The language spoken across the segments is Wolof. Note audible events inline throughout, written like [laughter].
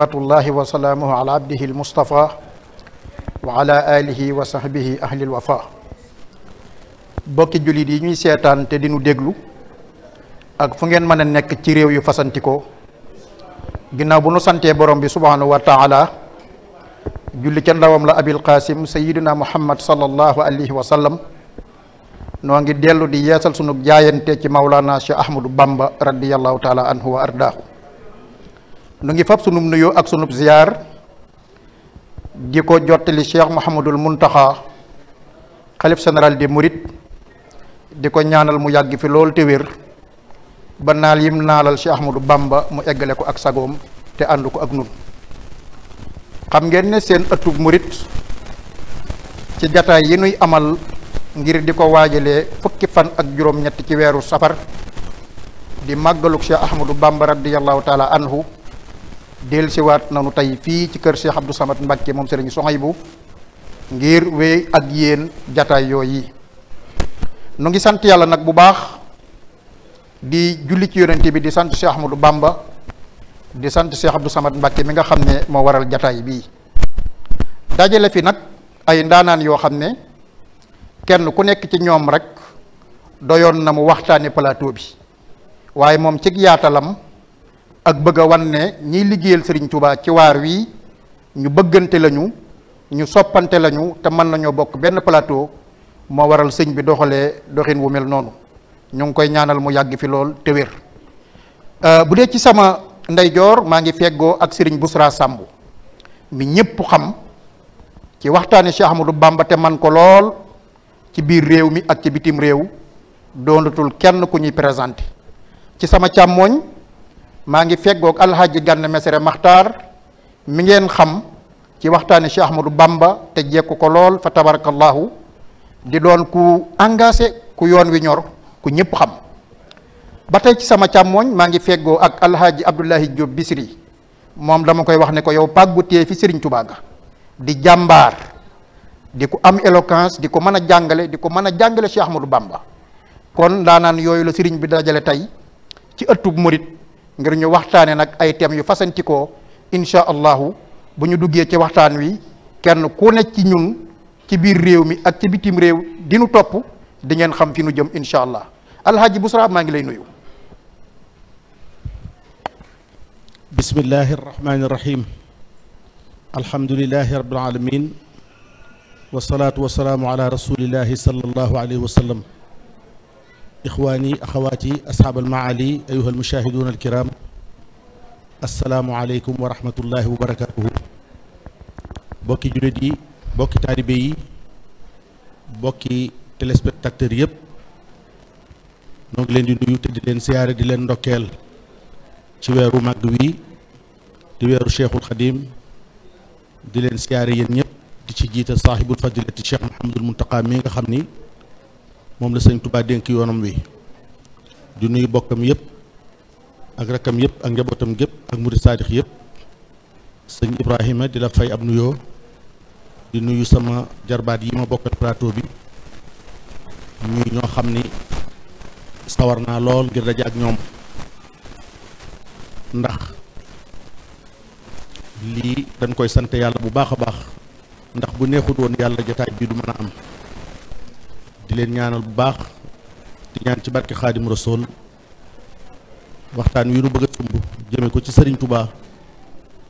صلوات الله وسلامه على عبده المصطفى وعلى اله وصحبه اهل الوفاء بوكي جولي دي ني سيتان تي دينو ديغلو اك فوغين مانا نيك تي ريو يو فاسانتيكو غيناو بو نو سانتي بوروم بي سبحانه وتعالى جولي تي ندوام لا ابي القاسم سيدنا محمد صلى الله عليه وسلم نوغي ديلو دي ياسال سونو جايانتي تي مولانا شيخ احمد بامبا رضي الله تعالى عنه وارضاه nu ngi fab sunu nuyo ak sunu ziar di jotali Cheikh mohammedul muntaha khalif general de Mourides di ko ñaanal mu yàgg fi lol te wer banal naal yim nalal Cheikh Ahmadou Bamba mu eggale ko ak sagom te andu ko ak nun xam ngeen ne sen atou murit ci jotaay yi nuy amal ngir di ko fukki fan ak juroom ñet ci wéru safar di magaluk Cheikh Ahmadou Bamba radiyallahu taala anhu siwaat na nanu tey fii ci kër Cheikh du Samad Mbacke moom Serigne Sohaybou ngir wéy ak yéen jataay yooyu nu ngi sant yàlla nag bu baax di julli ci yonente bi di sant Cheikh du Bamba di sant Cheikh Abdou Samad Mbacke mi nga xam ne moo waral jataay bii dajale fi nag ay ndaanaan yoo xam ne kenn ku nekk ci ñoom rek doyoon na mu waxtaane plateau bi waaye moom cig yaatalam ak bëgg a wan ne ñiy liggéeyal Serigne Touba ci waar wi ñu bëggante lañu ñu soppante lañu te mën nañoo bokk benn plateau moo waral sëñ bi doxalee doxin wu mel noonu ñu ngi koy ñaanal mu yàgg fi lool te wér euh, bu dee ci sama ndeyjoor maa ngi feggoo ak Serigne Bousra Samb mi ñëpp xam ci waxtaani Cheikh Ahmadou Bamba te man ko lool ci biir réew mi ak ci bitim réew doonatul kenn ku ñuy présenté ci sama càmmoñ maa ngi feggoog alxaaji Gana mesere Maxtaar mi ngeen xam ci waxtaane Cheikh Ahmadou Bamba te jekko ko lol fa tabarakallahu di don ku engagé ku yoon wi ñor ku ñepp xam batay ci sama càmmooñ maa ngi ak alhaji abdullahi Diop Bisri mom dama koy wax ne ko yow pàggu fi Serigne Touba ga di jambar di ko am éloquence di ko mana a di ko mana a Cheikh Ahmadou Bamba kon nan yoyu la Serigne bi dajale tay ci eutub murit ngir ñu waxtaane nag ay thèmes yu fasantikoo incha allahu bu ñu duggee ci waxtaan wi kenn ku nekk ci ñun ci biir réew mi ak ci bitim réew dinu topp di ngeen xam fi nu jëm incha allah alhaji Busra maa ngi lay nuyu bismillahi arrahmani irrahim alhamdulilahi rabbil alamin wasalaatu wasalaamu ala rasulillahi sallallahu alayhi إخواني أخواتي أصحاب المعالي أيها المشاهدون الكرام السلام عليكم ورحمة الله وبركاته بوكي جلدي بوكي تاريبي بوكي تلسبت تكتريب نغلين دي تدلين سيارة دلين روكيل تيويرو مقوي تيويرو شيخ الخديم دلين سيارة ينيب دي صاحب الفضلة الشيخ محمد المنتقى ميغا خمني mom la seigne Touba denk yonam wi di nuyu bokkam yëpp ak rakam yëpp ak njabotam gépp ak murid sadiq yëpp seigne Ibrahima di la fay ab nuyo di nuyu sama jarbaat yi ma bokkal plateau bi ñuy ño xamni ni lol ngir dajja ak ñom ndax li dañ koy sante yalla bu baax baax ndax bu neexut won yalla jotaay bi du am di leen ñaanal bu baax di ñaan ci barke xaadim rasool waxtaan wi nu bëgg a sumb jëme ko ci sëriñ tubaa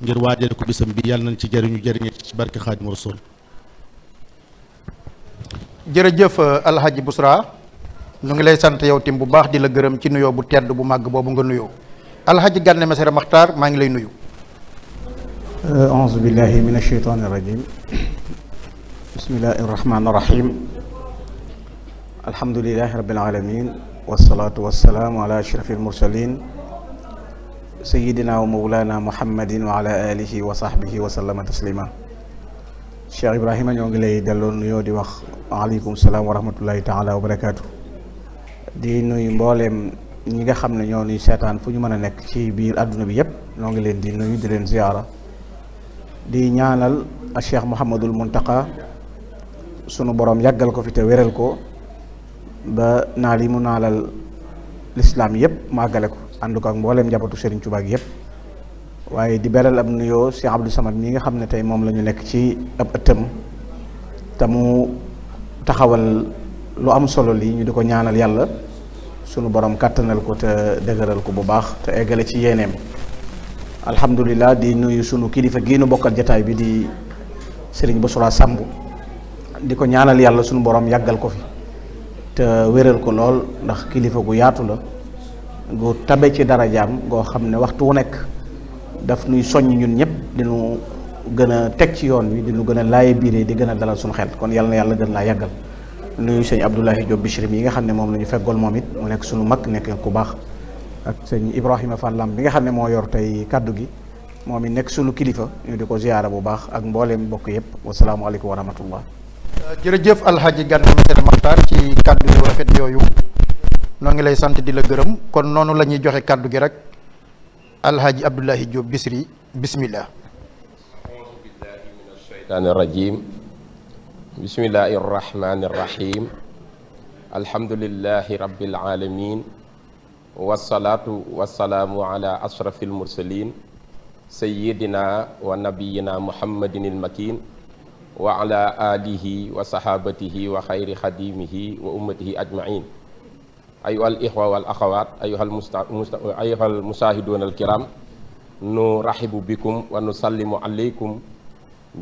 ngir waajale ko bisam bi yàlla nañ ci jariñu jariñe ci barke xaadim rasool jërëjëf alhaji Busra ñu ngi lay sant yow tim bu baax di la gërëm ci nuyoo bu tedd bu màgg boobu nga nuyoo alhaji Gànne Mesere Maxtaar maa ngi lay nuyu auzu billahi min ashaytaani rajiim bismillahi rahmaani rahiim الحمد لله رب العالمين والصلاة والسلام على أشرف المرسلين سيدنا ومولانا محمد وعلى آله وصحبه وسلم تسليما شيخ إبراهيم يونغلي دلون نيو دي عليكم السلام ورحمة الله تعالى وبركاته دين نوي مبولم نيغا خامن نيو ني سيطان فو نيو مانا نيك سي بير ادونا بي نونغلي دي نوي دي زيارة دي نيانال الشيخ محمد المنتقى سونو بروم ياغال كو فيتا ba naal yi mu naalal lislaam yëpp mu àggale ko ànd ko ak mbooleem njabootu Serigne Touba gi yëpp waaye di beral ab nuyoo Cheikh Abdou Samad mi nga xam ne tey moom la ñu nekk ci ab ëttam te mu taxawal lu am solo lii ñu di ko ñaanal yàlla sunu borom kàttanal ko te dëgëral ko bu baax te eggale ci yéeneem alhamdulilah di nuyu sunu kilifa gii nu bokkal jataay bi di sëriñ Serigne Bassirou Samb di ko ñaanal yàlla sunu borom yàggal ko fi. te wéral ko lool ndax kilifa gu yaatu la gu tabe ci darajaam goo xam ne waxtu wu nekk daf nuy soññ ñun ñëpp dinu gën a teg ci yoon wi dinu gën a laaye biiree di gën a dalal suñu xel kon yàlla na yàlla gën laa yàggal nuyu sëñ Abdoulahi Diop Bichri yi nga xam ne moom la ñu feggool moom it mu nekk suñu mag nekk ku baax ak sëñ Ibrahima Fallam bi nga xam ne moo yor tey kàddu gi moom it nekk suñu kilifa ñu di ko ziyaara bu baax ak mbooleem mbokk yëpp wasalaamualeykum wa rahmatullah jërëjëf alxaaji Gana Messere Maxtaar ci kàddu yu rafet yoyu noo ngi lay sant di la gërëm kon nonu lañuy joxe kàddu gi rek alxaaji Abdoulahi Diop bisri bismillah auzu billahi min asheytaani arrajim bismillahi arrahmani arrahim alhamdulillahi rabbil alamin wasalaatu wasalaamu ala asrafil mursalin sayyidina wa nabiyyina muhammadin il makin وعلى آله وصحابته وخير خديمه وأمته أجمعين أيها الإخوة والأخوات أيها, المست... أيها المساهدون الكرام نرحب بكم ونسلم عليكم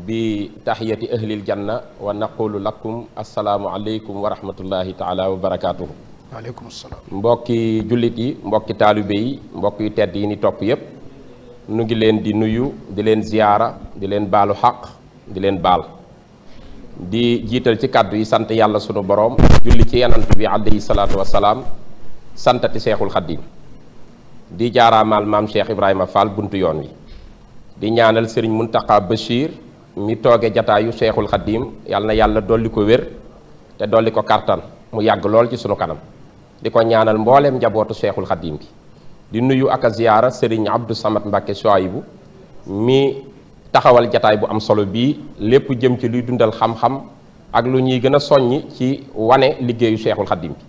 بتحية أهل الجنة ونقول لكم السلام عليكم ورحمة الله تعالى وبركاته عليكم السلام مبكي جلدي مبكي طالبي مبكي تديني توبيب نجلين دي نيو دي لين زيارة دي لين بالو حق دي لين بالو di jiital ci kàddu yi sant yàlla sunu boroom julli ci yanant bi alayhi salaatu wasalaam santati seexul xaddim di jaaraamaal maam Cheikh Ibrahima Fall buntu yoon wi di ñaanal sëriñ Muntaqa Bachir mi tooge jataayu seexul xaddim yàlla na yàlla dolli ko wér te dolli ko kàttan mu yàgg lool ci sunu kanam di ko ñaanal mbooleem njabootu seexul xaddim bi di nuyu ak a ziyaara sëriñ Abdou Samad Mbacke Souaibou mi taxawal jataay bu am solo bii lépp jëm ci luy dundal xam-xam ak lu ñuy gën a soññi ci wane liggéeyu Cheikhul Khadim bi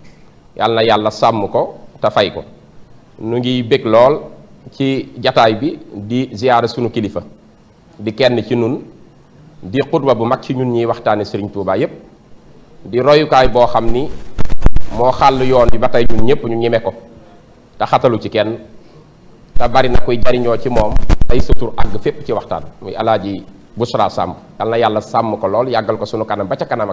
yàlla na yàlla sàmm ko te fay ko nu ngi bég lool ci jataay bi di ziyaare sunu kilifa di kenn ci nun di xutba bu mag ci ñun ñuy waxtaane sëriñ Touba yépp di royukaay boo xam ni moo xàll yoon bi ba tey ñun ñëpp ñu ñeme ko te xatalu ci kenn te bari na koy jariñoo ci moom tay sutur ag fépp ci waxtan muy alaaji Busra sam, yalla yalla sam ko lol yagal ko sunu kanam ba ca kanam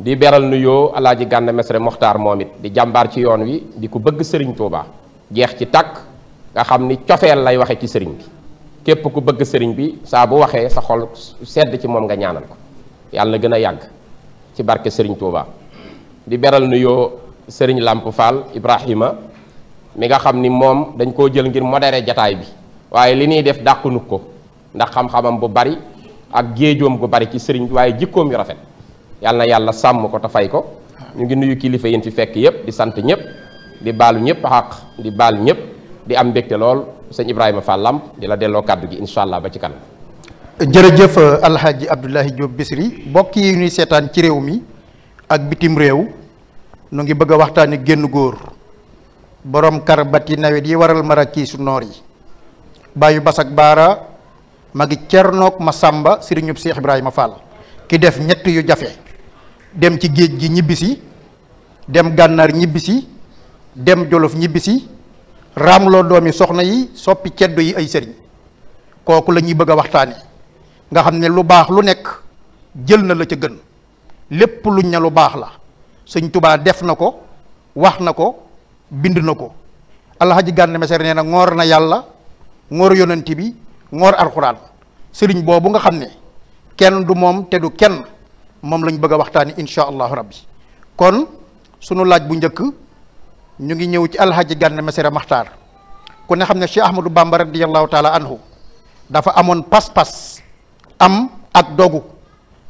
di beral nuyo alaaji gan mesre Mokhtar momit di jambar ci yoon wi di ku beug serigne Touba jeex ci tak nga xamni ni lay waxe ci serigne bi kep ku beug serigne bi sa bu waxe sa xol sedd ci mom nga ñaanal ko yalla gëna yag ci barke serigne Touba di beral nuyo serigne Lamp Fall Ibrahima mi nga xamni ni dañ ko jël ngir modéré jotaay bi waye li ni def dàqunu ko ndax xam-xamam bu bari ak geejjom gu bari ci sëriñ bi waye jikko mi rafet yalla yalla sam ko ta fay ko ñu ngi nuyu kilifa yeen fi fekk yeb di sant ñep di balu ñep haq di balu ñep di am bekte lol sëñ Ibrahima Fall di la delo kaddu gi inshallah ba ci kanam. jërëjëf Alhaji Abdullahi Diop Bisri bokki yi ñuy setan ci rew mi ak bitim rew ngi bëgg waxtani genn goor borom karbati nawet yi waral marakisu nori. Bayu basak bara, magi cernook masamba serigne Cheikh Ibrahima Fall ki def ñett yu jafe dem ci geej gi ñibisi dem gannar ñibisi dem jolof ñibisi ramlo doomi soxna yi soppi ceddu yi ay serigne koku la ñuy bëgg a nga xamne lu baax lu nekk jël na la ci gën lepp lu ñalu la serigne touba def nako wax nako bind nako meser nee na ngor na yalla ngor yonenti bi ngor alquran serigne bobu nga xamne kenn du mom te du kenn mom lañ bëgg waxtani inshallah rabbi kon sunu laaj bu ñëk ñu ngi ñëw ci alxaaji Gana Messere Maxtaar ku ne xamne Cheikh Ahmadou Bamba radiyallahu taala anhu dafa amon pas-pas am ak dogu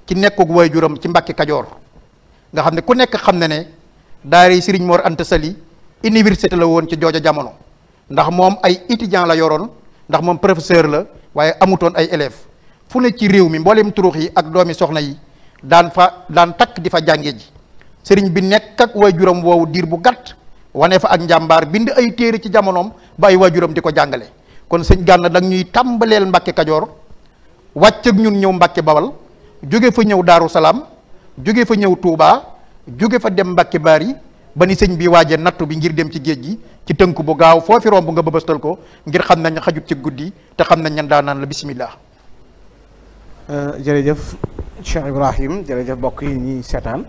ci nekkug wayjuram ci mbacke kadior nga xamne ku nekk xamne ne daari serigne Mor Anta université la won ci jooja jamono ndax mom ay étudiant la yoron ndax moom professeur la waaye amutoon ay élèves fu ne ci réew mi mboolem turux yi ak doomi soxna yi daan fa daan takk di fa jànge ji sëriñ bi nekk ak waajuram woowu diir bu gàtt wane fa ak njàmbaar bind ay téere ci jamonoom ba ay waajuram di ko jàngale kon sëñ Gana da ñuy tàmbaleel Mbàkke Kajoor wàcc ak ñun ñëw Mbàkke Bawal jóge fa ñëw Daaru Salaam jóge fa ñëw Tuubaa jóge fa dem baar yi ba ni bi waje natou bi ngir dem ci geejgi ci tënk bu gaaw foofi rombu nga bëbëstal ko ngir xam nañ xajut ci guddii te xam nañ da nan la jere euh, jërëjëf Cheikh Ibrahim jërëjëf bokk yi setan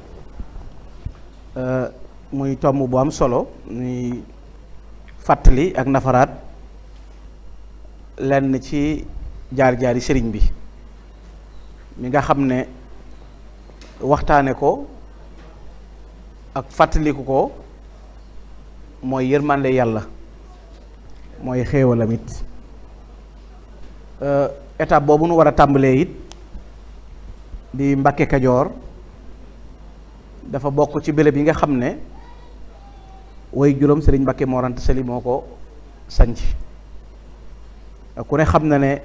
euh muy tom bu am solo ni fatli ak nafarat lenn ci jaar-jaari serigne bi mi nga xamne waxtane ko ak fàttaliku ko mooy yërmande yàlla mooy xéewalam it euh, étape bobu nu wara a tàmbalee it di Mbàkke kadior dafa bok ci béréb bi nga xam way juróom serigne Mbàkke Mor Anta Sali moo ko ku ne xamna ne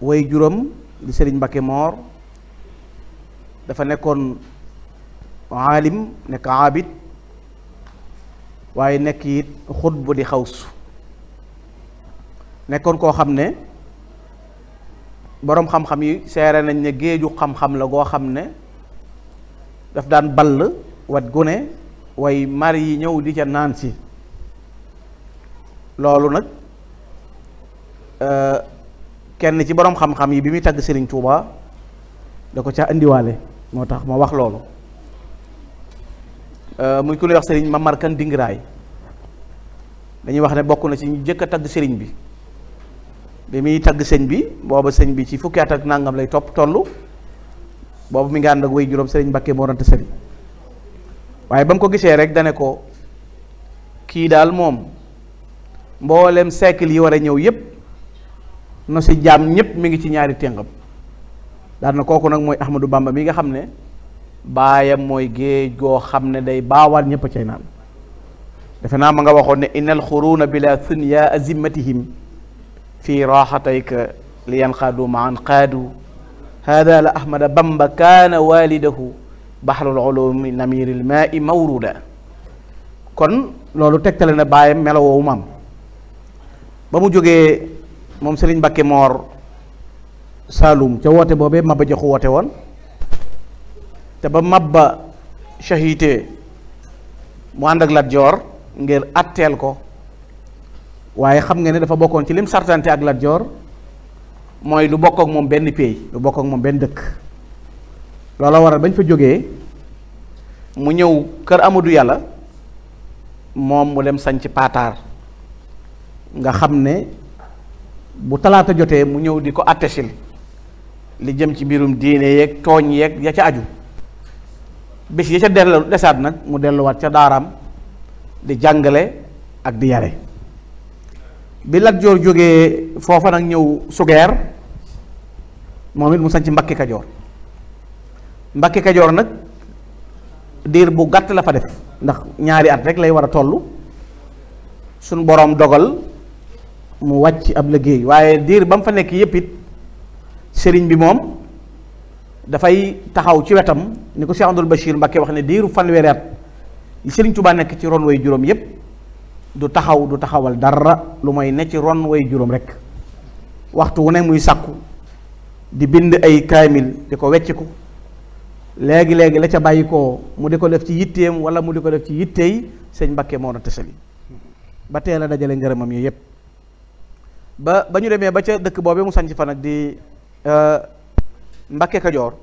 way juróom di serigne Mbàkke mor dafa nekkone aalim nekk aabid waaye nekk it xutbu di xaws nekkoon koo xam ne boroom xam-xam yi seere nañ ne géeju xam-xam la goo xam ne daf daan ball wat gune way mar yi ñëw di ca naan si loolu nag euh, kenn ci boroom xam-xam yi bi muy tagg Sëriñ Tuuba da ko ca indiwaale moo tax ma wax loolu Euh, muy ku wax sëriñ ma Kan Dingiraay dañuy wax ne bokk na ci ñu jëkk a tagg sëriñ bi bi muy tagg sëñ bi booba sëñ bi ci fukki at ak nangam lay topp toll boobu mu ngi ànd ak way juróom sëriñ Mbàkke moo ranta sëriñ waaye ba mu ko gisee rek dane ko kii daal moom mboolem siècle yi war a ñëw yépp no si jaam ñépp mi ngi ci ñaari téngam daal kooku nag mooy Ahmadou bàmba mi nga xam ne baayam mooy géej goo xam ne day baawaan ñëpp a naan defe naa ma nga waxoon ne innal xuruuna bila thunya azimmatihim fi raxatayka li yanqaadu ma an qaadu hada la ahmada bamba kaana walidahu bahrul ulumi namiril maai mawruda kon loolu tegtale na baayam melo woowu maam ba mu jógee moom Sëriñ Mbakke Moor Saalum ca woote boobee Maba Jaxu woote woon te mabba shahite mu andak la dior ngir atteel ko waye xam nga ne dafa bokon ci lim sartante ak la dior moy lu bokk ak mom benn pey lu bokk ak mom benn dekk lola waral bañ fa joge mu ñew keur Amadou yalla mom mu dem sañ ci patar nga xam ne bu talata joté mu ñew diko attesil li jëm ci mbirum diiné yek togn yek ya ci aju bés ya ca dellu desaat nag mu delluwaat ca daaraam di jàngale ak di yare bi Lat Joor jógee foofa nag ñëw sugeer moom it mu sañ ci Mbàkke Kajoor Mbàkke Kajoor nag diir bu gàtt la fa def ndax ñaari at rek lay war a toll suñ boroom dogal mu wàcc ab liggéey waaye diir ba mu fa nekk yépp it sëriñ bi moom dafay taxaw ci wetam ni ko Cheikh ba Bachir Mbacké wax ne diiru fanweeri at li Serigne nekk ci ron woy juróom yépp du taxaw du taxawal dara lu mooy ne ci ron way juróom rek waxtu wu ne muy sàkku di bind ay kaamil di ko wecciku léegi-léegi la ca bàyyikoo mu di ko def ci yitteem wala mu di ko def ci yitteey sëñ Mbacké moo na tësali ba teel a dajale ngërëmam yi yépp ba ba ñu demee ba ca dëkk boobee mu sanc fa nag di euh, mbakke kajoor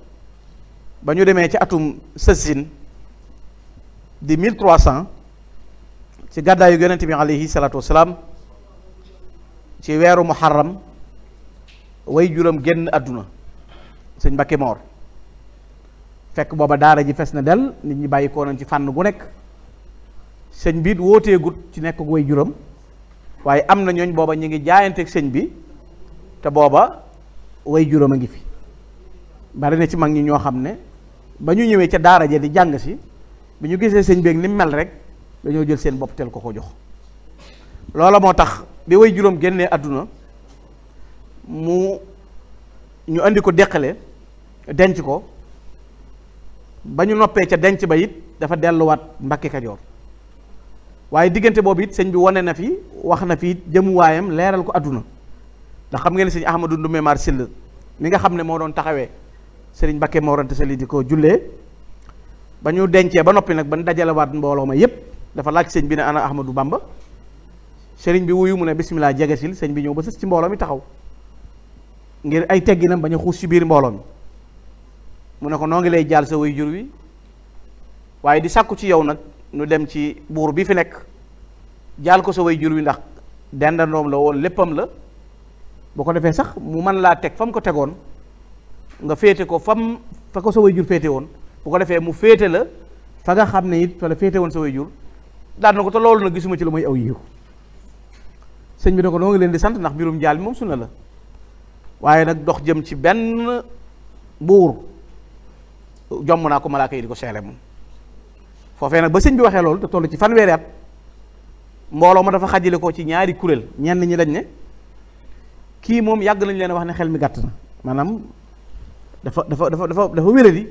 ba ñu demee ci atum sësin di 1300 trois cent ci gàddaayu yonente bi alayhi salaatu wasalaam ci weeru muharram way juróom génn aduna sëñ mbakke mor fekk booba daara ji fes na del nit ñi bàyyi koo nañ ci fànn gu nekk sëñ bi ci way am na ñooñ booba ñu ngi jaayanteeg bi te way juróom ngi fi bari na ci mag ñi ñoo xam ne ba ñu ñëwee ca daara ja di jàng si bu ñu gisee sëñ beeg ni mu mel rek dañoo jël seen bopp ko ko jox loola moo tax bi way juróom génnee àdduna mu ñu indi ko deqale denc ko ba ñu noppee ca denc ba it dafa delluwaat Mbàkke Kajoor waaye diggante boobu it sëñ bi wane na fi wax na fi jëmuwaayam leeral ko àdduna ndax xam nga ne sëñ Ahmadou Ndoumé Mar Syll mi nga xam ne moo doon taxawee sëriñ Mbakke Morante Sali di ko jullee ba ñu dencee ba noppi nag ba ñu dajalewaat mbooloo ma yépp dafa laaj sëñ bi ne ana Ahmadou Bamba sëriñ bi wuyu mu ne bisimilah jegesil sëñ bi ñëw ba sës ci mbooloo taxaw ngir ay tegginam bañ a xuus ci biir mbooloo mu ne ko noo ngi lay jaal sa way jur wi waaye di sàkku ci yow nag nu dem ci buur bi fi nekk jaal ko sa way jur wi ndax dendandoom la woon léppam la boo ko defee sax mu mën laa teg fa mu ko tegoon nga féete ko fam fa ko sa way jur féete woon bu ko defee mu féete la fa nga xam ne it fa féete woon sa way jur daan ko te loolu nag gisuma ci lu mooy aw yiw sëñ bi ne ko noo ngi leen di sant ndax mbirum jaal bi moom sunna la waaye nag dox jëm ci benn buur jomm naa ko malaaka yi di ko seele moom foofee nag ba sëñ bi waxee loolu te toll ci fanweeri at mbooloo ma dafa xajale ko ci ñaari kuréel ñenn ñi dañ ne kii moom yàgg nañ leen wax ne xel mi gàtt maanaam dafa dafa dafa dafa dafa wéradi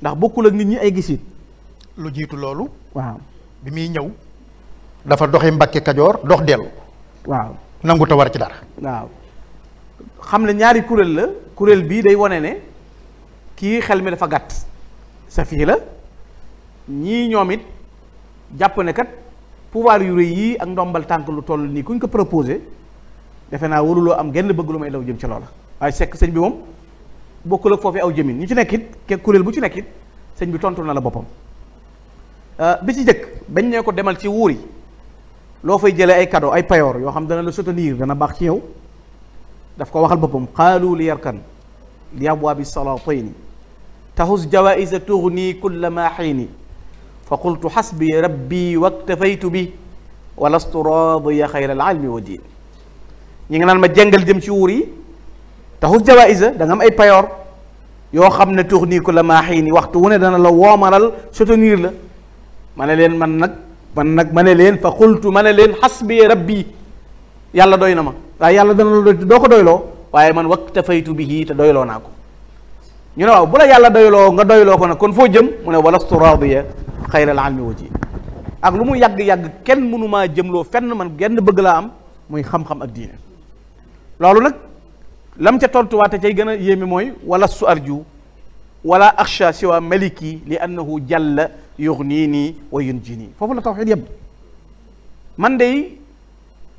ndax bokkul ak nit ñi ay gisit lu jiitu loolu. waaw bi muy ñëw. dafa doxi Mbàkke Kajoor dox dellu. waaw nangu ta war ci dara. waaw xam ne ñaari kuréel la kuréel bii day wane ne kii xel mi dafa gàtt. sa fii la ñii ñoom it jàpp ne kat pouvoir yu rëy yii ak ndombal tànk lu toll nii kuñ ko proposé defe naa waruloo am genn bëgg lu may daw jëm ci loola waaye sekk sëñ bi moom. bokkul ak fofé aw jëmin ñu ci nekk it kurel bu ci nekk it sëñ bi tontu na la bopam euh bi ci jëkk bañ né ko demal ci wuri lo fay jëlé ay cadeau ay payor yo xam dana la soutenir dana bax ci yow daf ko waxal bopam qalu li yarkan li abwa bi salatin tahuz jawaiz tughni kullama xiini fa qultu xasbi rabbi waktafaytu bi walastu raadiya xayra al almi wa diin ñi nga naan ma jàngal jëm ci wuur تهوج جوائز دعهم أي بيار يوخم نتوخني كل ما حيني وقت وين دنا لو وامرال شتو نيرل منلين منك منك منلين فقلت منلين حسبي ربي يالا دوينا ما لا يلا دنا لو دوكو دويلو وايه من وقت فايت به تدويلو ناكو ينوا بلا يالا دويلو غا دويلو كنا كن فوجم من ولا استراضي خير العلم وجي أغلمو يق يق كن منو ما جملو فن من جن بغلام مي خم خم الدين لالو نك lam ca tontuwaate cay gën a yéeme mooy wala su arju wala axsha siwa maliki li annahu jalla yugnini wa yunjini foofu la tawxid yem man day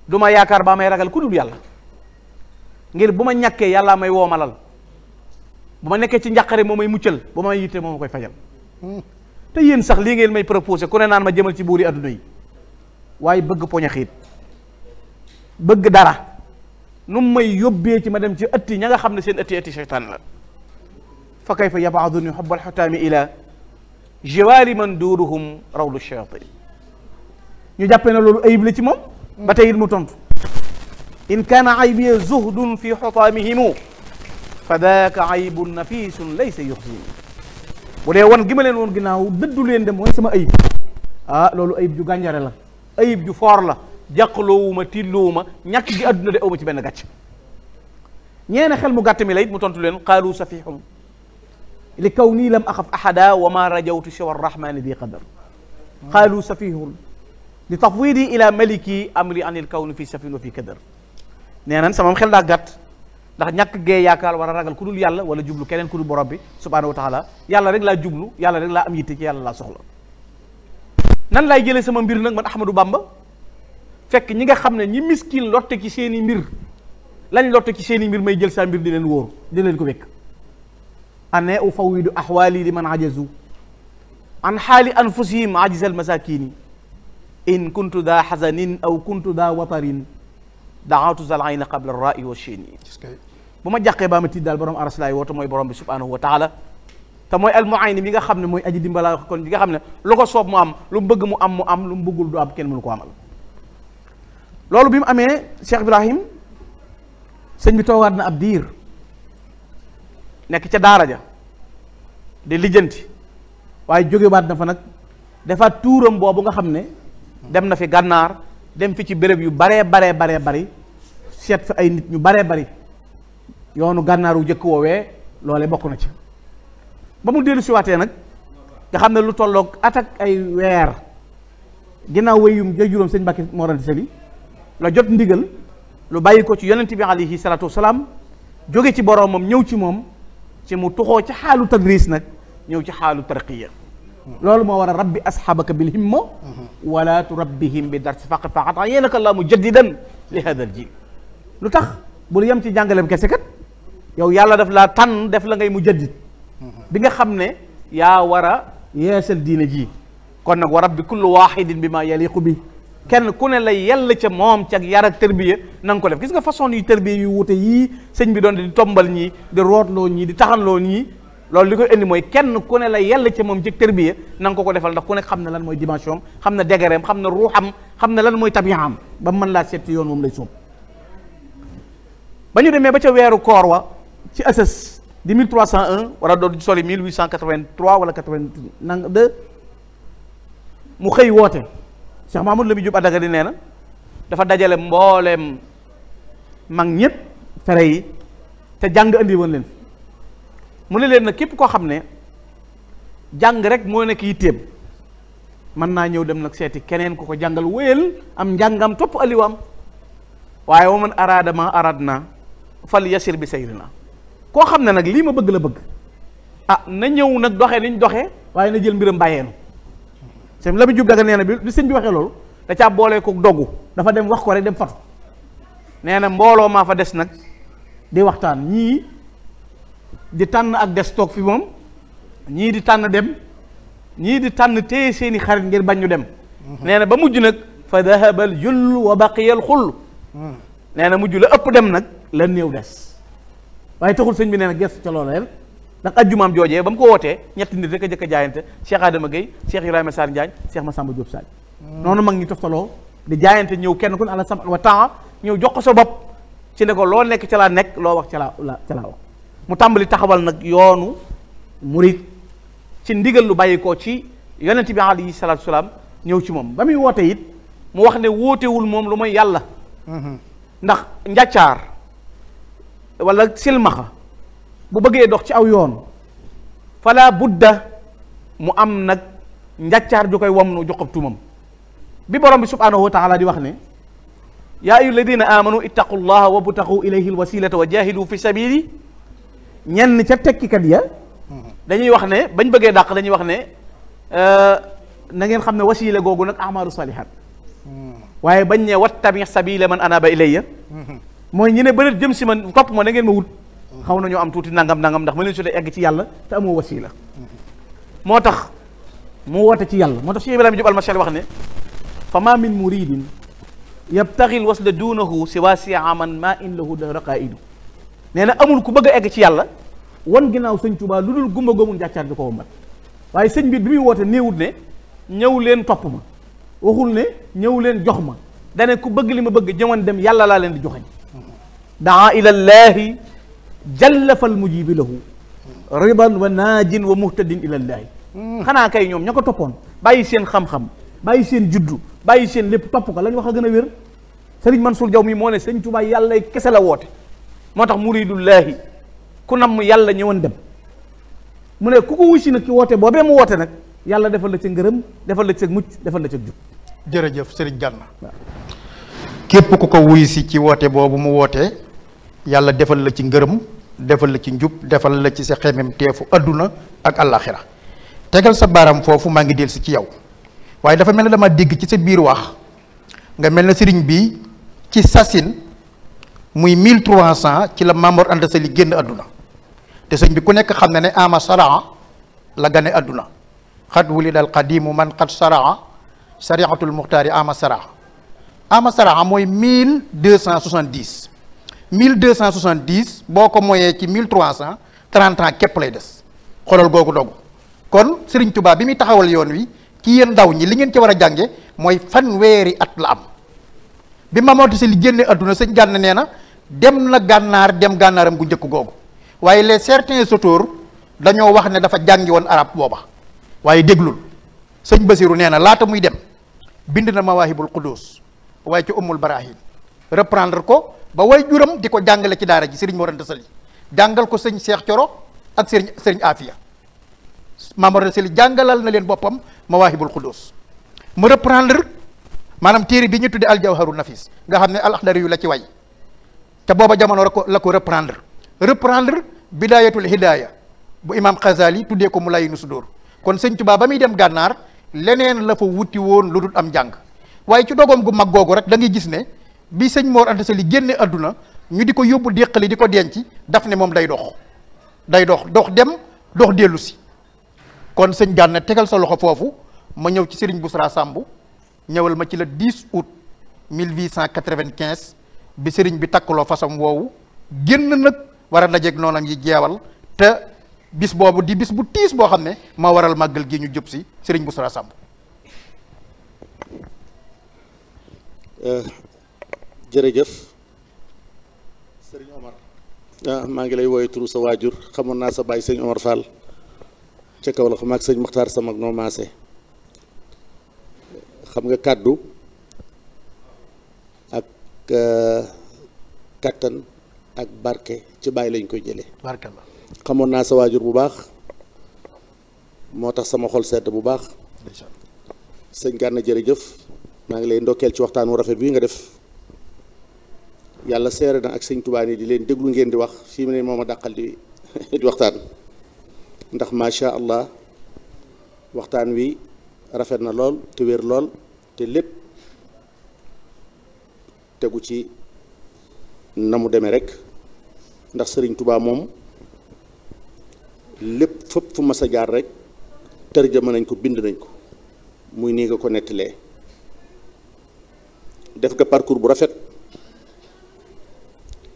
du ma yaakaar baa may ragal ku dul yàlla ngir bu ma ñàkkee yàlla may woomalal bu ma nekkee ci njàqare moo may muccal bu ma yitte moo ma koy fajal te yéen sax lii ngeen may proposé ku ne naan ma jëmal ci buuri adduna yi waaye bëgg poñaxiit bëgg dara nu may yóbbee ci ma dem ci ëtti ña nga xam ne seen ëtti ëtti seytaan la fa kayfa yabaaduni xubal xutaami ila jiwaari man duuruhum rawlu shayatin ñu jàppee na loolu ayib la ci moom ba tey it mu tontu in kaana aybiya zuhdun fi xutaamihimu fa daaka aybun nafisun laysa yuxsini bu dee wan gi ma leen woon ginnaaw dëddu leen de mooy sama ayib ah loolu ayib ju gànjare la ayib ju foor la jàqaloowuma tiilloowuma ñàkk gi àdduna de awma ci benn gàcc ñeena xel mu gàtt mi la mu tontu leen qaalu safihum li kaw lam axaf axada wa ma rajawtu siwa arrahmani di qadar qaalu safihum li tafwidi ila maliki amri anil il kawni fi safin fi kadar nee nan samam xel daa gàtt ndax ñàkk gee yaakaar war a ragal ku dul yàlla wala jublu keneen ku dul borom bi subhanahu wa taala yàlla rek laa jublu yàlla rek laa am yitte ci yàlla laa soxla nan laay jëlee sama mbir nag man Ahmadou Bamba fekk ñi nga xam ne ñi miskin lotte ci seeni mbir lañ lotte ci seeni mbir may jël sa mbir di leen wóor di leen ko wekk ane u ufawidu ahwali liman ajazu an xaali anfusihim ajiz al masakini in kuntu da xasanin aw kuntu da watarin daatu zal ayna qabla ra'i wa shini bu ma jàqee baa ma tiit daal borom aras laay woote mooy borom bi subhanahu wa taala te mooy al muayni bi nga xam ne mooy aji dimbalaa kon bi nga xam ne lu ko soob mu am lu mu bëgg mu am mu am lu mu bëggul du am kenn mënu ko amal loolu bi mu amee Cheikh Ibrahim sëñ bi toogaat na ab diir nekk ca daara ja di lijjanti waaye jógewaat na fa nag defaat tuuram boobu nga xam ne dem na fi gànnaar dem fi ci bërëb yu baree baree baree bari seet fi ay nit ñu baree bari yoonu gànnaar wu jëkk woowee loole bokk na ci ba mu dellu siwaatee nag nga xam ne lu tollook at ak ay weer ginnaaw wéyum jay juróom sëñ Mbàkke Mor Anta Sali la jot ndigal lu bayiko ci yonnati bi alayhi salatu wasalaam jóge ci borom mom ñëw ci mom ci mu tuxo ci halu tadris nak ñëw ci halu tarqiya lolou mo wara rabbi asxaabaka bil himma wala turabbihim bi dars faq faqat yeenaka allah mujaddidan li hadha al jil lutax bu lu yam ci jangalem kesse kat yow yàlla daf la tan def la ngay mujaddid bi nga xamne ya wara yeesal diina ji kon nak wa rabbi kullu wahidin bima yaliqu bi كان كون لا يال تي موم تي يار تربيه نانكو ليف غيسغا فاصون يي تربيه يي ووتو يي سيغن بي دون دي تومبال ني دي روتلو ني دي تخانلو ني لول ليكو اندي موي كين كون لا يال تي موم تي تربيه نانكو كو ديفال دا كون خامنا لان موي ديماسيون خامنا ديغريم خامنا روحام خامنا لان موي طبيعام با من لا سيت يون موم لاي سوم با نيو ديمي با تي ويرو كور وا تي اساس 1301 ولا دو سولي 1883 ولا 82 مو خي ووتو Cheikh Mahmoud Lamine Diop Adaka di nee dafa dajale mbooleem mag ñépp fere yi te jàng andi leen mu ne leen nag képp koo xam ne jàng rek moo nekk yitteem mën naa ñëw dem nag seeti keneen ku ko jàngal wéyal am njàngam topp aliwaam waaye wa man araada ma araad na fal yasir bi sayri na koo xam ne nag lii ma bëgg la bëgg ah na ñëw nag doxe niñ doxee waaye na jël mbiram bàyyeenu sëñ Lamine Diop Dagana nee na bi du sëñ bi waxe loolu da ca bolé ko dogu dafa dem wax ko rek dem fatu neena mbolo ma fa dess nak di waxtan ñi di tan ak dess tok fi mom ñi di tan dem ñi di tan téye seeni xarit ngir bañu dem mhm. neena ba mujju nak fa dahaba al jull wa baqiya al xull mhm. nee na la upp dem nak la néew dess waye taxul sëñ bi neena gess ci ca ndax ajjumaam joojee ba mu ko wootee ñetti nit rek a jëkk a jaayante Cheikh Adama Gueye Cheikh Ibrahima Sall Ndiagne Cheikh Massamba Diop Sall hmm. noonu mag ñi toftaloo di jaayante ñëw kenn ku ne ala sama wa ñëw jox ko sa bopp ci ne ko loo nekk ca laa nekk loo wax ca laa ca laa mu tàmbali taxawal nag yoonu murit ci ndigal lu bàyyi ko ci yonent bi alayhi salaatu salaam ñëw ci moom ba muy wootee it mu wax ne wóotewul moom lu mooy yàlla ndax njàccaar wala silmaxa bu bëggee dox ci aw yoon fala budda mu am nag njàccaar ju koy wom jox ko tuumam bi borom bi subhaanahu wa taala di wax ne yaa ayyuha alladina amanu ittaqullaha wabtaqu ilayhi alwasilata wa jahidu fi sabili ñenn ca tekkikat ya dañuy wax ne bañ bëggee dàq dañuy wax ne euh, na ngeen xam ne wasila googu nag amalu salihat waaye bañ ne wattabi sabila man anaba ilayya [laughs] mooy ñu ne bërit jëm si man topp ma na ngeen ma wut xaw nañoo am tuuti nangam nangam ndax ma leen su dee egg ci yàlla te amoo wasila moo tax mu woote ci yàlla moo tax Cheikh Ibrahima ma Almachari wax ne fa ma min muridin yabtaxi l wasla duunahu siwa siaman ma in lahu da raqaidu nee na amul ku bëgg egg ci yàlla wan ginnaaw sëñ Tuubaa lu dul gumba goomul njàccaar di ko wambat waaye sëñ bi bi muy woote néewut ne ñëw leen topp ma waxul ne ñëw leen jox ma dane ku bëgg li ma bëgg jëman dem yàlla laa leen di joxañ daa ila jallafal mujibi lahu ridan wa naajin wa muhtadin ilallaahi hmm. xanaa kay ñoom ña ko toppoon bàyyi seen xam-xam bàyyi seen juddu bàyyi seen lépp topp ko lañu wax a gën a wér sëriñ Mansour Jaw mi moo ne sëñ Tuubaa yàlla kese la woote moo tax muridullaahi ku namm yàlla ñëwoon dem mu ne ku ko wusi nag ci woote boobee mu woote nag yàlla defal la ca ngërëm defal la ca mucc defal la ca jub jërëjëf sëriñ Gana képp ku ko wuy si ci woote boobu mu wootee yàlla defal la ci ngërëm defal la ci njub defal la ci sa xemem teefu adduna ak àllaaxira tegal sa baaraam foofu maa ngi dell si ci yow waaye dafa mel ne dama dégg ci sa biir wax nga mel ne sëriñ bi ci sasin muy mille trois cent ci la Maam Mor Anta Sali génn adduna te sëñ bi ku nekk xam na ne ama saraa la gane adduna xat li dal qadimu man xat saraa sariatul muxtaari ama saraa ama saraa mooy mille deux cent soixante-dix mille deux cent soixante dix boo ko moyee ci mille trois cent trente ans képp lay des xoolal googu dogu kon Serigne Touba bi muy taxawal yoon wi ci yéen ndaw ñi li ngeen ci war a jànge mooy fan fanweeri at la am bi ma Mamadou Sy li génne adduna sëñ gànn nee na dem na gànnaar dem gànnaaram gu njëkk googu waaye les certains auteurs dañoo wax ne dafa jàngi woon arab booba waaye déglul sëñ Basiru nee na laata muy dem bind na Mawaahibul Quddus waaye ci Ummul Barahin reprendre ko ba way juram di jangale ci daara ji serigne Mor Anta Sali jangal ko serigne Cheikh Coro ak serigne serigne Afia Maam Mor Anta Sali jangalal na len bopam mawahibul khudus mu reprendre manam téere bi ñu al Nafis nga xamne al akhdar yu la ci way ta boba jamono rek la ko reprendre reprendre bidayatul hidayah bu imam Xazali tuddé ko mu layinu sudóor kon serigne Tuubaa bamuy dem gànnaar leneen la fa wuti won lu am jang waye ci dogom gu mag gogo rek da ngay gis ne bi señ Mor Anta Sali génne aduna ñu diko yobbu diko di kodi daf né mom day dox day dox dox dem dox dellu kon señ Gana tegal sa loxo fofu ma ñew ci Serigne Bousra sambu ñewal ma ci le 10 août 1895 bi Serigne bi takkaloo fasam woowu génn nak wara a dajeeg nonam yi jéwal te bis bobu di bis bu tiis bo xamné ne ma waral magal gi ñu jub ci Serigne Bousra sambu euh, jërëjëf sëriñ Omar ah maa ngi lay woowee turu sa waajur xamoon naa sa bàyyi sëñ Omar Fall ca kaw la xam ak sëñ Maxtaar sama ak maase xam nga kàddu ak euh, kàttan ak barke ci bàyyi lañ koy jëlee. barke la xamoon naa sa waajur bu baax moo tax sama xol sedd bu baax. sëñ Gana jërëjëf maa ngi lay ndokkeel ci waxtaan wu rafet bii nga def. yàlla seere na ak sëñ Tuubaa ni di leen déglu ngeen di wax fii mu ne moom a dàqal di [laughs] waxtaan ndax macha allah waxtaan wi rafet na lool te wér lool te lépp tegu ci na mu demee rek ndax sëriñ Tuubaa moom lépp fépp fu mas a jaar rek tërjëma nañ ko bind nañ ko muy nii nga ko nettalee def nga parcours bu rafet.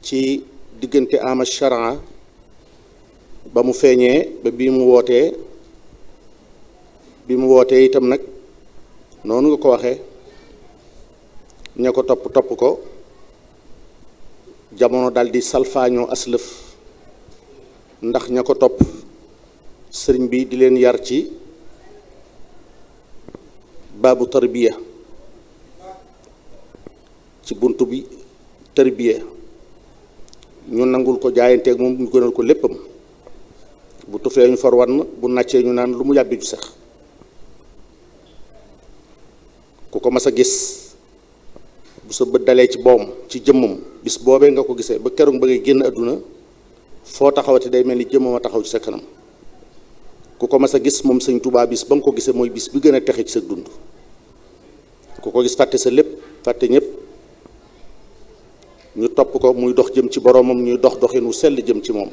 ci digënté ama charan ba mu feeñee ba bii mu woté bi mu woté itam nak nonu nga ko waxé ñako ko top ko jamono daldi di salfaañoo aslëf ndax ñako ko topp sëriñ bi di leen yar ci babu tarbiya ci buntu bi tarbiya ñu nangul ko jaayanteeg moom ñu gënal ko léppam bu tufee ñu far bu nàccee ñu naan lu mu yàbbi ju sax ku ko mas a gis bu sa bët dalee ci boom ci jëmmam bis boobee nga ko gisee ba keroog ba ngay génn àdduna foo taxawati day mel ni jëmmam a taxaw ci sa kanam ku ko mas a gis moom sañ Tuubaa bis ba nga ko gisee mooy bis bi gën a texe ci sa dund ku ko gis fàtte sa lépp fàtte ñëpp ñu topp ko muy dox jëm ci boroomam ñuy dox doxin wu sell jëm ci moom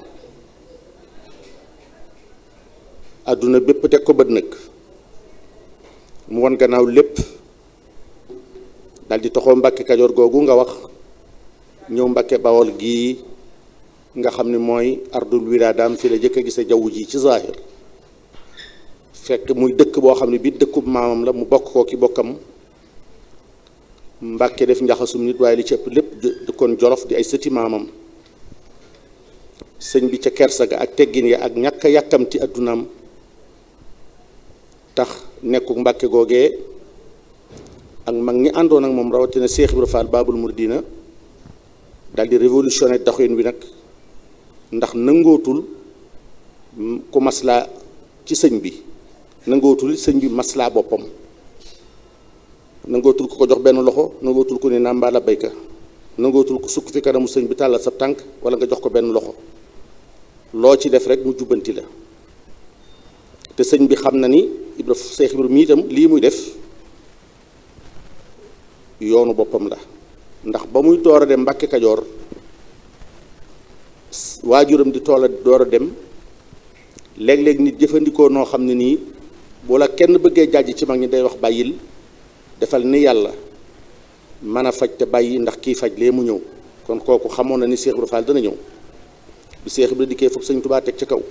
àdduna bépp teg ko bët nag mu wan gannaaw lépp daldi toxoo mbàkke kajoor googu nga wax ñëw mbàkke bawol gi nga xam ni mooy ardul wilaadaam fi la jëkk a gise jaww ji ci zaahir fekk muy dëkk boo xam ne bii dëkkub maamam la mu bokk ko ki bokkam Mbàkke def njaxasum nit waaye li ci ëpp lépp kon jolof di ay sëti maamam sëñ bi ca kersa ga ak teggin ya ak ñàkk yàkkamti àddunaam tax nekku Mbàkke googe ak mag ñi àndoon ak moom rawatina Seex Ibra Faal Baabul Muridina daal di révolutionné doxin wi nag ndax nangootul ku maslaa ci sëñ bi nangootul sëñ bi maslaa boppam nangootul ko ko jox benn loxo nangootul ko ni nàmbaala mbaa la nangootul ko sukk ci kanamu sëñ bi tàllal sab tànk wala nga jox ko benn loxo loo ci def rek mu jubbanti la te sëñ bi xam na ni Ibra Seex Ibra mi lii muy def yoonu boppam la ndax ba muy door a dem Mbàkke Kajoor waajuram di tool a door a dem léeg-léeg nit jëfandikoo noo xam ne nii bu la kenn bëggee jàjj ci mag ñi day wax bàyyil defal ni yàlla mën a faj te bàyyi ndax kiy faj lee mu ñëw kon kooku xamoon na ni Seex Ibra Faal dana ñëw bi Seex Ibra dikkee foog Sëñ Tuubaa teg kaw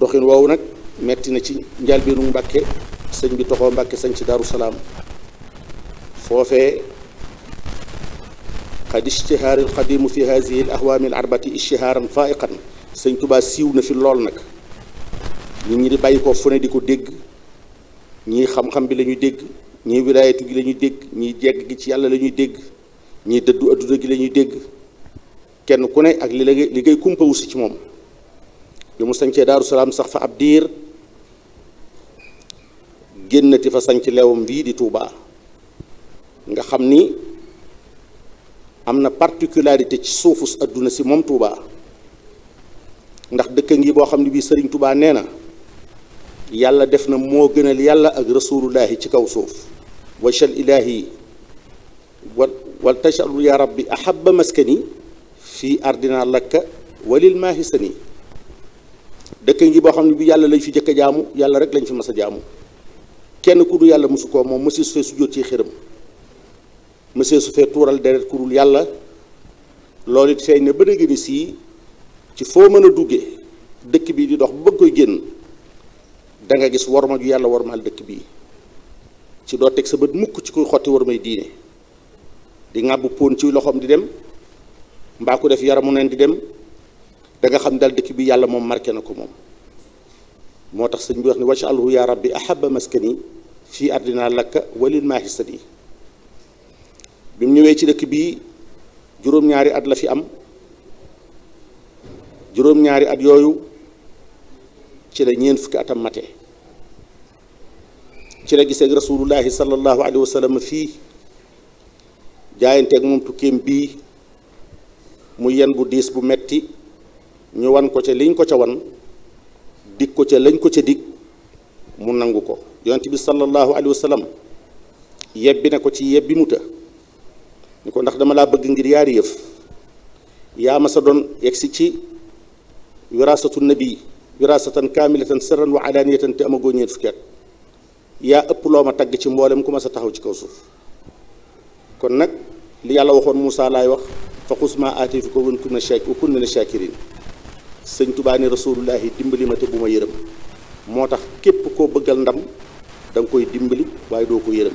doxin woowu nag metti na ci njëlbéenu Mbàkke sëñ bi toxoo Mbàkke sañ ci Daaru Salaam foofee xad ishtihaar al qadimu fi haadihi al ahwaami siiw na fi lool nag nit di ko dégg ñii xam-xam bi lañuy dégg ñii wilaayatu gi la dégg ñii jegg gi ci yàlla la ñuy dégg ñii dëddu adduna gi la dégg kenn ku ne ak li la li ngay kumpawu si ci moom bi mu sañcee daaru salaam sax fa ab diir génnati fa sañc lewam bii di Touba nga xam ni am na particularité ci suufus adduna si moom Touba ndax dëkk ngi boo xam ne bii Sëriñ Touba nee na yàlla defna na moo gënal yàlla ak rasulullahi ci kaw suuf wachal ilahi wa wal tachalu ya rabbi ahaba maskani fii ardina lakka walil maahisani dëkk ngi boo xam bi yàlla lañ fi jëkk a jaamu yàlla rek lañ fi mas jaamu kenn ku du yàlla mosu koo moom su fee jot ci xërëm mësee su fee tuural deret ku yàlla loolu it feeñ ne ba léegi ni sii ci foo mën a duggee dëkk bi di dox ba bëgg koy génn da nga gis worma ju yàlla wormal dëkk bi ci do tek sa beut mukk ci koy xoti wormay diine di ŋàbb pon ci loxom di dem mba ko def yaramu neen di dem da nga xam dal dëkk bi yàlla mom marke nako mom motax sëñ bi wax ne wacc allah ya rabbi ahabba maskani fi ardina lak walil maahisat yi bi ci dëkk bi juróom-ñaari at la fi am juróom-ñaari at yoyu ci la ñeent fukki atam mate ci la gisee ak rasulullahi sallallahu alayhi wa sallam fii jaayanteeg moom tukkeem bii mu yen bu diis bu metti ñu wan ko ca liñ ko ca wan dig ko ca lañ ko ca dig mu nangu ko yonent bi sallallahu alayhi wa sallam yebbi na ko ci yebbi muta ni ko ndax dama laa bëgg ngir yaari yëf yaa ma sa doon yegsi ci wirasatu nabi wirasatan kaamilatan sirran wa alaaniyatan te amagoo ñeent fukki at yaa ëpp loo ma tagg ci mboolem ku ma sa taxaw ci kaw suuf kon nag li yàlla waxoon Moussa laay wax fa xus ma aati fi ko wan kunna shaki wa kunna shakirin sëñ Tubaa ne dimbali ma te bu ma yërëm moo tax képp koo bëggal ndam danga koy dimbali waaye doo ko yërëm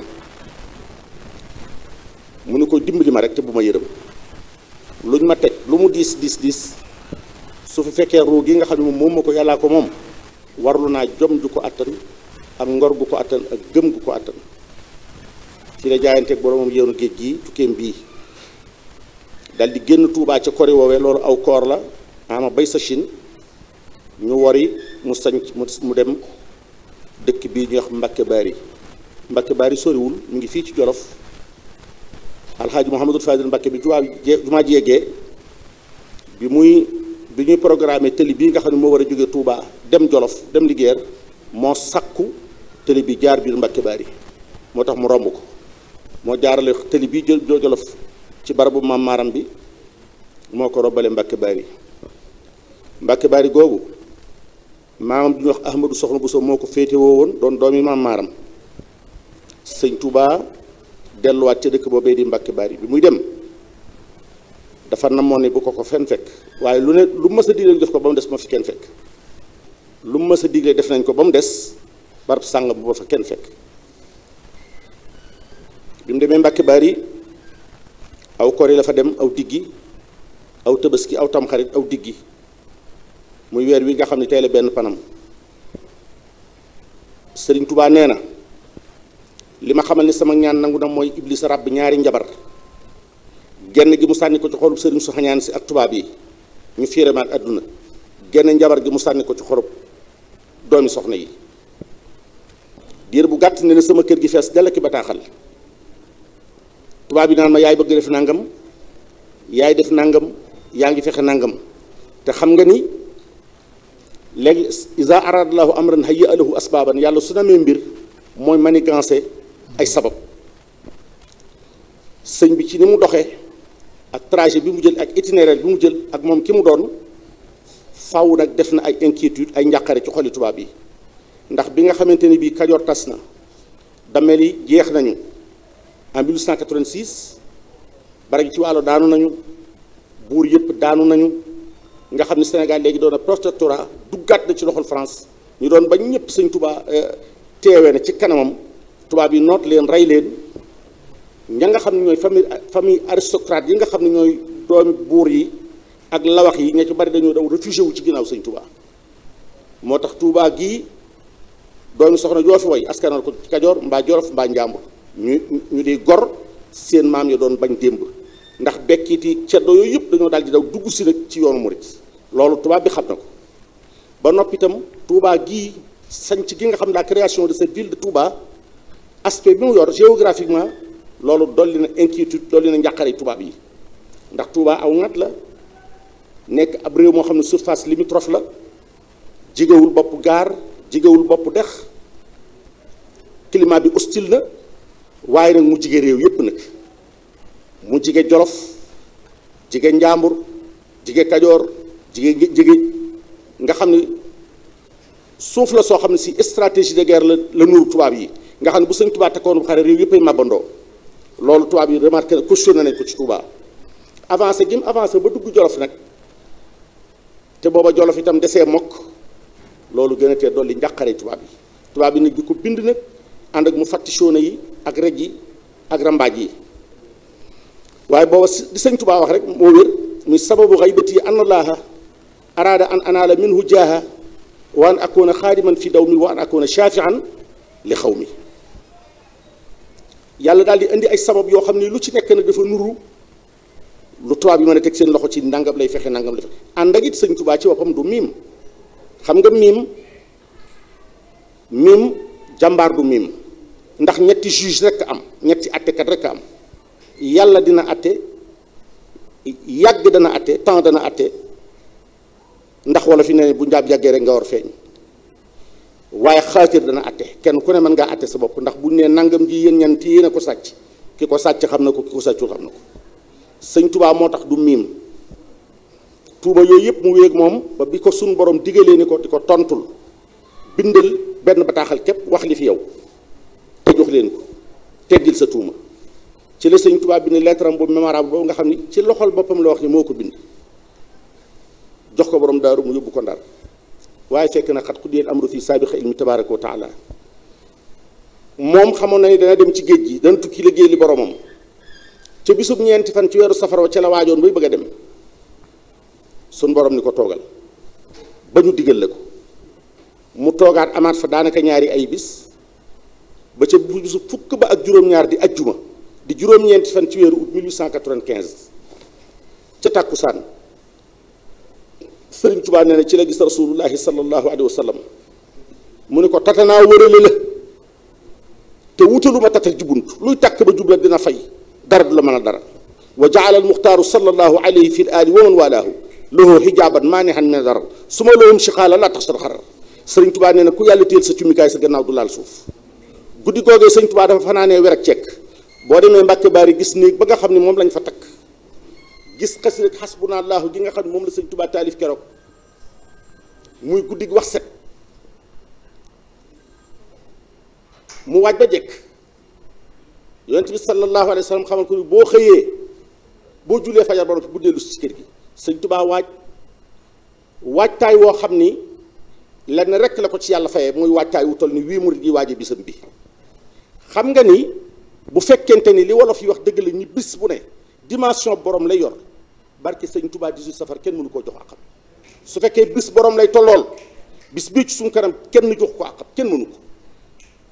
mu ne ko dimbali ma rek te bu ma yërëm luñ ma teg lu mu diis diis diis su fi fekkee ruu gi nga xam ne moom ma ko yàlla ko moom warlu naa jom ju ko attan ak ngor gu ko attan ak gëm gu ko attan ci la jaayanteeg boromam yoonu géej gi tukkeem bii dal di génn tuubaa ca kori woowee loolu aw koor la ama bay sa Chine ñu wori mu sañ mu dem dëkk bi ñuy wax Mbacke Bari Mbacke Bari soriwul mu ngi fii ci Jolof alxaaji Mouhamadul Fadil Mbacke bi jumaa ji yeggee bi muy bi ñuy programme téli bii nga xam ne moo war a jóge Touba dem Jolof dem Linguère moo sakku tëli bi jaar biir Mbàkke Baari moo tax mu romb ko moo jaarale téli bii jël Jolof ci barabu maam maaram bi moo ko robbale Mbàkke Baari Mbàkke Baari googu maamam du ñu wax Ahmadou Soxna Bousso moo ko féetewoo woo woon doon doomi maam maaram sëñ Touba delluwaat ci dëkk boobee di Mbàkke Baari bi muy dem dafa namoon ni bu ko ko fenn fekk waaye lu ne lu mës a digle def ko ba des ma fi kenn fekk mës a digle def nañ ko ba mu des barab sàngam bu ma fa kenn fekk bi mu demee Mbàkke Bari aw kori la fa dem aw diggi aw tëbaski aw tamxarit aw diggi muy weer wi nga xam ne tey la benn panam Sëriñ Tubaa nee na li ma xamal ni sama ñaan nangu na mooy iblis ràbb ñaari njabar genn gi mu sànni ko ci xorub sëriñ su xañaan si ak tubaab yi ñu fiire ma àdduna génn njabar gi mu sànni ko ci xorub doomi soxna yi diir bu gàtt ne na sama kër gi fees dala ki bataaxal tubaab yi naan ma yaay bëgg def nangam yaay def nangam yaa ngi fexe nangam te xam nga ni léegi iza aradallahu amran hayya lahu asbaaban yàlla su namee mbir mooy manigancé ay sabab sëñ bi ci ni mu doxee ak trajet bi mu jël ak itinéraire bi mu jël ak moom ki mu doon faw nag def na ay inquiétude ay njàqare ci xoli tubaab yi ndax bi nga xamante ni bii Kajoor tas na damel yi jeex nañu en 1886 barag ci wàllu daanu nañu buur yëpp daanu nañu nga xam ne Sénégal léegi doon na protectorat duggaat na ci loxol France ñu doon ba ñëpp sëñ Tuubaa euh, teewee na ci kanamam tubaab yi noot leen rey leen. ña nga xam ne ñooy famille famille aristocrate yi nga xam ne ñooy doomi buur yi ak lawax yi ña ci bari dañoo daw réfugié wu ci ginnaaw sañ Touba moo tax Touba gii doomi soxna joo fi way askanal ko Kajoor mbaa Jolof mbaa Njàmbur ñu ñu di gor seen maam ya doon bañ démb ndax bekkiti ceddo yooyu yëpp dañoo daal di daw dugg si nag ci yoonu murit loolu tubaab bi xam na ko ba noppitam itam Touba gii sañc gi nga xam ne la création de cette ville de Touba aspect bi mu yor géographiquement loolu dolli na inquiétude dolli na njàqare tubaab yi ndax Touba aw ngat la nekk ab réew moo xam ne surface limitrophe la jigéwul bopp gaar jigéwul bopp dex climat bi ostil na waaye nag mu jige réew yépp nag mu jige jolof jige njaambur jige kajoor jige jige nga xam ne suuf la soo xam ne si stratégie de guerre la la nuuru tubaab yi nga xam ne bu sëñ tubaab takkoon bu xare réew yéppay màbbandoo loolu tubaab yi remarqué na cautionné nañ ko ci Touba avancé gi mu avancé ba dugg Jolof nag te booba Jolof itam desee mokk loolu gën a tee dolli njàqare tubaab yi tubaab yi nag di ko bind nag ànd ak mu fàtti soona yi ak rej yi ak rambaaj yi waaye booba di sëñ Touba wax rek moo wér muy sababu xaybati yi anna laaha araada an anaala minhu jaaha wa an akoona xaadiman fi daw mi wa an akoona shaafian li xaw mi yàlla daal di indi ay sabab yoo xam ni lu ci nekk nag dafa nuru lu tubaab yi ma a teg seen loxo ci ndangam lay fexe ndangam lay fexe ànd ak it sëñ Tuubaa ci boppam du miim xam nga miim miim jàmbaar du miim ndax ñetti juge rek am ñetti attekat rek am yàlla dina atte yàgg dana atte temps dana atte ndax wala fi ne bu njaab yàggee rek nga war feeñ waaye xaatir dana atte kenn ku ne mën ngaa atte sa bopp ndax bu ne nangam ji yéen ñan ci ko sàcc ki ko sàcc xam na ko ki ko sàccul xam na ko sañ tubaa moo tax du miim tuuma yooyu yëpp mu wéeg moom ba bi ko suñ borom digalee ni ko di ko tontul bindal benn bataaxal képp wax li fi yow te jox leen ko teggil sa tuuma ci la sëñ tubaa bind lettre am boobu mémorable boobu nga xam ni ci loxol boppam la wax ni moo ko bind jox ko borom daaru mu yóbbu ko waaye fekk na xat xuddiyal amru fi saabiqa ilmi tabaraka wa taala moom xamoon na ni dana dem ci géej gi dana tukki liggéey li boromam ca bisub ñeenti fan ci weeru safara wa ca la waajoon bay bëgg a dem sun borom ni ko toogal ba ñu digal la ko mu toogaat amaat fa daanaka ñaari ay bis ba ca bisu fukk ba ak juróom-ñaar di ajjuma di juróom-ñeenti fan ci weeru août 1895 ca tàkkusaan sëriñ tubaa nee na ci la gis rasulullahi sallallahu alayhi wa sallam mu ne ko tatanaa wërale la te wutaluma tata jubunt luy takk ba jubla dina fay dara du la mën a dara wa jaala al muxtaaru sallallahu alayhi fi l aali wa man walaahu lahu xijaaban maanihan min dara su ma lahum shiqaala laa tax sar xarar sëriñ tubaa nee na ku yàlla téel sa cumikaay sa gannaaw du laal suuf guddi googee sëriñ tubaa a fanaanee wer ak ceek boo demee mbàkke baari gis néeg ba nga xam ne moom lañ fa takk gis xasidat hasbuna allah gi nga xamne mom la seigne touba talif kero muy guddig wax set mu waj ba jek yonent bi sallallahu alayhi wasallam xamal ko bo xeye bo julle fajar ba noppi bu dellu si kër gi seigne touba waj waj tay wo xamni lenn rek la ko ci yàlla fayee muy tay wu tol ni wi murid yi waji bisam bi xam nga ni bu fekkente ni li wolof yi wax deug la ni bis bu ne dimension borom lay yor barke sëñ Touba 18 safar kenn mënu koo jox àqam su fekkee bis boroom lay tollool bis bii ci suñu kanam kenn jox ko àqam kenn mënu ko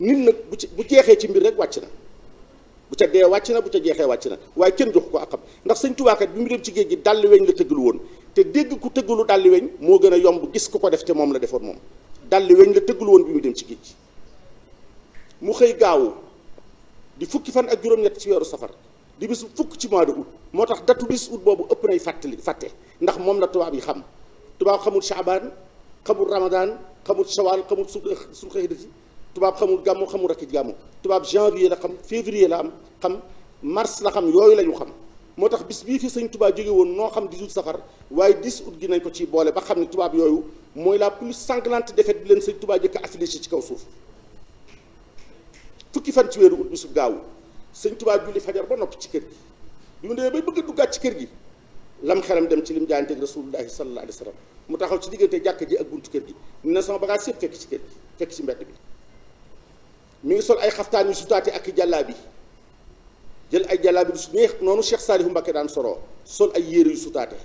nit nag bu ci bu jeexee ci mbir rek wàcc na bu ca dee wàcc na bu ca jeexee wàcc na waaye kenn jox ko àqam ndax sëñ Touba bi mu dem ci géej gi dàll weñ la tëggalu woon te dégg ku tëggalu dàll weñ moo gën a yomb gis ku ko def te moom la defoon moom dàll weñ la tëggalu woon bi mu dem ci géej gi mu xëy gaawu di fukki fan ak juróom ci weeru safar di bisu fukk ci mois de août moo tax datu 10 boobu ëpp nay fàttali fàtte ndax moom la tubaab yi xam tubaab xamul Chaabaan xamul Ramadan xamul Shawal xamul su suñu xëy tubaab xamul gàmmu xamul rakit gàmmu tubaab janvier la xam février la am xam mars la xam yooyu la ñu xam moo tax bis bii fi sañ tubaab jóge woon noo xam 18 safar waaye 10 août gi nañ ko ci boole ba xam ne tubaab yooyu mooy la plus sanglante défaite bi leen sëñ tubaab jëkk affligé ci kaw suuf fukki fan ci weeru août bisub sëñ tubaa julli fajar ba noppi ci kër gi bi mu bay bëgg a ci kër gi lam xelam dem ci lim jaayanteeg rasulullahi sallallahu alayhi wa sallam mu taxaw ci diggante jàkka ji ak buntu kër gi mu ne sama bagage yëpp fekk ci kër gi fekk ci mbedd bi mi ngi sol ay xaftaan yu sutaate ak i jàllaabi jël ay jàllaabi du su neex noonu Cheikh Saalihu Mbakke daan soroo sol ay yére yu sutaate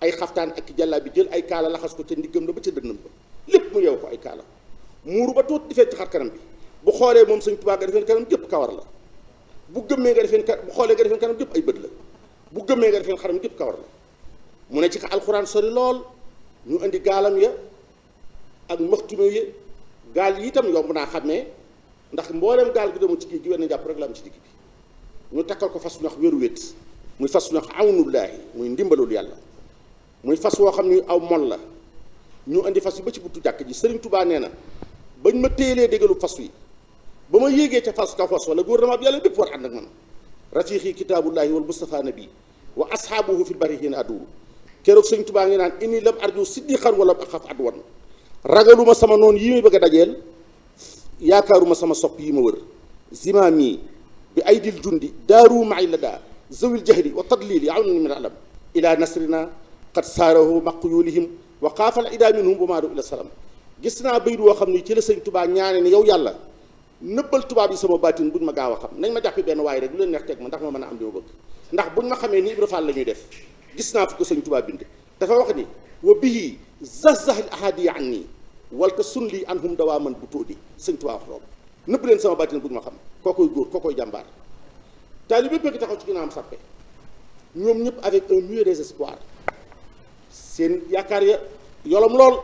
ay xaftaan ak i jàllaabi jël ay kaala laxas ko ca ndiggam la ba ca dënnam ba lépp mu yeew ko ay kaala muuru ba toot di fekk ci kanam bi bu xoolee moom sëñ Tuubaa ga defeen kawar la bu gëmmee nga defeen bu xoolee nga defeen kanam gépp ay bët la bu gëmmee nga defeen xaram gépp kawar la mu ne ci ka alxuraan sori lool ñu indi gaalam ya ak maxtume yi gaal yi itam yomb naa xàmmee ndax mboolem gaal gi demul ci kii gi wenn jàpp rek la am ci digg bi ñu takkal ko fas ñax wéru wét muy fas ñax awnullaahi muy ndimbalul yàlla muy fas woo xam ni aw mol la ñu indi fas yi ba ci buntu jàkk ji Sëriñ Tubaa nee na bañ ma téelee déggalu fas yi ba ma yéegee ca fas ka fas wala gouvernement bi yàlla bépp war ànd ak man ratiixi kitaabullahi wal mustafa nabi wa ashaabuhu fil barihin aduwu keroog sëñ tubaa ngi naan inni lam arju siddiqan wala axaf adwan ragaluma sama noonu yi may bëgg a dajeel yaakaaruma sama sopp yi ma wër zimaami bi aydil jundi daaru maay la daa zawil jahli wa tadlil yawnani min alam ila nasrina qad saarahu maqyulihim wa qaafal ida minhum wa maadu ila salam gis naa baydu woo xam ne ci la sëñ tubaa ñaane ne yow yàlla nëppal tubaab yi sama baatin buñ ma gaaw a xam nañ ma jàppi benn waaye rek lu leen neex teg ma ndax ma mën a am li ma bëgg ndax buñ ma xamee ni Ibra Fall la ñuy def gis naa fu ko sëñ tubaab bind dafa wax ni wa bihi zahzahil ahadiya an nii walta sun lii an hum dawaa man bu tóodi sëñ tubaab wax nëpp nëbb leen sama baatin buñ ma xam kookoy góor koy jàmbaar taalibe bépp ngi taxaw ci ginnaawam sàppe ñoom ñëpp avec un muet désespoir seen yaakaar ya yolom lool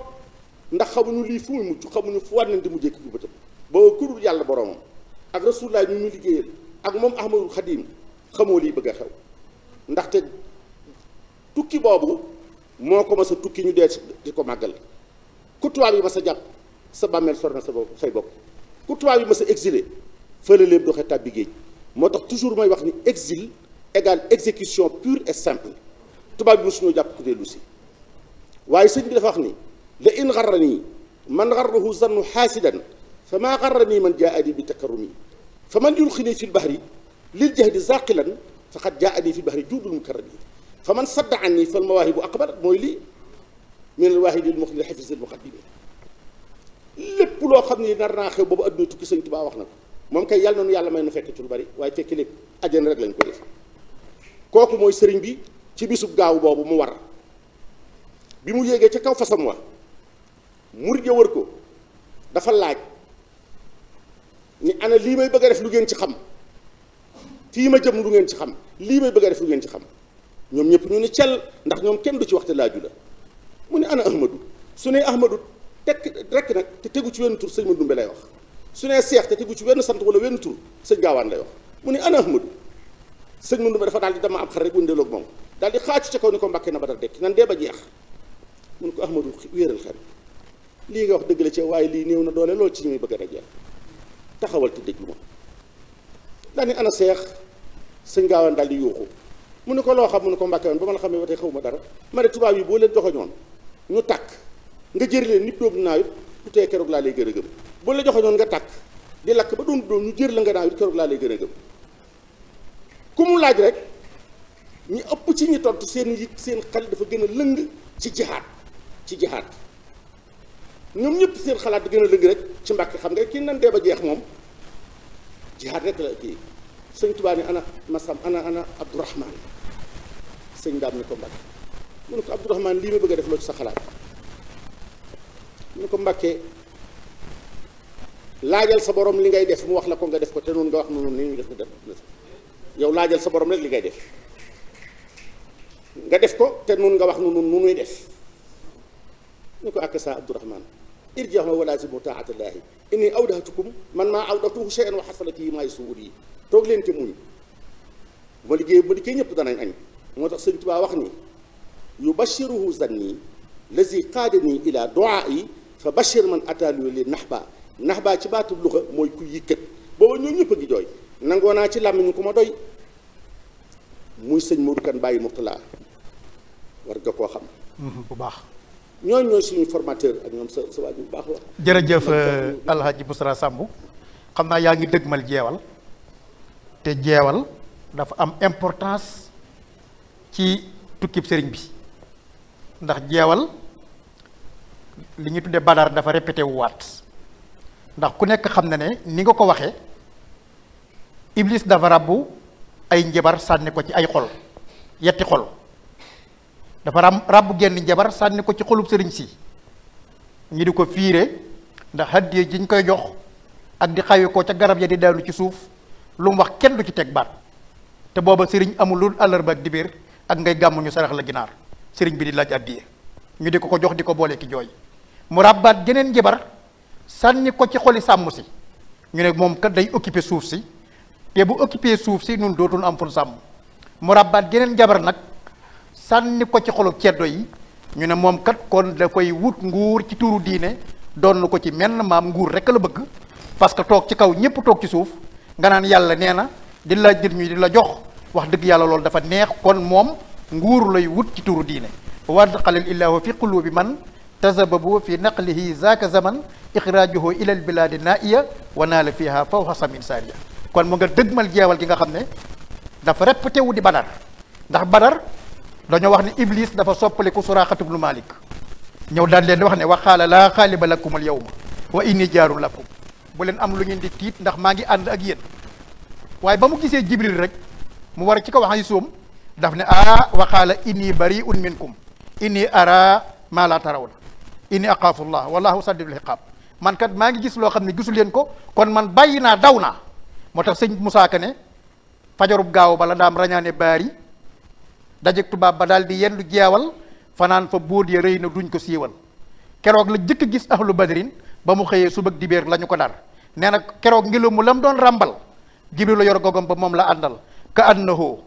ndax xamuñu lii fu muy mujj xamuñu fu war nañ di mujjee ki bu bëtam boo kudul yàlla boromam ak rasulullah ñu muy liggéeyal ak moom ahmadul xadim xamoo liy bëgg a xew ndaxte tukki boobu moo ko mas a tukki ñu dee di ko màggal ku tubaab yi mas a jàpp sa bàmmeel sor na sa bopp say bopp ku tubaab yi mas a exilé fële leen doxee tàbbi géej moo tax toujours may wax ni exil égale exécution pure et simple tubaab bi mosuñoo jàpp ku dellu si waaye sëñ bi dafa wax ni la in xarra nii man xarrahu zannu xaasidan fa maa garranii man jaa anii bi takarrumi fa man yulxinii fi lbahri lil jahdi zaqilan faqad jaa anii fi lbahri juudul mukarrami fa man sadda anii fal mawaahibu akbar mooy lii min alwaahidi lmuxni xafis almuqaddimi lépp loo xam ne nar naa xew boobu adduna tukki sëñ Tuubaa wax na ko moom kay yàlla noonu may nu fekk ci lu bari waaye fekk lépp àjjana rek lañ ko def kooku mooy sëriñ bi ci bisub gaaw boobu mu war bi mu yéegee ca kaw fasam wa murid ya wër ko dafa laaj ni ana lii may bëgg a def lu ngeen ci xam fii ma jëm lu ngeen ci xam lii may bëgg a def lu ngeen ci xam ñoom ñëpp ñu ni cel ndax ñoom kenn du ci waxte laaju la mu ne ana ahmadu su ne ahmadu tekk rek nag te tegu ci wenn tur sëñ ma dumbe lay wax su nee seex tegu ci wenn sant wala wenn tur sëñ gaawaan lay wax mu ne ana ahmadu sëñ ma dumbe dafa daal di dama am xar rek wëndeeloog moom daal di xaacu ca kaw ni ko mbàkke na ba dara dekk nan dee ba jeex mu ne ko ahmadu wéeral xel lii nga wax dëgg la ci waaye lii néew na doole lool ci ñuy bëgg a dajeel taxawal te déglu ma daal ni ana seex sëñ gaawaan daal di yuuxu mu ne ko loo xam mu ne ko mbàkke woon ba ma la xamee ba tey xaw ma dara ma ne tubaab yi boo leen joxoñoon ñu tàkk nga jëri leen nit doomu naawit du tee keroog laa lay gën a gëm boo la joxoñoon nga tàkk di lakk ba doon doom ñu jër la nga naawit keroog laa lay gën a gëm ku mu laaj rek ñu ëpp ci ñu tontu seen yit seen xel dafa gën a lëng ci jihaat ci jihaat ñoom ñëpp seen xalaat di gën a dëgg rek ci mbakk xam nga kii nan dee ba jeex moom jihaad rek la kii sëñ Tuubaa ni ana masam ana ana Abdourahman sëñ daam ni ko Mbàkke mu ne ko Abdourahman lii ma bëgg a def loo ci sa xalaat mu ko Mbàkke laajal sa borom li ngay def mu wax la ko nga def ko te noonu nga wax noonu ni ñu def nga def laajal sa borom rek li ngay def def ko te noonu nga wax noonu nu nuy def ñu ko ak sa Abdourahman ارجعوا ولازم بطاعة الله إني أودهتكم من ما أودته شيئا وحصل فيه ما يسوري توغلين تموي ولجي بلكين يبدأنا أن متصل تبا وقني يبشره زني الذي قادني إلى دعائي فبشر من أتى للنحبة نحبة تبات اللغة مويكو يكت بو نيو نيو بغي دوي نانغونا تي لام نيو كوما دوي موي سيغ موركان باي مختلا وارغا كو خام بو باخ ñooñu jërëjëf El euh, euh, Hadj Bousra Samb xam naa yaa ngi dëgmal jeewal te jeewal dafa am importance ci tukkib sëriñ bi ndax jeewal li ñuy tuddee badar dafa répété wu waat ndax ku nekk xam na ne ni nga ko waxee iblis dafa rabbu ay njabar sànni ko ci ay xol yetti xol. dafa ram ràbb genn jabar, sanni ko ci xolub serigne si ñi diko ko fiire ndax hadiye jiñ koy jox ak di xawi ko ci garab ya di kisuf, ci suuf lu mu wax kenn du ci tek baat te gamun serigne amul lu àllarba ak dibéer ak ngay ñu sarax la ginar serigne bi di laaj addiye ñu di ko jox diko bolé ki joy mu rabbat geneen sufsi sanni ko ci xoli sàmm ñu ne mom ka day occuper suuf ci te bu occuper suuf ci nun dootul am fun sam mu rabbat geneen jabar nak sànni ko ci xolu ceddo yi ñu ne moom kat kon da koy wut nguur ci tuuru diine doon ko ci menn maam nguur rek la bëgg parce que toog ci kaw ñëpp toog ci suuf nga naan yàlla nee na di la jël ñu la jox wax dëgg yàlla loolu dafa neex kon moom nguur lay wut ci tuuru diine wadxalil illahu fi bi man tasababu fi naqlihi zaaka zaman ixraajuhu ila al bilaadi naaiya wa naala fiha fawxa samin saariya kon mu nga mal jeewal gi nga xam ne dafa répété wu di badar ndax dañu wax ni iblis dafa ku suraaxatu ibn malik ñew daal leen wax ne khala la xaaliba lakum al yawma wa inni jaarun lakum bu leen am lu ngeen di tiit ndax ma ngi and ak yeen waye ba mu gisee jibril rek mu war ci ko wax ay soom daf ne ah khala inni bariun minkum inni ara ma la tarawun inni aqafu allah wallahu sadidul hiqab man kat ma ngi gis lo xamni gisul leen ko kon man bayina dawna motax seigne moo tax Moussa Ka fajarub gaaw bala rañane bari Dajek tubaab ba daldi di yendu jewal fanaan fa bood ye reyna duñ ko siwal kérok la jëk gis ahlu badrin ba mu xëyee subak dibéer lañu ko dar nee kérok keroog ngelaw mu jibril gogom ba mom la andal ka annahu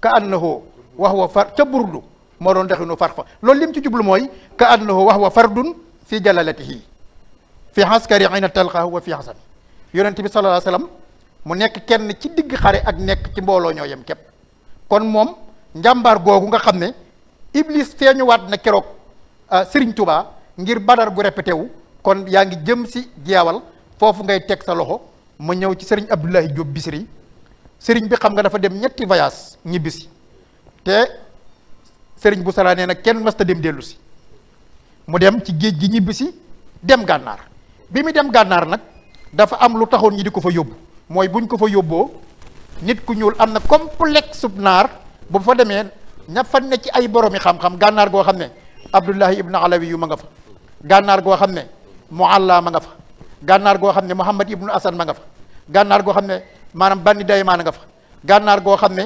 ka annahu wa huwa far ta burdu mo doon dexinu far fa lim ci jublu moy ka annahu wa huwa fardun fi jalalatihi fi haskari ayna talqa wa fi hasan. yonent bi sallallahu alayhi wasallam mu nek kenn ci digg xare ak nek ci mbolo ñoyam kep kon mom njambar googu nga xam iblis iblis wat na keroog euh, Serigne Touba ngir badar gu répété wu kon yang jëm ci jeewal fofu ngay tek sa loxo ma ñew ci Serigne Abdoulaye Diop bisri Serigne bi xam nga dafa dem ñetti voyage ñibbisi té Serigne bu Sala kenn mësta dem dellu si mu dem ci geej gi ñibisi dem bi mi dem nak dafa am lu taxone ñi di fa yobbu moy buñ ko fa yobbo nit ku ñuul amna complexe nar bu fa demee ña fa ne ci ay boromi xam-xam gànnaar goo xam ne abdullahi ibn alawi yu ma nga fa gànnaar goo xam ne mualla ma nga fa gànnaar goo xam ne muhammad ibnu asan ma nga fa gànnaar goo xam ne maanaam banni daymaan nga fa gànnaar goo xam ne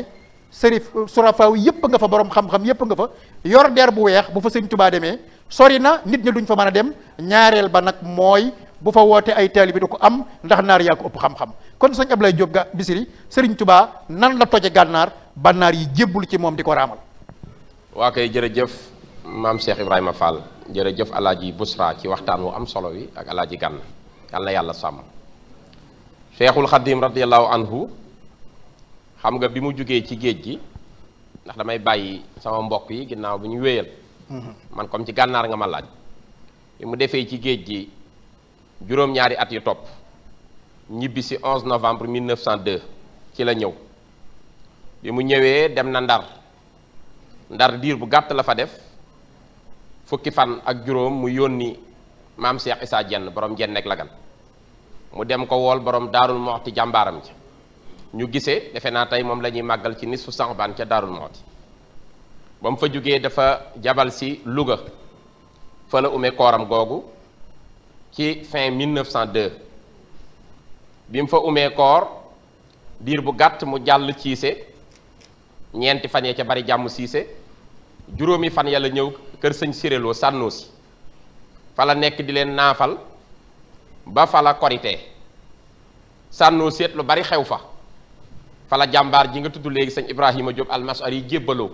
sërif surafaaw yëpp nga fa borom xam-xam yëpp nga fa yor der bu weex bu fa sëñ tubaa demee sori na nit ñi duñ fa mën a dem ñaareel ba nag mooy bu fa woote ay taalibe du ko am ndax naar yaa ko ëpp xam-xam kon sëñ ablay job ga bisiri Serigne Touba nan la toje gànnaar bannaar yi jebul ci mom diko ramal wa waa kay jërëjëf mam Cheikh Ibrahima Fall jërëjëf El Busra ci waxtan wu am solo wi ak El Hadj yalla yalla sam Cheikhul Khadim radiyallahu anhu xam nga bimu joge ci geej gi ndax damay bayyi sama mbokk yi ginnaaw buñu ñu mm-hmm. man comme ci gànnaar nga ma laaj. bi mu ci geej gi juroom ñaari at yu top ñibbi si 11 novembre 1902 ci la ñëw bi mu ñëwee dem na ndar ndar diir bu gàtt la fa def fukki fan ak juróom mu yónni maam Cheikh Issa jenn borom Dieng ak Lagan mu dem ko wool borom Daarul Moxti jàmbaaram ca ñu gisee defe naa tey moom la ñuy màggal ci nisfu Saxbaan ca Daarul Moxti ba mu fa jógee dafa jabal si Louga fa la umee kooram googu ci fin 1902. bi mu fa umee koor diir bu gàtt mu jàll siise ñeenti fan ya ca bari jàmm siise juróomi fan yàlla ñëw kër sañ séréloo sànnoo si fa nekk di leen naafal ba fa la korite sànnoo seet lu bari xew fa fa jàmbaar ji nga tudd léegi sëñ Ibrahima Diop almasar yi jébbaloo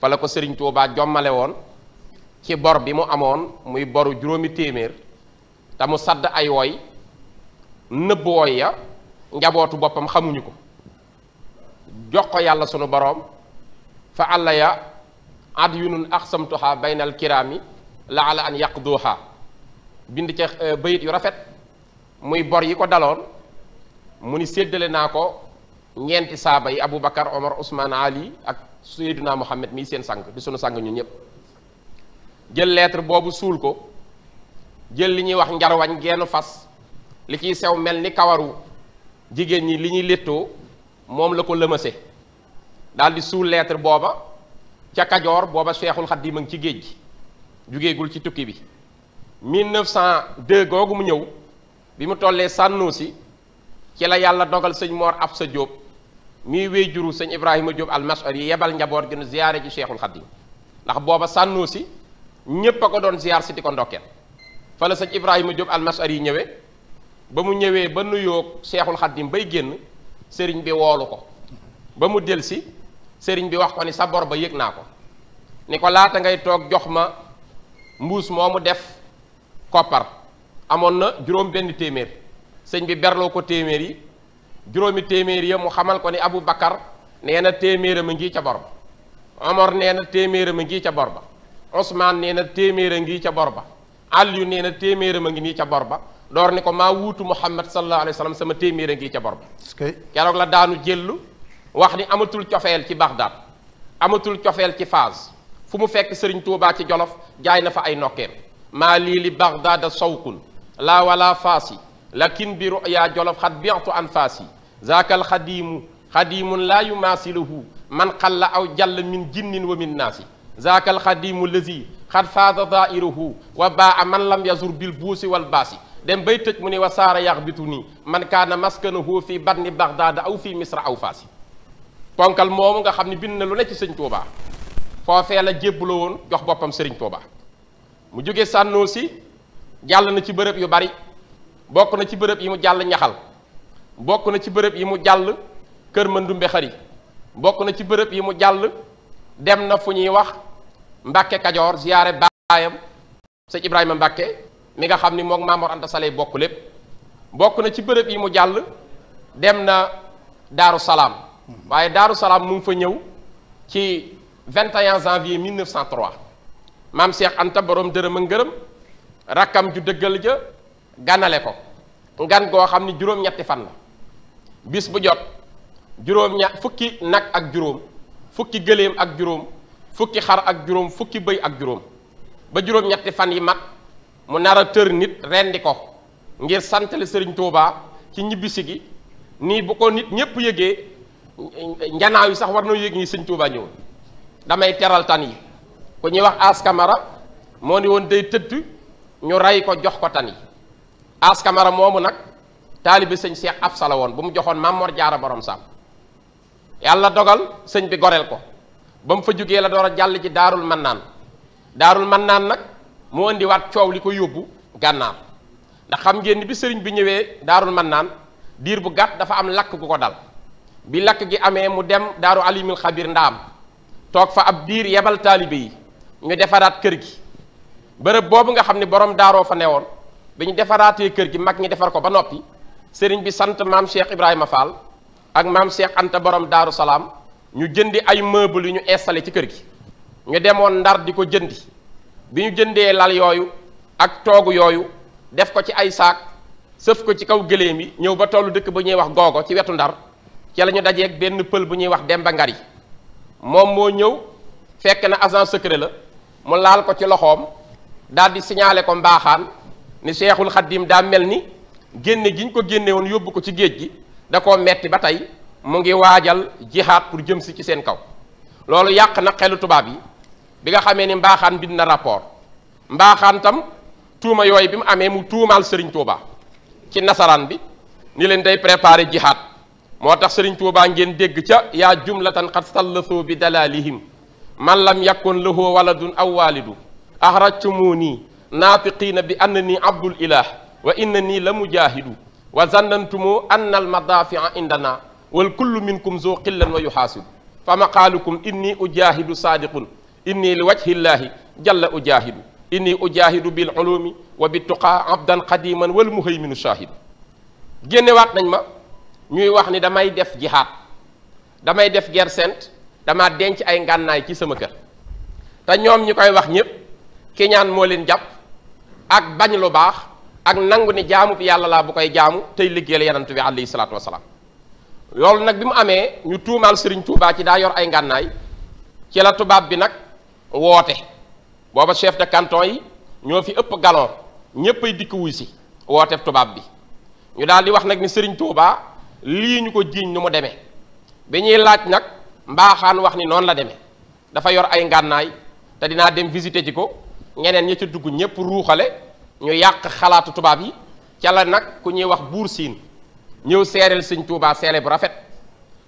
fa la ko sëriñ Tuubaa jommale woon ci bor bi mu amoon muy boru juróomi téeméer te mu sadd ay woy nëbb woy ya njabootu boppam xamuñu ko jox ko yàlla sunu boroom fa àlla ya ad yunun axsamtuha baynal kiraami la ala an yaqduha bind ca euh, bayit yu rafet muy bor yi ko daloon mu ni séddale naa ko ñeenti saaba yi abu bakar omar ousmane ali ak seyduna muhammad mii seen sang di sunu sang ñu ñépp jël lettre boobu suul ko jël li ñuy wax njarwañ geenu fas li ciy sew mel ni kawaru jigéen ñi li ñuy léttoo moom la ko lëmase daal di suul booba ca kajoor booba seexul xaddim a ngi ci géej gi jugeegul ci tukki bi 1902 googu mu ñëw bi mu tollee Sànnuusi ci la yàlla dogal sëñ Mor Absa sa mii wéy juru sëñ Ibrahima Diop almasar yi yebal njaboot gi nu ziyaare ci seexul xaddim ndax booba Sànnuusi ñépp a ko doon ziyaar si di ko ndokkeel fa la sëñ Ibrahima Diop almasar yi ñëwee ba mu ñëwee ba nuyoo seexul xaddim bay génn sëriñ bi woolu ko ba mu delsi sëriñ bi wax ko ni sa bor ba yëg naa ko ni ko laata ngay toog jox ma mbuus mu def koppar amoon na juróom benn téeméer sëñ bi berloo ko téeméer yi juróomi téeméer ya mu xamal ko ni Abu Bakar nee na téeméeram a ngi ca bor ba nee na téeméeram a ngi ca bor ba Ousmane nee na téeméer a ngi ca bor ba Aliou nee na téeméeram a ngi nii ca bor ba door ni ko maa wuutu Muhammad sallallahu alayhi wa sallam sama téeméer a ngi ca bor ba keroog la daanu jëllu wax ni amatul cofeel ci Bagdad amatul cofeel ci Fas fu mu fekk Sëriñ Tuubaa ci Jolof jaay na fa ay nokkeem maa lii li Bagdada sawkun laa wala faasi lakin bi ruya Jolof xat biatu an faasi zaakal xadiimu xadiimun laa yumaasiluhu man xalla aw jàll min jinnin wa min naasi zaakal xadiimu lazi xat faada dairuhu wa baa man lam yazur bil buusi wal baasi dem bay tej muni ne wa man kana maskanuhu fi batni Baghdad aw fi misra aw fas ponkal mom nga xamni bin na lu ne ci sëñ Tuubaa foofee la jébbaloo won jox bopam serigne touba mu joge sànnoo si na ci beurep yu bari bok na ci beurep yi mu jall ñaxal bok na ci beurep yi mu jàll kër Mandumbe Xari bok na ci beurep yi mu jall dem na fuñuy wax mbacke kadior ziaré bayam sëñ Ibrahima mbacke mi nga xamni mok mamour Anta Sale bokk lepp bokk na ci bërëb yi mu jall dem na daru salam waye daru salam mu fa ñew ci 21 janvier 1903 mam Cheikh Anta borom deureum ngeureum rakam ju deugal ja ganale ko gan go xamni ni ñetti fan la bis bu jot juróom-ña fukki nak ak juróom fukki geleem ak fuki fukki xar ak juróom fukki bay ak juróom ba ñetti fan yi mat mu nar a tër nit rendi ko ngir santale sëriñ Tuubaa ci ñibbisi gi nii bu ko nit ñépp yëgee njanaaw yi sax war na yëg ñi sëñ Tuubaa ñëw damay teral tan yi ku ñuy wax askamara moo ni woon day ñu rey ko jox ko tan askamara moomu nag taalibe sëñ Cheikh Absa la woon bu mu joxoon Mamor Jaara borom saam yàlla dogal sëñ bi goreel ko ba mu fa jógee la door jàll ji daarul mannaan daarul mannaan nag moo indi waat coow li ko yóbbu gànnaar ndax xam ngeen ni bi sëriñ bi ñëwee daarul man naan diir bu gàtt dafa am lakk gu ko dal bi lakk gi amee mu dem daaru alimul xabir ndaam toog fa ab diir yebal taalibe yi ñu defaraat kër gi bërëb boobu nga xam ne borom daaroo fa newoon bi ñu defaraatee kër gi mag ñi defar ko ba noppi sëriñ bi sant maam Cheikh Ibrahima Fall ak maam Cheikh Anta borom daaru salaam ñu jëndi ay meubles yu ñu installé ci kër gi ñu demoon ndar di ko jëndi bi ñu jëndee lal yooyu ak toogu yooyu def ko ci ay saak sëf ko ci kaw gëléem yi ñëw ba tollu dëkk ba ñuy wax googo ci wetu ndar ca la ñu dajeeg benn pël bu ñuy wax Demba yi moom moo ñëw fekk na agent secret la mu laal ko ci loxoom daal di signalé ko mbaaxaan ni Seexul Xaddim daa mel ni génne gi ñu ko génnewoon yóbbu ko ci géej gi da koo metti ba tey mu ngi waajal jihaat pour jëm si ci seen kaw loolu yàq na xelu tubaab yi biga nga xamee ni mbaaxaan bind na rapport mbaaxaan tam tuuma yooyu bi mu mu tuumaal Serigne Touba ci nasaran bi ni leen day préparé jihad moo tax Serigne Touba ngeen dégg ca yaa jumlatan qad sallasoo bi dalalihim man lam yakun lahu waladun aw walidu ahrajtumuni naafiqiina bi annani abdul ilah wa innani lamujahidu mujahidu wa zannantumu anna al madafia indana wal kullu minkum zu qillan wa yuhaasibu fa maqaalukum inni ujahidu sadiqun inni li wajhi llahi jalla ujahidu inni ujahidu bil ulumi wa bi tuqaa abdan qadiman wal muhayminu shahidu génnewaat nañ ma ñuy wax ni damay def jihaad damay def ger sent dama denc ay ngànnaay ci sama kër te ñoom ñi koy wax ñépp kiñaan moo leen jàpp ak bañ lu baax ak nangu ni jaamu bi yàlla laa bu koy jaamu tey liggéeyal yanant bi alayhi salaatu wasalaam loolu nag bi mu amee ñu tuumaal Serigne Touba ci daa yor ay ngànnaay ci la tubaab bi nag wote boba chef de canton yi ño fi ëpp galon ñeppay dik wuy ci wote tubaab bi ñu dal di wax nak ni Serigne Touba li ñu ko jiñ nu mu demee bi laaj nak mbaxaan wax ni non la démé dafa yor ay ngannaay te dina dem visiter ci ko ñeneen ñi ci dugg ñepp ruuxale ñu yaq xalaatu tubaab yi ci la nak ku ñi wax ñew sérel serigne Touba rafet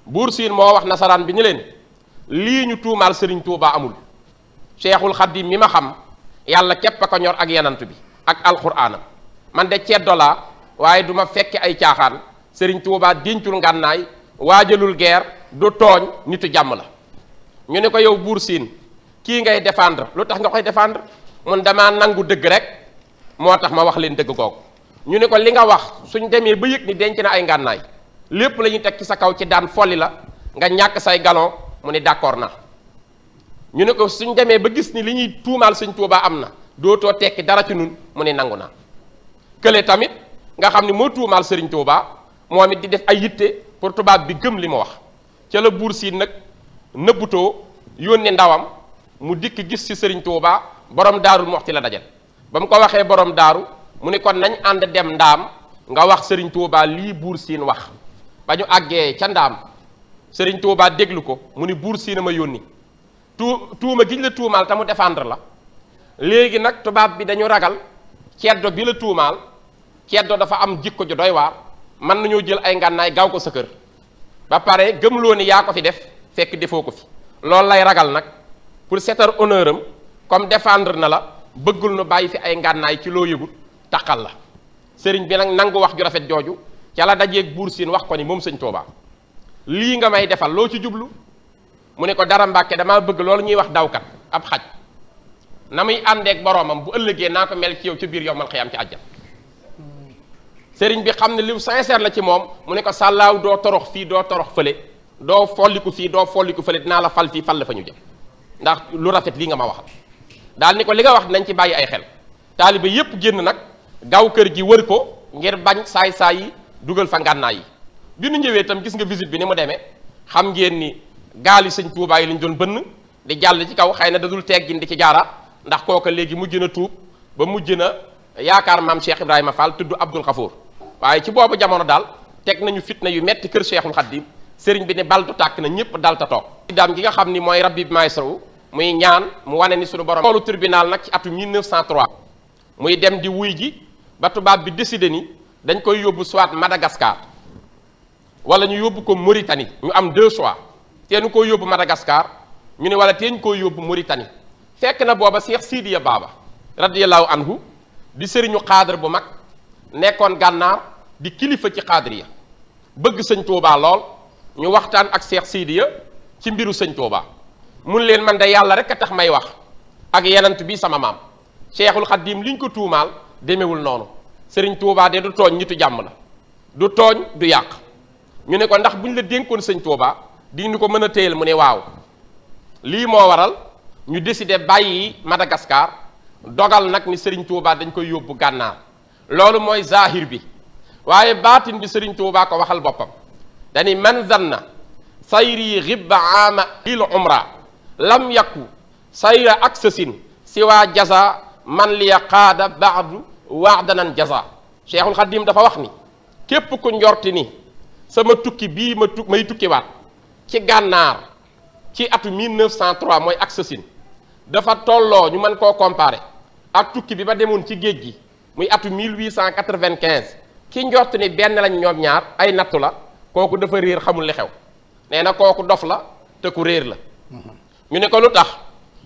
mo wax nasaran bi ñu leen li ñu Serigne Touba amul cheikhul khadim mi ma xam yalla kep ko ñor ak yanantu bi ak alquran man de ci dola waye duma fekke ay tiaxan serigne touba dencul ngannaay wajalul guerre du togn nitu jam la ñu ne ko yow buur siin kii ngay défendre lutax nga koy défendre mun dama nangu deug rek motax ma wax len deug gog ñu ne ko li nga wax suñ ba yek ni denc na ay ngannaay lepp lañu tek ci sa kaw ci daan folli la nga ñak say galon mu ne d'accord ñu ne ko suñu démé ba gis ni liñuy ñuy tuumaal sëñ amna am na dootoo tekki dara ci nun mu ne nanguna kele tamit nga xamni mo moo tuumaal sëriñ momit di def ay yitte pour tubaab bi gëm li wax ci la buur siin nag ndawam mu dik gis ci sëriñ Tuubaa borom wax ci la dajal ba ko waxee borom daru mu ne kon nañ and dem ndam nga wax sëriñ Tuubaa li buur wax ba li bursin ca ndaam sëriñ chandam déglu ko mu ne buur siin ma yoni tuuma giñ la tuumal tamu mu défendre la légui nak tubab bi dañu ragal ceddo bi la tuumaal ceddo dafa am jikko ju doy war man nañoo jël ay ngannaay gaw ko sa kër ba pare gëmloo ni ya ko fi def fekk defoo ko fi lool lay ragal nak, pour seetal honneuram comme défendre na la bëggul nu bayyi fi ay ngannaay ci lo yegul takal la sëriñ bi nak nang wax ju rafet joju ci la dajeeg buur wax ko ni mom li nga may defal lo ci jublu mu ne ko dara mbàkke damaa bëgg loolu ñuy wax dawkat ab xaj na muy àndeek boroomam bu ëllëgee naa ko mel ci yow ci biir yow mal xiyaam ci àjjan sëriñ bi xam ne li sincère la ci moom mu ne ko sàllaaw doo torox fii doo torox fële doo folliku fii doo folliku fële dinaa la fal fii fal la fa ñu jëm ndax lu rafet lii nga ma waxal daal ni ko li nga wax nañ ci bàyyi ay xel taaliba yépp génn nag gaw kër gi wër ko ngir bañ saay-saay yi dugal fa ngànnaay yi bi nu ñëwee itam gis nga visite bi ni mu demee xam ngeen ni gaali sëñ Tuubaa yi lañ doon bënn di jàll ci kaw xay na dadul teggin di ci jaara ndax kooka léegi mujj na tuub ba mujj na yaakaar maam Cheikh Ibrahima Fall tudd Abdul Xafoor waaye ci boobu jamono daal teg nañu fitna yu metti kër Cheikhul Xaddim sëriñ bi ne baltu tàkk na ñëpp dalta toog daam gi nga xam ni mooy rabbi maestro muy ñaan mu wane ni suñu borom loolu tribunal nag ci atu 1903 muy dem di wuy ji ba tubaab bi décidé ni dañ koy yóbbu soit Madagascar wala ñu yóbbu ko Mauritanie ñu am deux choix teenu koo yóbbu Madagascar ñu ne wala teen koo yóbbu Mauritanie fekk na booba Cheikh Sidiya Baba radiyallahu anhu di sëriñu xaadar bu mag nekkoon gànnaar di kilifa ci xaadar ya bëgg sëñ Touba lool ñu waxtaan ak Cheikh Sidiya ci mbiru sëñ Touba mun leen man de yàlla rek a tax may wax ak yenant bi sama maam Cheikhul Xaddim liñ ko tuumaal demewul noonu sëriñ Touba de du tooñ ñitu jàmm la du tooñ du yàq ñu ne ko ndax buñ la dénkoon sëñ Touba. di ñu ko mëna teyel mu né waw li mo waral ñu décider bayyi Madagascar dogal nak ni Serigne Touba dañ koy yobbu gànnaar lolu moy zahir bi waye batin bi Serigne Touba ko waxal bopam dani man zanna sayri ghibba ama il umra lam yakku sayra aksasin siwa jaza man li yaqada ba'd waadanan jaza cheikhul khadim dafa wax ni kep ku njorti ni sama tukki bi ma may wat ci gànnaar ci atu 1903 mooy ak sësin dafa tolloo ñu mën koo comparer ak tukki bi ba demoon ci géej gi muy atu cent 1895 ki njort ni benn lañ ñoom ñaar ay nattu la kooku dafa réer xamul li xew nee na kooku dof la te ku réer la mm-hmm. ñu ne ko lu tax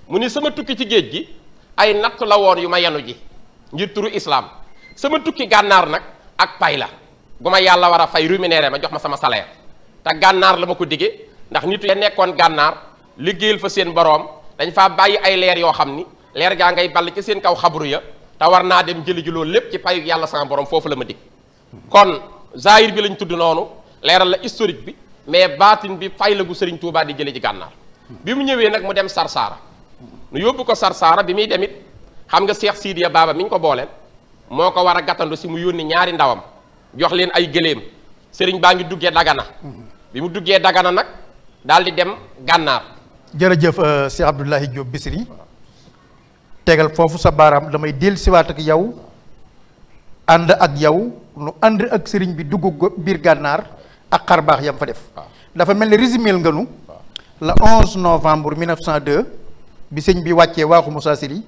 mu ni sama tukki ci géej gi ay nattu la woon yu ma yenu ji ngir turu islaam sama tukki gànnaar nag ak pay la gu ma yàlla war a fay rémunéré ma jox ma sama salaire te gànnaar la ma ko digee ndax nitu ya nekkon gannar liggeel fa seen borom dañ fa bayyi ay leer yo xamni leer ga ngay ball ci seen kaw xabru ya ta war dem jeli ji loolu lépp ci payu yalla sama borom fofu la ma dik kon zahir bi lañ tuddu nonu leral la historique bi mais batin bi fay la gu serigne Touba di jeli ci gannar bi mu ñewé nak mu dem sarsara nu yobbu ko sarsara bi mi demit xam nga Cheikh sidia Baba mi ngi ko booleel moko wara war a si mu yoni ñaari ndawam jox leen ay geleem serigne baangi duggé dagana bi mu duggé dagana nak daal di dem gànnaar. jërëjëf euh, Cheikh Abdoulaye Diop Bichri tegal foofu sa baaraam damay dellu siwaat ak yow ànd ak yow nu ànd ak sëriñ bi dugg biir gànnaar ak xar baax yam fa def. dafa mel ni résumé nga nu le 11 novembre 1902 bi sëñ bi wàccee waaxu Moussa Siri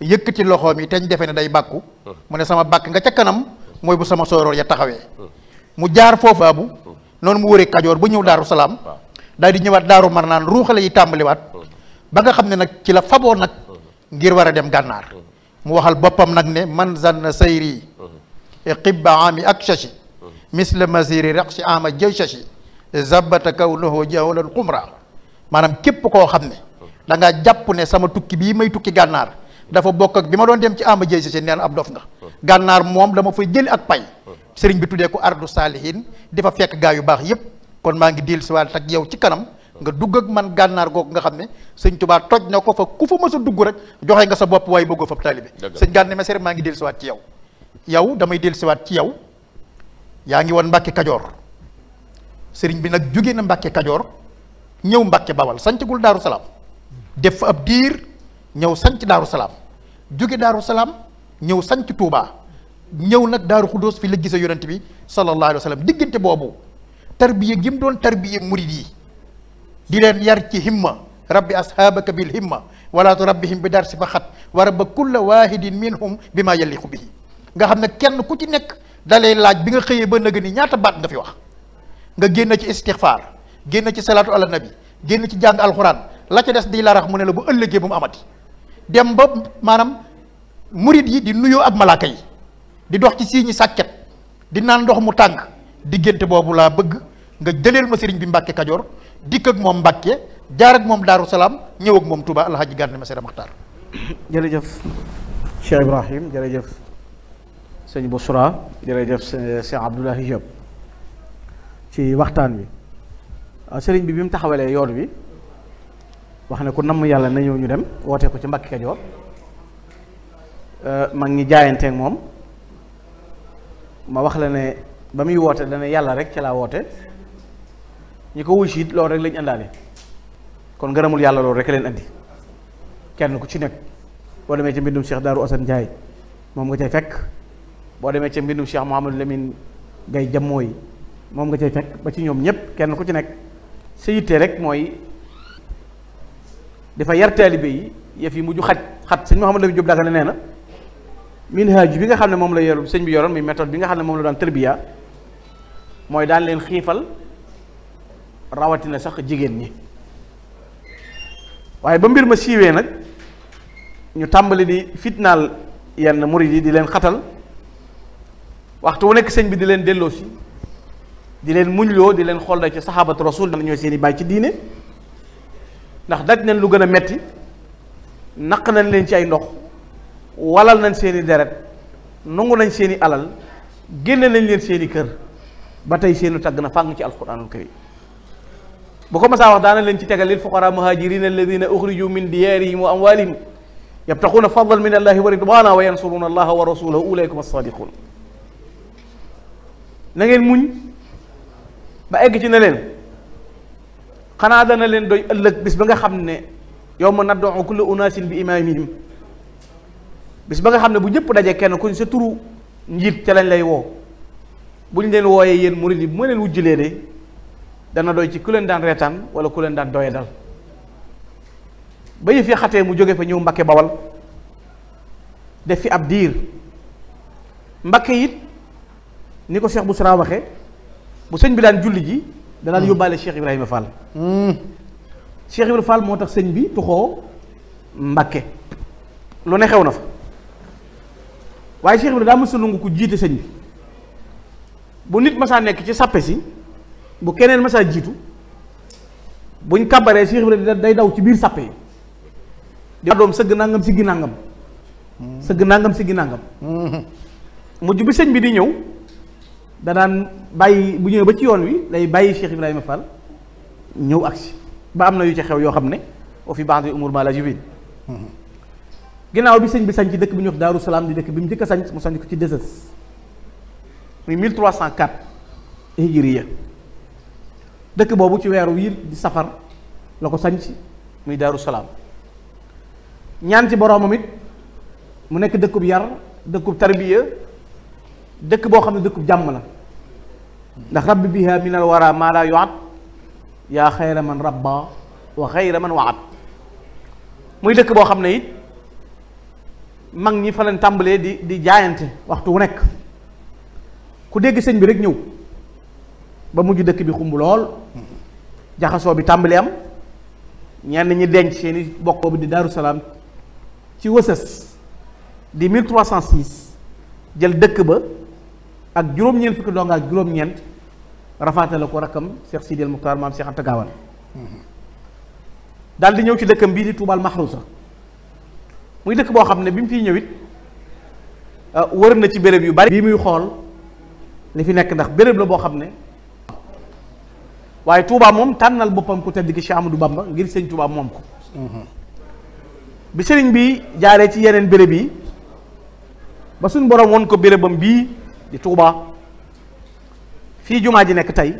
yëkkati loxoom yi te ñu defee ne day bàkku hmm. mu ne sama bàkk nga ca kanam hmm. mooy bu sama sooroor ya taxawee hmm. mu jaar foofu abu noonu mu wëree Kajoor bu ñëw Daaru Salaam. daal di ñëwaat daaru mar naan ruuxale yi tàmbaliwaat ba nga xam ne nag ci la faboo nag ngir war a dem gànnaar mu waxal boppam nag ne man zanna sayri e qibba ami ak shashi misla masiri raqsi ama jëy shashi zabata kawnahu jawlan xumra maanaam képp koo xam ne da ngaa jàpp ne sama tukki bii may tukki gànnaar dafa bokk ak bi ma doon dem ci ama jëy shashi neen ab dof nga gànnaar moom dama fay jëli ak pay sëriñ bi tuddee ko ardu saalihin di fa fekk gaa yu baax yépp kon maa ngi diil siwaat ak yow ci kanam nga dugg ak man gànnaar googu nga xam ne sëñ tubaa toj na ko fa ku fa mës a dugg rek joxe nga sa bopp waaye bëggoo fa taalibe sëñ gànne mesere maa ngi diil siwaat ci yow yow damay diil siwaat ci yow yaa ngi woon mbàkke kajoor sëriñ bi nag jóge na mbàkke kajoor ñëw mbàkke bawal sancgul daaru salaam def fa ab diir ñëw sanc daaru salaam jóge daaru salaam ñëw sanc tuubaa ñëw nag daaru xudóos fi la gise yonent bi sallallahu alayhi wa diggante boobu tarbiya gi mu doon tarbiya murid yi di leen yar ci himma rabbi ashaabaka bil himma wala turabbihim bi dar si fa xat wa rabba kulla waahidin minhum bi ma yaliqu bihi nga xam ne kenn ku ci nekk dalay laaj bi nga xëyee ba nëgg ni ñaata baat nga fi wax nga génn ci istixfaar génn ci salaatu ala nabi génn ci jàng alxuraan la ca des di larax mu ne la bu ëllëgee bu mu amati dem ba maanaam murid yi di nuyoo ak malaaka yi di dox ci sii sàkket di naan ndox mu tànk diggante boobu laa bëgg nga jëleel ma sëriñ bi mbakke Kajoor dikk ak moom Mbàkke jaar ak moom Daaru Salaam ñëw ak moom Touba Alhaji Gana Messere Maxtaar. jërëjëf Cheikh Ibrahim jërëjëf sëñ Boussra jërëjëf sëñ Abdoulahi Diop ci waxtaan wi ah, sëriñ bi bi mu taxawalee yoon wi wax ne ku namm yàlla na ñëw ñu dem woote ko ci Mbàkke Kajoor ah, mag ñi jaayanteeg moom ma wax la ne ba muy woote dana yàlla rek ci laa woote. ñi ko wuy siit loolu rek lañu àndaale kon ngërëmul yàlla loolu rek leen andi kenn ku ci nekk boo demee ci mbindum Cheikh Darou Assane Ndiaye moom nga cay fekk boo demee ci mbindum Cheikh Mouhamadou Lamine Gaye Jammoo yi moom nga ca fekk ba ci ñoom ñëpp kenn ku ci nekk sa yitte rek mooy dafa yar taalibe yi yëf yi mujj xaj xat sëñ Mouhamadou Lamine Diop Dagana nee na minhaaj bi nga xam ne moom la yoroon sëñ bi yoroon muy méthode bi nga xam ne moom la daan tërbiya mooy daan leen xiifal rawatina sax jigéen ñi waaye ba mbir ma siiwee nag ñu tàmbali di fitnaal yenn murid yi di leen xatal waxtu wu nekk sëñ bi di leen delloosi di leen muñloo di leen xool da ci saxaabatu rasul ñooy seen seeni baay ci diine ndax daj nañ lu gën a metti naq nañ leen ci ay ndox walal nañ seeni deret nangu nañ seeni alal génn nañ leen seeni kër ba tey seenu tagg na fàng ci alquranul karim بكم سأقول دانا لين تيجا للفقراء مهاجرين الذين أخرجوا من ديارهم وأموالهم يبتغون فضل من الله ورضوانا وينصرون الله ورسوله أولئك الصادقون نعيل مون بأيك تنالين خنا دانا لين دوي الله بس بعها خمنة يوم ندعو كل أناس بإمامهم بس بعها خمنة بوجب بدأ جاكنا كون سترو نجيب تلان لايو بقول دين وعيين مريدي من الوجلة ده dana doy ci ku leen daan reetaan wala ku leen daan doye dal ba yëf ya xatee mu jóge fa ñëw Mbakke Bawal def fi ab diir Mbakke it ni ko Cheikh Boussra waxe bu sëñ bi daan julli ji danaa hmm. yóbbaale Cheikh Ibrahima Fall hmm. Cheikh Ibrahima Fall moo tax sëñ bi tuxoo Mbakke lu ne xew na fa waaye Cheikh Ibrahima daa mësul nangu ku jiite sëñ bi bu nit masaa nekk ci sàppe si bu keneen masaa jiitu buñ kàbbaree Cheikh Ibrahima day daw ci biir sàppe yi di doom sëgg nangam si nangam sëgg nangam siggi nangam mujj bi sëñ bi di ñëw danaan bàyyi bu ñëwee ba ci yoon wi day bàyyi Cheikh Ibrahima Fall ñëw agsi ba am na yu ci xew yoo xam ne au fi baax umur ma la jibin ginnaaw bi sëñ bi sañ ci dëkk bi ñuy wax Daaru Salaam di dëkk bi mu njëkk a sañ mu sañ ko ci désës muy 1304 hijriya dekk bobu ci wéru wii di safar lako sañ ci muy daru salam ñaan ci borom amit mu nekk bu yar bu tarbiya dekk bo xam dekk bu jamm la ndax rabbi biha min al wara mara la yuat ya khayra man rabba wa khayra man waat muy dekk bo xamne it mag ñi fa tambalé di di jaayante waxtu wu nekk ku dégg señ bi rek ñew ba mujj dëkk bi xumbu lool jaxaso bi tàmbali am ñenn ñi denc seen bokkoo bi di Daaru Salaam ci wëssas di 1306 jël dëkk ba ak ñeen fukk do nga ak juroom ñent rafaatale lako rakam Cheikh sidil El mam Cheikh Anta Gaawaan di ñew ci dëkkam bi di tubal mahrusa muy dëkk bo xamne bimu fi ñewit euh, na ci bërepp yu bari bi muy xol li fi nek ndax bërepp la bo xamne waaye Touba moom tànnal boppam ku tedd ki Cheikh Amadou Bamba ngir sëñ Touba moom ko. Mhm. bi sëriñ bi jaaree ci yeneen béréb yi ba suñ borom woon ko bérébam bii di Touba fii jumaa ji nekk tey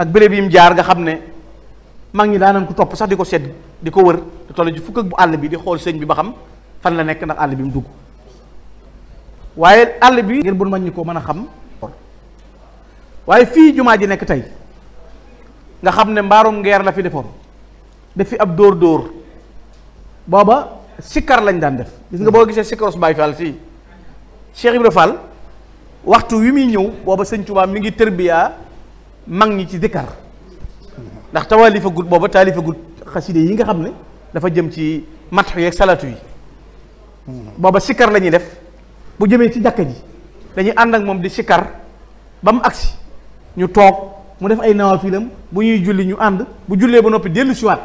ak béréb yi mu jaar nga xam ne mag ñi daan nañ ko topp sax di ko sedd di ko wër di toll ci fukk ak bu àll bi di xool sëñ bi ba xam fan la nekk ndax àll bi mu dugg waaye àll bi ngir bu mag ñi ko mën a xam. waye fi juma ji nek tay nga xamne mbarum mbaarum la fi defo def fi ab dor dor baba sikar lañ dan def gis nga bo gisee sikros Baay fall si Cheikh ibrahim Fall waxtu wi mi ñew baba seigne touba mi ngi terbiya mag ñi ci dikar ndax tawalifa gut baba talifa gut xaside yi nga xamne dafa jëm ci mathu yeeg salatu yi baba sikar la def bu jëme ci jàkka ji dañuy and ak mom di sikar bam aksi ñu toog mu def ay nawafilam bu ñuy julli ñu ànd bu jullee ba noppi dellu siwaat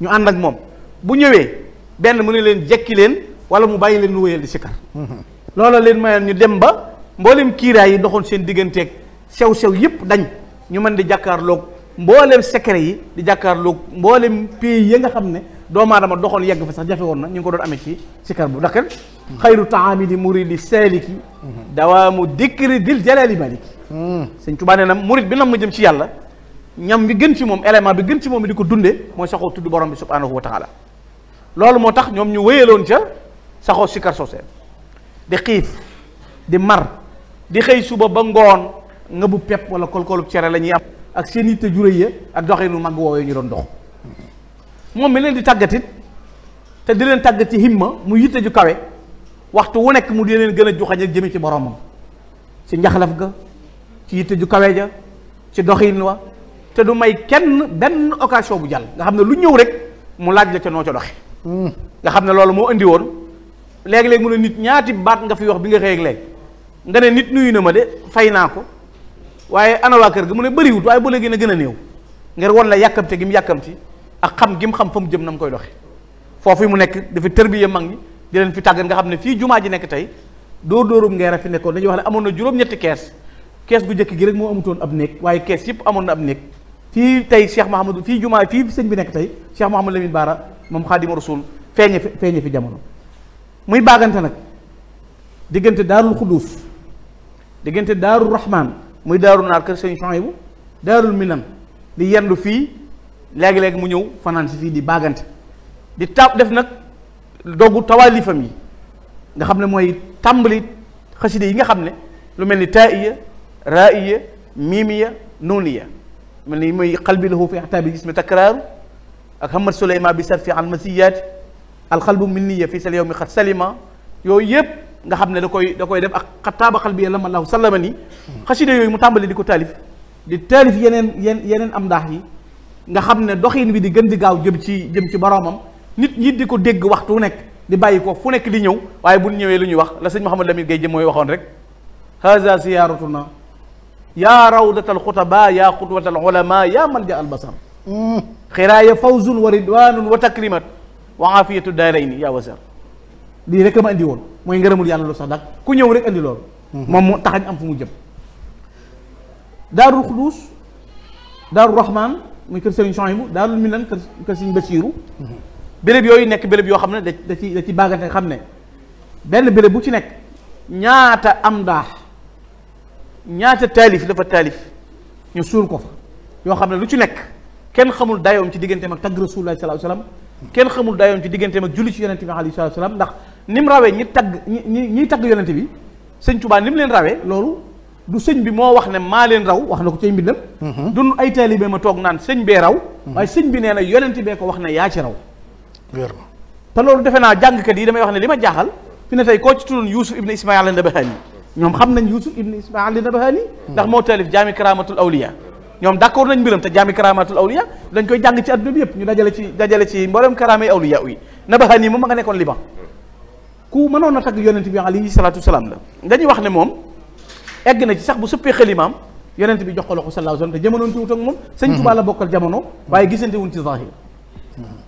ñu ànd ak moom bu ñëwee benn mu ne leen jekki leen wala mu bàyyi leen lu wéyal di sikkar [laughs] loola leen mayoon ñu dem ba mboolem kiiraay yi doxoon seen digganteeg sew-sew yëpp dañ ñu mën di jàkkaarloog mboolem secret yi di jàkkaarloog mboolem pays yi nga xam ne doomu aadama doxoon yegg fa sax jafe woon na ñu ngi ko doon amee ci sikkar bu dakal mm-hmm. xayru taamili muridi saaliki mm-hmm. dawaamu dikri dil jalali maliki Hmm. sëñ Tuubaa nee na murit bi nam ma jëm ci yàlla ñam bi gën ci moom élément bi gën ci moom di ko dundee mooy saxoo tudd borom bi subhaanahu wa taala loolu moo tax ñoom ñu wéyaloon ca saxoo sikar sooseen di xiif di mar di xëy suba ba ngoon nga bu pepp wala kolkolub cere la ñuy am ak seen yitte ju rëy ya ak doxinu mag woowee ñu doon dox moom mi leen di tàggatit te di leen tàggat ci himma mu yitte ju kawe waxtu wu nekk mu di leen gën a joxañ ak jëme ci boromam ci njaxlaf ga ci yitte du kawe ja ci doxin wa te du may kenn benn occasion bu jàll nga xam ne lu ñëw rek mu laaj la ca noo ca doxe hmm. nga xam ne loolu moo indi woon léegi-léegi mu ne nit ñaati baat nga fi wax bi nga xëy ak léegi nga ne nit na ma de fay naa ko waaye ana waa kër gi mu ne bëriwut waaye bu léegi na gën a néew ngir won la yàkkamte gi mu yàkkamti ak xam gi mu xam fa mu jëm na mu koy doxe foofu mu nekk dafa tërbiye mag ñi di leen fi tàggat nga xam ne fii jumaa ji nekk tey dóor dóorum ngee a fi nekkoon dañuy wax ne amoon na juróom-ñetti kees kees bu njëkk gi rek moo amutoon ab néeg waaye kees yëpp amoon na ab néeg fii tey Cheikh Mahamadou fii jumaa fii sëñ bi nekk tey Cheikh Mahamadou Lamine Baara moom Xaadimu Rasuul feeñe fi feeñe fi jamono muy baagante nag diggante daarul xuduus diggante daarul rahman muy daaru naar kër sëñ Chouaïbou daarul minan di yendu fii léegi-léegi mu ñëw fanaan si fii di baagante di tab def nag doggu tawaalifam yi nga xam ne mooy tàmbali xaside yi nga xam ne lu mel ni taiya رائية ميمية نونية من اللي مي قلبي له في أعتاب الجسم تكرار أكمل سليمان بسرف عن المسيات القلب منية في اليوم قد سلم يو يب nga xam ne da koy da koy def ak xataaba xal bi yàlla allahu sallama ni xasida yooyu mu tàmbali di ko taalif di taalif yeneen yeneen yeneen am ndaax yi nga xam ne doxin bi di gën di gaaw jëm ci jëm ci boroomam nit ñi di ko dégg waxtu nekk di bàyyi ko fu nekk di ñëw waaye bu ñëwee lu ñuy wax la sëñ Mouhamadou Lamine Gueye jëm mooy waxoon rek haza ziyaratuna يا روضة الخطباء يا قدوة العلماء يا ملجأ البصر خيرايا فوز وردوان وتكريمة وعافية الدارين يا وزير لي رك ما عندي وون موي غيرمول يالا لو صدق كو نيو رك عندي لول موم تاخاج ام فمو جيب دار الخدوس دار الرحمن موي كير سيرن شاهيمو دار الملان كير سيرن بشيرو بلب يوي نيك بلب يو خامني دا سي دا سي باغا خامني بن بلب بو سي نيك نياتا ام داخ ñaata talif dafa talif ñu sul ko fa yo xamne lu ci nek ken xamul dayoom ci digeenté mak tag rasulullah sallallahu alayhi wasallam ken xamul dayoom ci digeenté mak julli ci yonnati bi alayhi salatu wasallam ndax nim rawé ñi tag ñi tag yonnati bi sëñ touba nim leen rawé lolu du sëñ bi mo wax ne ma leen raw wax na ko cay mbindam dun ay talibé ma tok naan sëñ bé raw way sëñ bi neena yonnati bé ko wax ne ya ci raw ta lolu defena jang jàngkat yi damay wax ne lima jaxal fi ne tay ko ci tuddoon yusuf ibne ismaeil an-Nabahaani ñoom xam nañ yusuf ibn ismail al nabahani ndax moo taalif jaami karamatul awliya ñoom d'accord nañ mbiram te jaami karamatul awliya dañ koy jàng ci adduna bi yëpp ñu dajale ci dajale ci mboolem karamay awliya yi nabahani moom ma nga nekkoon liban ku mënoon a tagg yonent bi alayhi salatu wasalaam la dañuy wax ne moom egg na ci sax bu sëppee xalimaam yonent bi jox ko loxo sallallahu alayhi wasallam te jamonoon ci wut ak moom sëñ Tuubaa la bokkal jamono waaye gisante wuñ ci zahir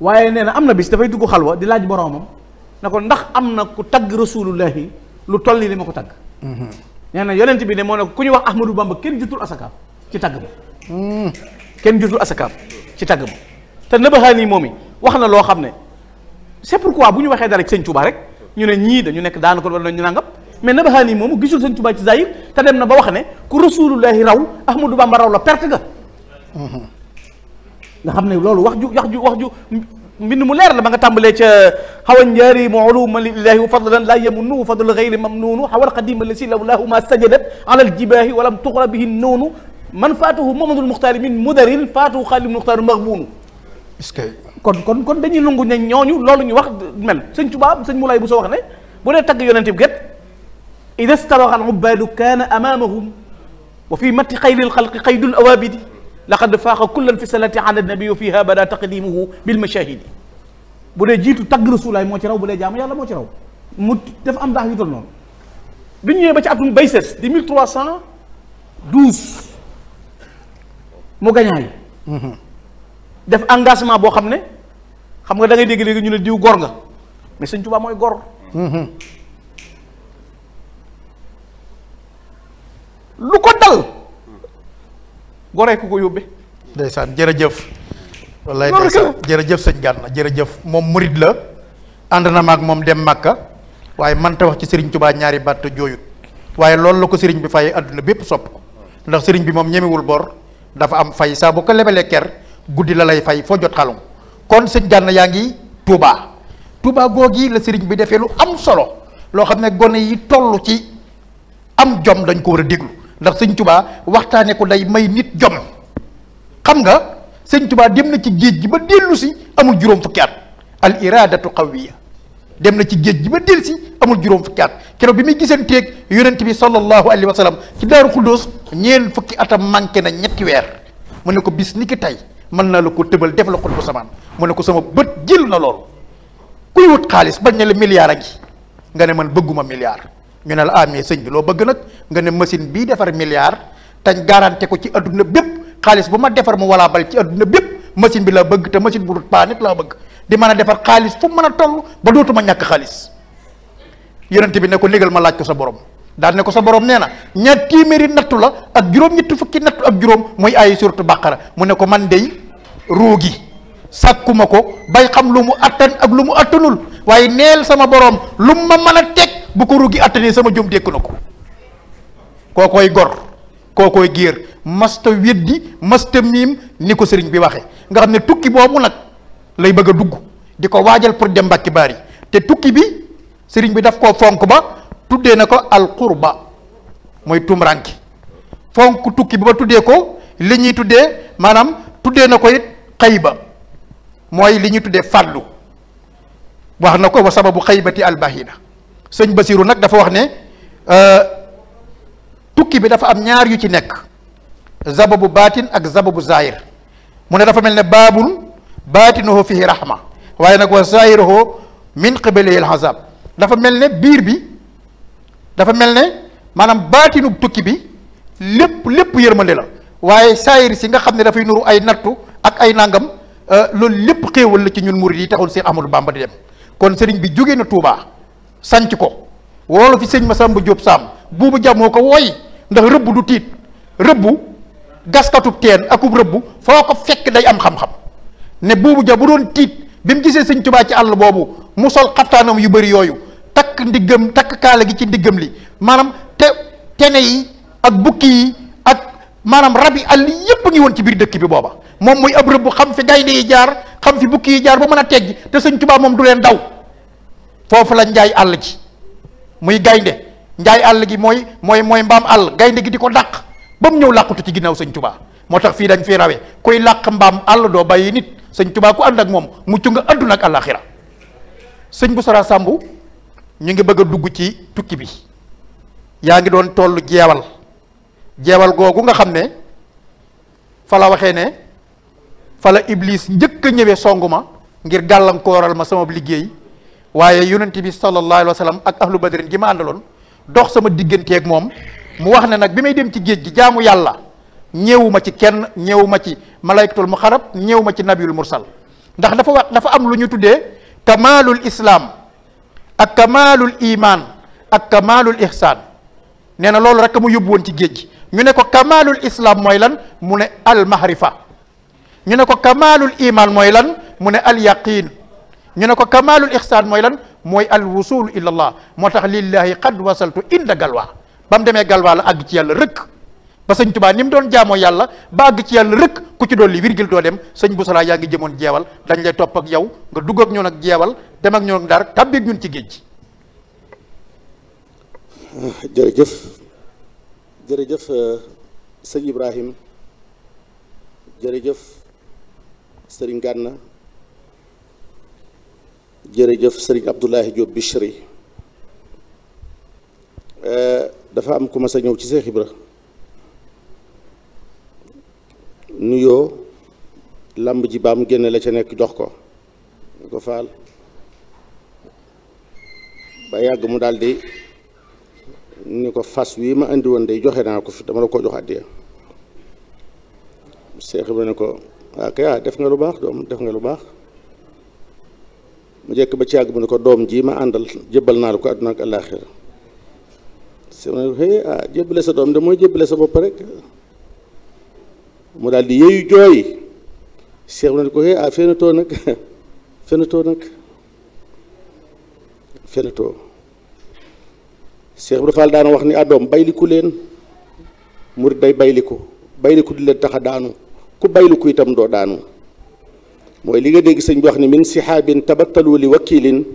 waaye nee na am na bis dafay dugg xalwa di laaj boroomam na ko ndax am na ku tagg rasulullahi lu tolli li ma ko tagg nee na yonent bi ne moo ne ku ñu wax Ahmadou Bamba kenn jutul asakaam ci tàgg ma hmm. kenn jutul asakaam ci tàgg ma te Nabaxaani moom i wax na loo xam ne c'est pourquoi bu ñu waxee dara ci sëñ rek ñu ne ñii dañu nekk daana ko wala ñu nangam mais moom moomu gisul sëñ Touba ci zahir te dem na ba wax ne ku rasulullahi raw Ahmadou Bamba raw la pert ga hmm. nga xam ne loolu wax ju wax ju wax ju من مولير لما تعمل ايش هو نجاري معلوم لله فضلا لا يمن فضل غير ممنون هو القديم الذي لولا ما سجدت على الجباه ولم تقرا به النون من فاته محمد المختار من مدر فاته خالد المختار مغبون اسكي كن كن كن داني لونغو نيوني لولو ني واخ مل سيغ توبا سيغ مولاي بوسو واخ ني بودي تاغ يونتيب غيت اذا استرغ العباد كان امامهم وفي مت خيل الخلق قيد الأوابدي laqad faaxa kullan fi salati ala nabiyu fiha bada taqdimuhu bil mashahidi bu dee jiitu tagg rasulaay moo ci raw bu dee jaamu yàlla moo ci raw mu dafa am daax yu toll noonu bi ñëwee ba ci atum bayses di mille trois cent douze mu gañaa def engagement boo xam ne xam nga da ngay dégg léegi ñu ne diw gor nga mais sëñ Tuubaa mooy gor lu ko dal goree ku ko yóbbe ndeysaan jërëjëf wallaay jërëjëf sëñ Gana jërëjëf moom murid la ànd na maak moom dem Makka waaye mënta wax ci sëriñ Tubaa ñaari bàtt jooyut waaye loolu la ko sëriñ bi fay àdduna bépp sopp ndax sëriñ bi moom ñemewul bor dafa am fay saa boo ko lebalee ker guddi la lay fay foo jot xalum kon sëñ Gana yaa ngi Touba Touba googi la sëriñ bi defee lu am solo loo xam ne gone yi toll ci am jom dañ ko war a déglu ndax seigne touba waxtane ko day may nit jom xam nga seigne touba dem na ci geej gi ba delu ci amul jurom fukki al iradatu qawiyya dem na ci geej gi ba del ci amul jurom fukki at keroog bi muy gisanteeg yonent bi sallallahu alaihi wasallam ci daru ñeen fukki atam manke na ñetti weer mu ne ko bis niki tay man na la ko def la ko mu sama beut jël na lool kuy wut xaliss bañ na le milliard gi nga ne man bëgguma milliard ñu ne la amee ah, sëñ bi loo bëgg nag nga ne machine bii defar milliard tañ garanté ko ci adduna bépp xaalis bu ma defar mu walaa bal ci adduna bépp machine bi laa bëgg te machine bu dul paa nit laa bëgg di man a defar xaalis fu mu mën a toll ba dootu ma ñàkk xaalis yonent bi ne ko négal ma laaj ko sa borom daal ne ko sa borom nee na ñaar téeméeri nattu la ak juróom-ñetti fukki nattu ak juróom mooy ay suratu bàqara mu ne ko man dey ruu gi sàkkuma ko bay xam lu mu attan ak lu mu attanul waaye neel sama boroom lu ma mën a teg bu ko ruggi attanee sama jom dékk na ko kookoy gor kookoy géer masta weddi masta miim ni ko sëriñ bi waxe nga xam ne tukki boobu nag lay bëgg a dugg di ko waajal pour dem mbàkki baar yi te tukki bi sëriñ bi daf koo fonk ba tuddee na ko alqurba mooy tumranki fonk tukki bi ba tuddee ko li ñuy tuddee maanaam tuddee na ko it xëy ba mooy li ñuy tuddee fàllu wax na ko wa sababu xaybati albahina sëñ Basiru nag dafa wax ne euh, tukki bi dafa am ñaar yu ci nekk zababu baatin ak zababu zaahir mu ne dafa mel ne baabul baatinuhu fihi rahma waaye nag wa zaahiruhu min qibalihi alhazab dafa mel ne biir bi dafa mel ne maanaam baatinu tukki bi lépp lépp yërmale la waaye saayir si nga xam ne dafay nuru ay nattu ak ay nangam Euh, loolu lépp xéewal la ci ñun murid yi taxul si Ahmadou Bamba di dem kon sëriñ bi jóge na Touba sanc ko woolu fi sëñ ma Masamba Diop Samb buubu jàmmoo ko woy ndax rëbb du tiit rëbb gaskatub teen akub rëbb foo ko fekk day am xam-xam ne buubu ja bu doon tiit bi mu gisee sëñ Touba ci àll boobu mu sol xaftaanam yu bari yooyu takk ndiggam takk kaala gi ci ndiggam li maanaam te tene yi ak bukki yi maanaam rab yi àll yépp ngi woon ci biir dëkk bi booba moom muy ab rëbb xam fi gaynde yi jaar xam fi bukki yi jaar ba mën a teggi te sëñ Tuubaa moom du leen daw foofu la njaay àll ji muy gaynde njaay àll gi mooy mooy mooy mbaam àll gaynde gi di ko dàq ba mu ñëw làqutu ci ginnaaw sëñ tubaa moo tax fii dañ fi rawee kuy làq mbaam àll doo bàyyi nit sëñ Tuubaa ku ànd ak moom mucc nga àdduna ak àllaaxira sëñ bu Sara Samb ñu ngi bëgg a dugg ci tukki bi yaa ngi doon toll jeewal jeewal googu nga xam ne fa la waxee ne fala la iblis njëkk a ñëwee songu ma ngir gàllankooral ma sama liggéey waaye yonent bi sallallahu alayhi wa ak ahlu badrin gi ma àndaloon dox sama digganteeg moom mu wax ne nag bi may dem ci géej gi jaamu yàlla ñëwuma ci kenn ñëwuma ci malaykatul muxarab ñëwuma ci nabiyul mursal ndax dafa wax dafa am lu ñu tuddee kamaalul islaam ak kamaalul imaan ak kamaalul ihsaan nee na loolu rek mu yóbbu woon ci géej gi ñu ne ko kamalul islam mooy lan mu ne al mahrifa ñu ne ko kamalul iman mooy lan mu ne al yaqin ñu ne ko kamalul ihsan mooy lan mooy al wusul ila allah moo tax lillahi qad wasaltu inda galwaa ba mu demee galwaa la àgg ci yàlla rëkk ba sëñ tubaa ni mu doon jaamoo yàlla ba àgg ci yàlla rëkk ku ci dolli virgule doo dem sëñ busalaa yaa ngi jëmoon jeewal dañ lay topp ak yow nga dugg ak ñun ak jeewal dem ak ñun dara ndar tàbbi ñun ci géej gi ah, jërëjëf euh, sëñ Ibrahim jërëjëf sëriñ Gànna jërëjëf sëriñ Abdoulahi Diop Bichri euh, dafa am ku ma sa ñëw ci Seex Ibra nuyoo làmb ji baam génne la ci nekk jox ko ko faal ba yàgg mu daldi ni ko fas wi ma indi woon day joxe naa ko fi dama la koo jox àddiya Seex ba ne ko waa ah, kay ah, def nga lu baax doom def nga lu baax mu jekk ba ci yàgg mu ne ko doom jii ma àndal jébbal naa la ko àdduna ak àllaaxira Seex Ibra ne ko hey ah jébbale sa doom de mooy jébbale sa bopp rek mu daal di yeeyu jooy Seex Ibra ne ko hey ah fenatoo nag [laughs] fenatoo nag fenatoo Cheikh Ibra Fall daana wax ni addoom bayliku leen murit day bayliku bayliku di leen tax a daanu ku bayliku itam doo daanu mooy li nga dégg sëñ bi wax ni min sihaabin tabattalu li wakilin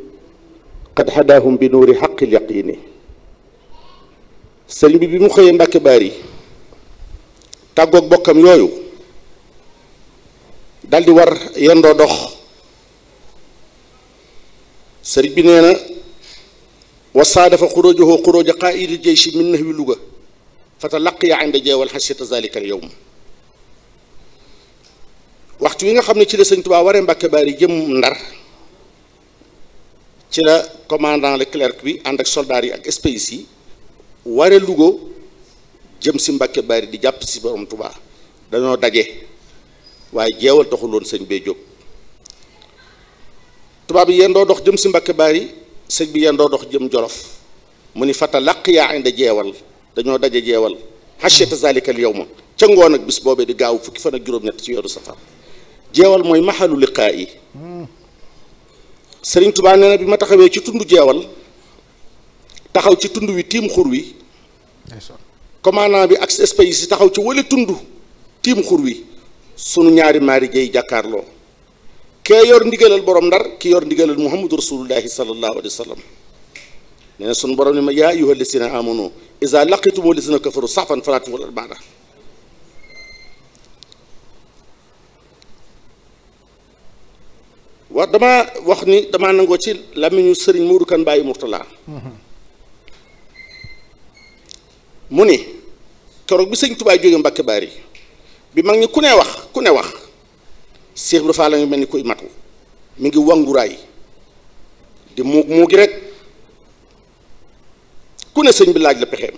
qad hadaahum bi nuuri xaqil yaqiini sëñ bi bi mu xëyee Mbàkke Baari tàggoog bokkam yooyu daldi war yendoo dox sëriñ bi nee na wa saadafa xuróojahu xuróoja qaa'idi jeyshi min nahwi Louga fa talaqiya inda jeewal xasiyata zalika al yowm waxtu wi nga xam ne ci la sëñ ware waree Mbàkke Baari jëm Ndar ci la commandant Leclerc bi ànd ak soldats yi ak espèces yi waree Louga jëm si Mbàkke Baari di jàpp si borom Tuubaa dañoo daje waaye jeewal taxuloon sëñ bee jóg tubaab yi yéen doo dox jëm si Mbàkke Baari sëñ bi doo dox jëm jolof mu ni fata laq yaa inde jeewal dañoo daje jeewal hacheta zalika yow ma ca ngoon ak bis boobee di gaaw fukki fan ak juróom-ñett ci yoru safar jeewal mooy maxalu liqaa yi sëriñ tubaa nee bi ma taxawee ci tund jeewal taxaw ci tund wi tiim xur wi commandant bi ak espace yi taxaw ci wala tund tiim xur wi sunu ñaari maari jeey jàkkaarloo kee yor ndigalal borom ndar ki yor ndigalal muhammadu rasulullahi sallallahu alayhi wax ni damaa nangoo ci làmmiñu sëriñ Moodu Kan Baay Murtala mu ni keroog bi sëñ Tuubaa jóge Mbàkke Baari bi mag ñi ku ne wax ku ne wax Seex Ibra Faal la mel ni kuy matu mi ngi wànguraay di muug muugi rek ku ne sëñ bi laaj la pexeem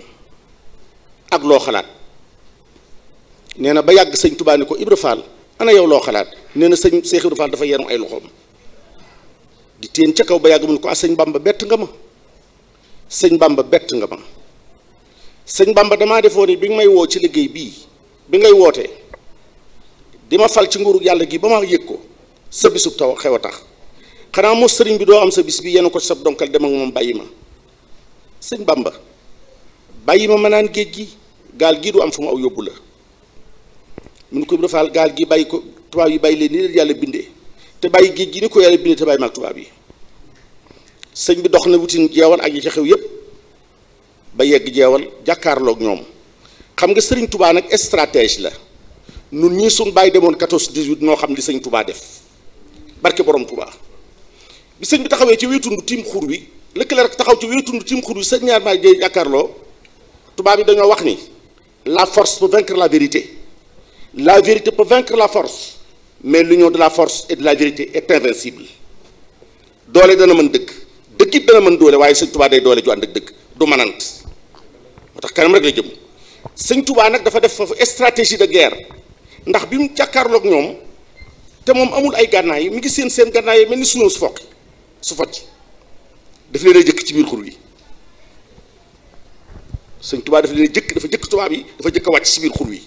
ak loo xalaat nee na ba yàgg sëñ Tuubaa ni ko Ibra Faal ana yow loo xalaat nee na sëñ Seex Ibra Faal dafa yenu ay loxoom di teen ca kaw ba yàgg mu ko ah sëñ Bamba bett nga ma sëñ Bamba bett nga ma sëñ Bamba damaa defoon ni bi nga may woo ci liggéey bii bi ngay wootee di ma fal ci nguurug yàlla gi ba ma yëg ko sa bisub taw xew a tax xanaa moo sëriñ bi doo am sa bis bi yenn ko ci sa donkal dem moom bàyyi ma sëñ Bàmba bàyyi ma ma naan géej gi gaal gii du am fu mu aw yóbbu la mun ko defal gaal gi bàyyi ko tubaab yi bàyyi leen yàlla bindee te bàyyi géej gi ni ko yàlla bindee te bàyyi maag tubaab yi sëñ bi dox ne wutin jeewal ak yi ca xew yépp ba yegg jeewal jàkkaarlook ñoom xam nga sëriñ tubaa nag stratège la nun ñii suñ bàyyi demoon 14 18 noo xam li sëñ Touba def barke borom Touba bi sëñ bi taxawee ci wéetund tiim xuur wi lëkkale rek taxaw ci wéetund tiim xur wi sëñ ñaar maay jëy jàkkaarloo tubaab bi dañoo wax ni la force peut vaincre la vérité la vérité peut vaincre la force mais l'union de la force et de la vérité est invincible doole dana mën dëkk dëgg it dana mën doole waaye sëñ Touba day doole ju ànd dëkk dëgg du manant moo tax kanam rek la jëm sëñ Touba nag dafa def foofu stratégie de guerre ndax bi mu jàkkaarloog ñoom te moom amul ay gànnaay mi ngi seen seen gànnaay mel ni suñu su foqi su focc dafa leen jëkk ci biir xur wi sëñ tubaab daf leen jëkk dafa jëkk tubaab yi dafa jëkk a wàcc ci biir xur wi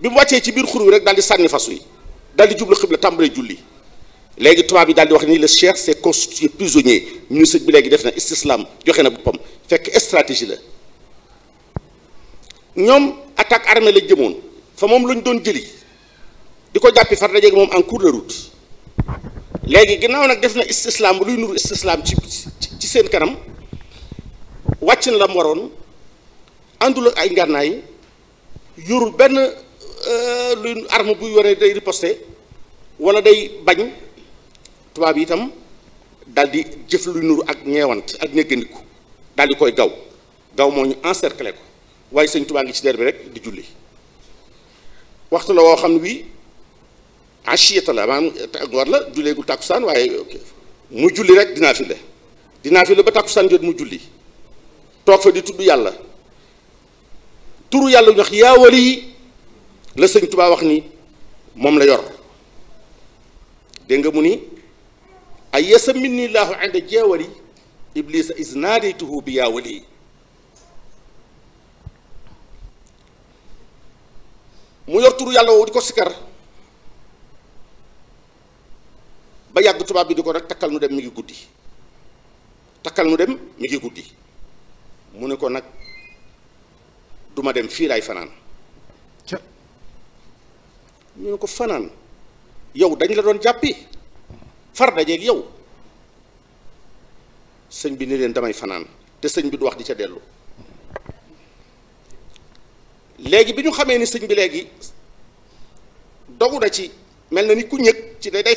bi mu wàccee ci biir xur wi rek daal di sànni fas wi dal di jublu xibla tàmbalee julli léegi tubaab yi daal di wax ni le Cheikh s'est constitué prisonnier ministre bi léegi def na istislam joxe na boppam fekk stratégie la ñoom attaque armée la jëmoon fa moom la doon jëli. di ko jàppi far dajeeg moom en cours de route léegi gannaaw nag def na istislaam luy nuru istislaam ci ci seen kanam wàcc na la waroon àndul ay ngànnaay yorul benn euh, luy arme buy waree day riposter wala day bañ tubaab yi itam daal di jëf luy nuru ak ñeewant ak néggandiku daal di koy gaw gaw moo ñu encercler ko waaye sëñ tubaa ngi ci der bi rek di julli waxtu la woo xam ne bii عشيتنا مان غورلا جوليغو تاكسان واي مو جولي رك دينا فيله دينا فيله با تاكسان جوت مو جولي توك فا دي تودو يالا تورو يالا نخ يا ولي لا سيغ توبا واخني موم لا يور دينغ موني ايسمني الله عند جاولي ابليس از ناديته بيا ولي مو يور تورو يالا ديكو سكر ba yàgg tuba bi diko ko rek nu dem mi ngi guddi takal nu dem mi ngi guddi mu ko duma dem fi lay fanan ñu ko yow dañ la doon jappi far ak yow señ bi ni len damay fanan te señ bi du wax di ca delu légui biñu xamé ni señ bi légui dogu da ci mel ku ñëk ci day day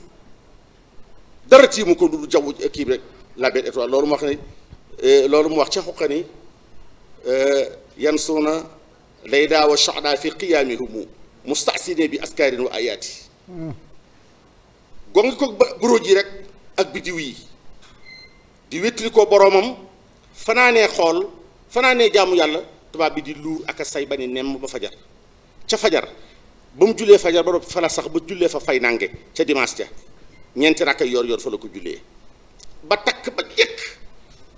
dara tii mu ko du jaww kii bi rek la belle étoile loolu mu wax ne eh, loolu mu wax ca xuqa ni eh, yan suuna lay daaw a soxdaa fi qiyaamihumu bi askaarin wa ayaati gongi ko buróoj yi rek ak bidiw yi di wétli ko boroomam fanaanee xool fanaanee jàmm yàlla tubaab bi di luur ak a say bani nemm ba fajar ca fajar ba mu jullee fajar ba doon fala sax ba jullee fa fay nange ca dimanche ca ñeenti rakk yor yor fa la ko julé ba tak ba jëkk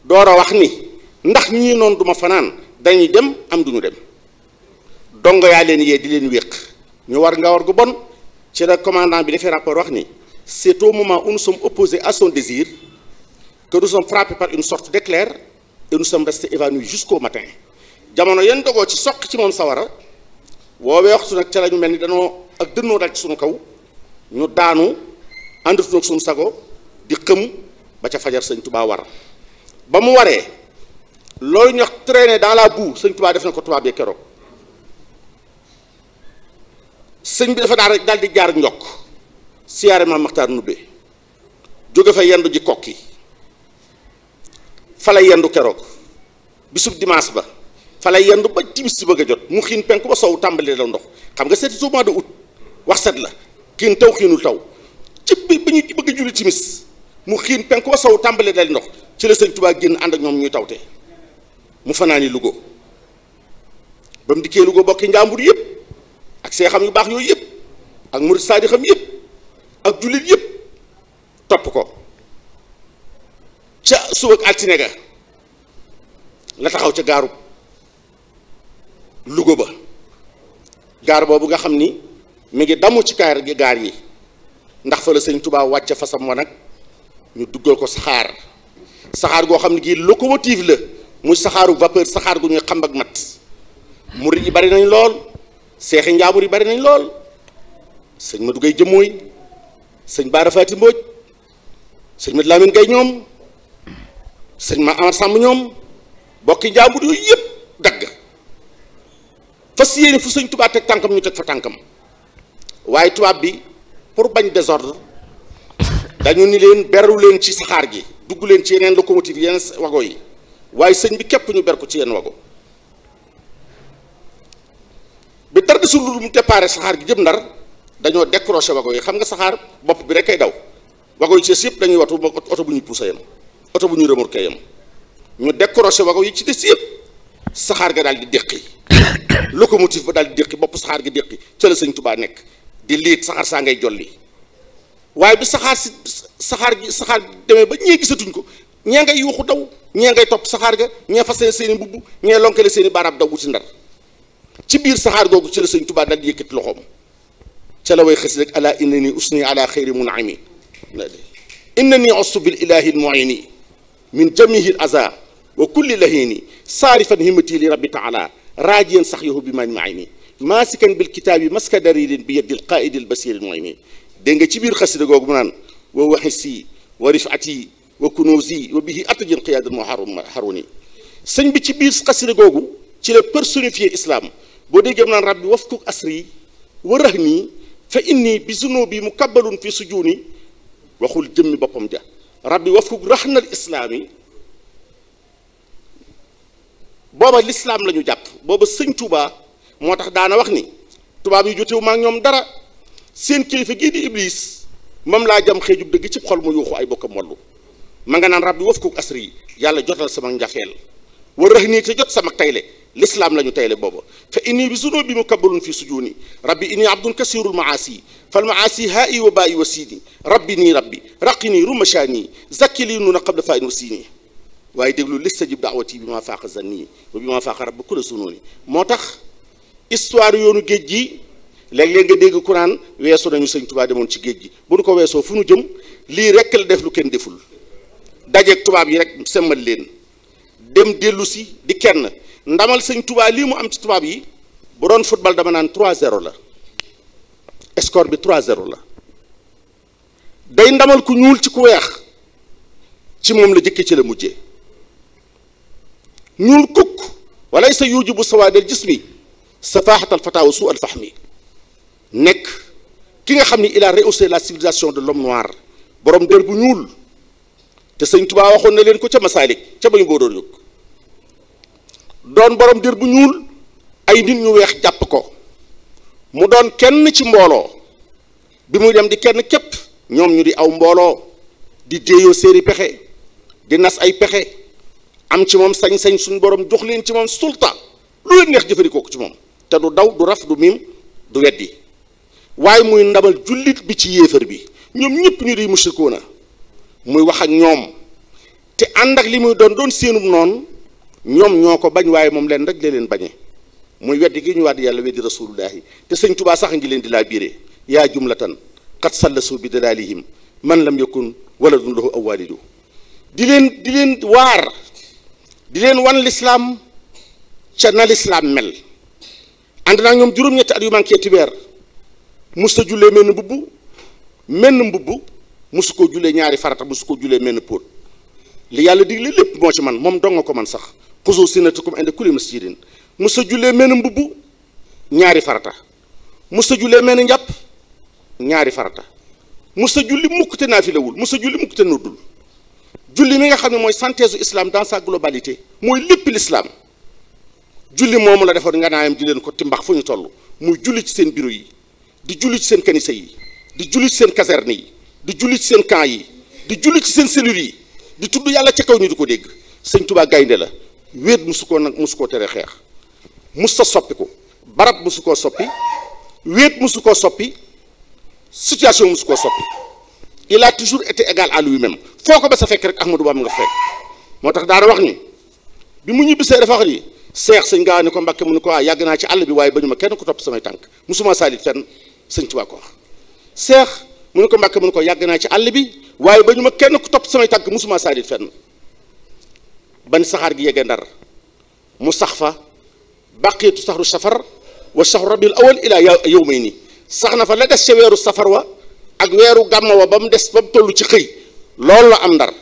door wax ni ndax ñi non duma fanan, dañuy dem am duñu dem dongo ya leen yé di leen wéx ñu war nga war gu bon ci le commandant bi defee rapport wax ni c'est au moment où nous sommes opposés à son désir que nous sommes frappés par une sorte d'éclair et nous sommes restés évanouis jusqu'au matin jamono yeen dogo ci soq ci mom sawara woowee waxtu nak ci la ñu mel ni ak dënnoo dal ci suñu kaw ñu daanu àndatu nag suñu sago di xëm ba ca fajar sëñ tubaa war ba mu waree loolu ñu wax daa dans la boue sëñ tubaa def na ko tubaab keroog sëñ bi dafa daal rek daal di jaar njokk siyaare maam maxtaar nubbe jóge fa yendu ji kokki fa la yendu keroog bisub dimanche ba fa la yendu ba timis si bëgg a jot mu xiin penk ba sow tàmbali la ndox xam nga seeti tout mois de wax set la xiin taw xiinul taw ci bi bi ñu bëgg a julli timis mu xiin penku ba sow tàmbalee dal ndox ci la sëñ Tuubaa génn ànd ak ñoom ñuy tawte mu fanaani Louga ba mu dikkee Louga bokki njàmbur yëpp ak seexam yu baax yooyu yëpp ak murid xam yëpp ak jullit yëpp topp ko ca suba ak altine ga la taxaw ca gaaru Louga ba gaar boobu nga xam ni mu ngi damu ci kaar gaar yi ndax fa la sëñ Touba wàcce fasam wa nag ñu duggal ko saxaar saxaar goo xam ne gii locomotive la muy saxaaru vapeur saxaar gu ñu xam ak mat mur yi bari nañ lool seexi njaabur yi bari nañ lool sëñ Madou Gueye jëmmooy sëñ Baara Faati Mbooj sëñ Mat Lamine Gueye ñoom sëñ ma Amar sàmm ñoom bokki njaabur yooyu yëpp dagg fas yéene fu sëñ tubaat teg tànkam ñu teg fa tànkam waaye tubaab bi pour bañ désordre dañu ni leen beru leen ci saxaar gi dugg leen ci yeneen locomotive yeneen wago yi waaye sëñ bi képp ñu ber ko ci yenn wago bi tardi su lu mu déparé saxaar gi jëm ndar dañoo décroché wago yi xam nga saxaar bopp bi rek ay daw wago yi ci des yëpp dañuy watu oto bu ñuy poussé yam oto bu ñuy remorqué yam ñu décroché wago yi ci des yëpp saxaar ga daal di déqi [coughs] locomotive ba daal di déqi bopp saxaar gi déqi ca la sëñ Tubaa nekk di liit saxaar saa ngay jolli waaye bi saxaar si saxaar gi saxaar demee ba ñee gisatuñ ko ñee ngay yuuxu daw ñee ngay topp saxaar ga ñee fas seen i mbubb ñee lonkale seen i baaraam daw wuti ndar ci biir saxaar googu ci la sëñ Tuubaa daal di yëkkati loxoom ca la way xës rek ala inna ni usni ala xayri munami inna ni ostu bil ilahi l muini min jamihi l aza wa kulli lahini saarifan himmati li rabbi taala raajiyan sax yohu bi man maini ماسكا بالكتاب مسك درير بيد القائد البصير المعين دنجا كبير خسر جوج ووحسي ورفعتي وكنوزي وبه أتجن قيادة المحرم حروني سن بي بكبير خسر جوج تلا بيرسونيفي الإسلام بودي جمنان ربي وفقك أسري ورهني فإني بذنوبي مكبل في سجوني وخل دمي بقم جا ربي وفقك رحنا الإسلامي booba الاسلام لا نيو جاب booba sëñ توبا moo tax daana wax ni tubaab yi jotewu maak ñoom dara seen kilifa gii di iblis moom laa jam xëejub dëgg ci xol mu yuuxu ay bokkam wallu ma nga naan rab bi waf ko asri yi yàlla jotal sama njafeel war rëx nii te jot sama tayle lislaam la ñu tayle booba fa inni bi sunoo bi mu kabbalun fi sujuuni rabbi inni abdun kasirul maasi fal maasi haa i wa baa i wa siini rabbi nii rabbi raqi nii rumashaani zakki lii nuna qabla faa in wa siini waaye déglu listajib daawati bi maa faaqa zanni wa bi maa faaqa rabbi kula sunooni moo tax histoire yoonu géej gi léeg-léeg nga dégg ku naan weesu nañu sëñ Tuubaa demoon ci géej gi bu nu ko weesoo fu nu jëm lii rek la def lu kenn deful dajeeg tubaab yi rek semmal leen dem dellu si di kenn ndamal sëñ Tuubaa lii mu am ci tubaab yi bu doon football dama naan trois 0 la score bi trois 0 la day ndamal ku ñuul ci ku weex ci moom la jëkke ci la mujje ñuul kukk walay sa yuuju bu sawaadel gis mi safaaxatal fataawa su al mi nekk ki nga xam ni il a la civilisation de l'homme noir boroom dër bu ñuul te sëñ Tuubaa waxoon na leen ko ca Masaalik ca ba ñu boo doon yóg doon borom dër bu ñuul ay nit ñu weex jàpp ko mu doon kenn ci mbooloo bi muy dem di kenn képp ñoom ñu di aw mbooloo di déeyoo séeri pexe di nas ay pexe am ci moom sañ-sañ suñu borom jox leen ci moom sulta lu leen neex jëfandikoo ko ci moom te du daw du raf du miim du weddi waaye muy ndamal jullit bi ci yéefar bi ñoom ñëpp ñu di na muy wax ak ñoom te ànd ak li muy doon doon seenum noon ñoom ñoo ko bañ waaye moom leen rek la leen bañee muy weddi gi ñu wàdd yàlla weddi rasulullahi te sëñ tubaa sax ngi leen di laa biire yaa jumlatan qad sallasu bi dalaalihim man lam yakun waladun du aw waalidu di leen di leen waar di leen wan lislaam ca na lislaam mel ànd naa ñoom juróom-ñetti at yu manqué ci weer mus ta jullee menn mbubb menn mbubb musu koo jullee ñaari farata musu koo jullee menn póot li yàlla digle lépp moo ci man moom dong nga ko man sax xusu sinatakum inda kulli masjidin mus ta jullee menn mbubb ñaari farata mus ta jullee menn njàpp ñaari farata mus ta julli mukk te naafilawul mus ta julli mukk te noddul julli mi nga xam ne mooy synthèse islam dans sa globalité mooy lépp l'islam julli momu la defoon nga naayam di leen ko timbax fu tollu toll muy julli ci sen bureau yi di julli ci sen kanisa yi di julli ci sen caserne yi di julli ci sen camp yi di julli ci sen cellules yi di tuddu yalla ci kaw ñu di ko dégg sëñ Tuubaa gaynde la wet musuko nak musuko tere xeex mus sa soppi ko barab musuko soppi wet musuko soppi situation musuko soppi il a toujours été égal à lui-même foko ba sa fek rek Ahmadou Bamba nga fek motax daara wax ni bi mu ñibbisee dafa wax ni cheikh seigne gaa ko Mbàkke mu ko ah yàgg ci àll bi way bañuma kenn ko top samay tànk musuma saalit fenn seigne Tuubaa ko cheikh seex mu ko Mbàkke mu ko yàgg ci àll bi way bañuma kenn ko top samay tànk musuma saalit fenn ban sahar gi yeggee ndar mu baqiyatu sahru safar wa sahru rabiul awal ila yawmayni may fa la dess ci wéru safar wa ak wéru gàmma wa bam dess bam tollu ci xëy loolu la am ndar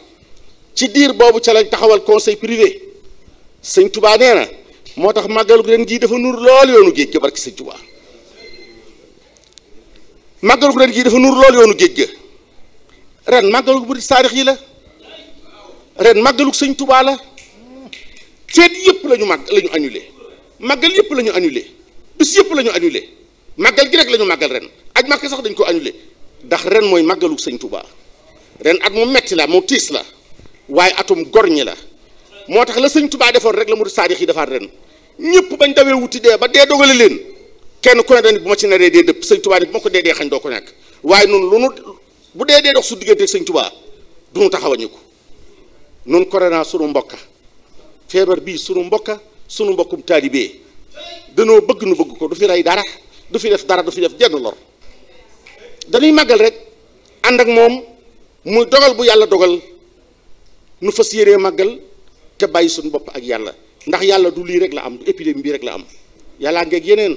ci dir bobu ci lañ taxawal conseil privé seigne touba neena moo tax màggalu ren jii dafa nur lool yoonu géej ga barki sëñ Tuubaa màggalu ren jii dafa nuur lool yoonu géej ga ren màggalu bu saarix la ren màggalu sëñ Tuubaa la seet yëpp lañu ñu màgg la ñu annulé màggal yëpp la ñu annulé bis yëpp lañu ñu annulé màggal gi rek lañu ñu màggal ren aj màkk sax dañ ko annulé ndax ren mooy màggalu sëñ Tuubaa ren at mu metti la mu tiis la waaye atum gor ñi la moo tax la sëñ tubaa defoon rek la murid saadix yi defaat ren ñëpp bañ dawee wuti dee ba dee dogale leen kenn ku ne dañ bu ma ci naree dee dëpp sëñ tubaa ni bu ma ko dee dee xañ doo ko ñàkk waaye noonu lu nu bu dee dee dox su diggante ak sëñ tubaa du nu taxaw a ñu ko nun corona sunu mbokka feebar bii sunu mbokka sunu mbokkum taalibee danoo bëgg nu bëgg ko du fi rey dara du fi def dara du fi def jenn lor dañuy màggal rek ànd ak moom muy dogal bu yàlla dogal nu màggal te bàyyi suñu bopp ak yàlla ndax yàlla du lii rek la am du épidémie bii rek la am yàllaa ngeeg yeneen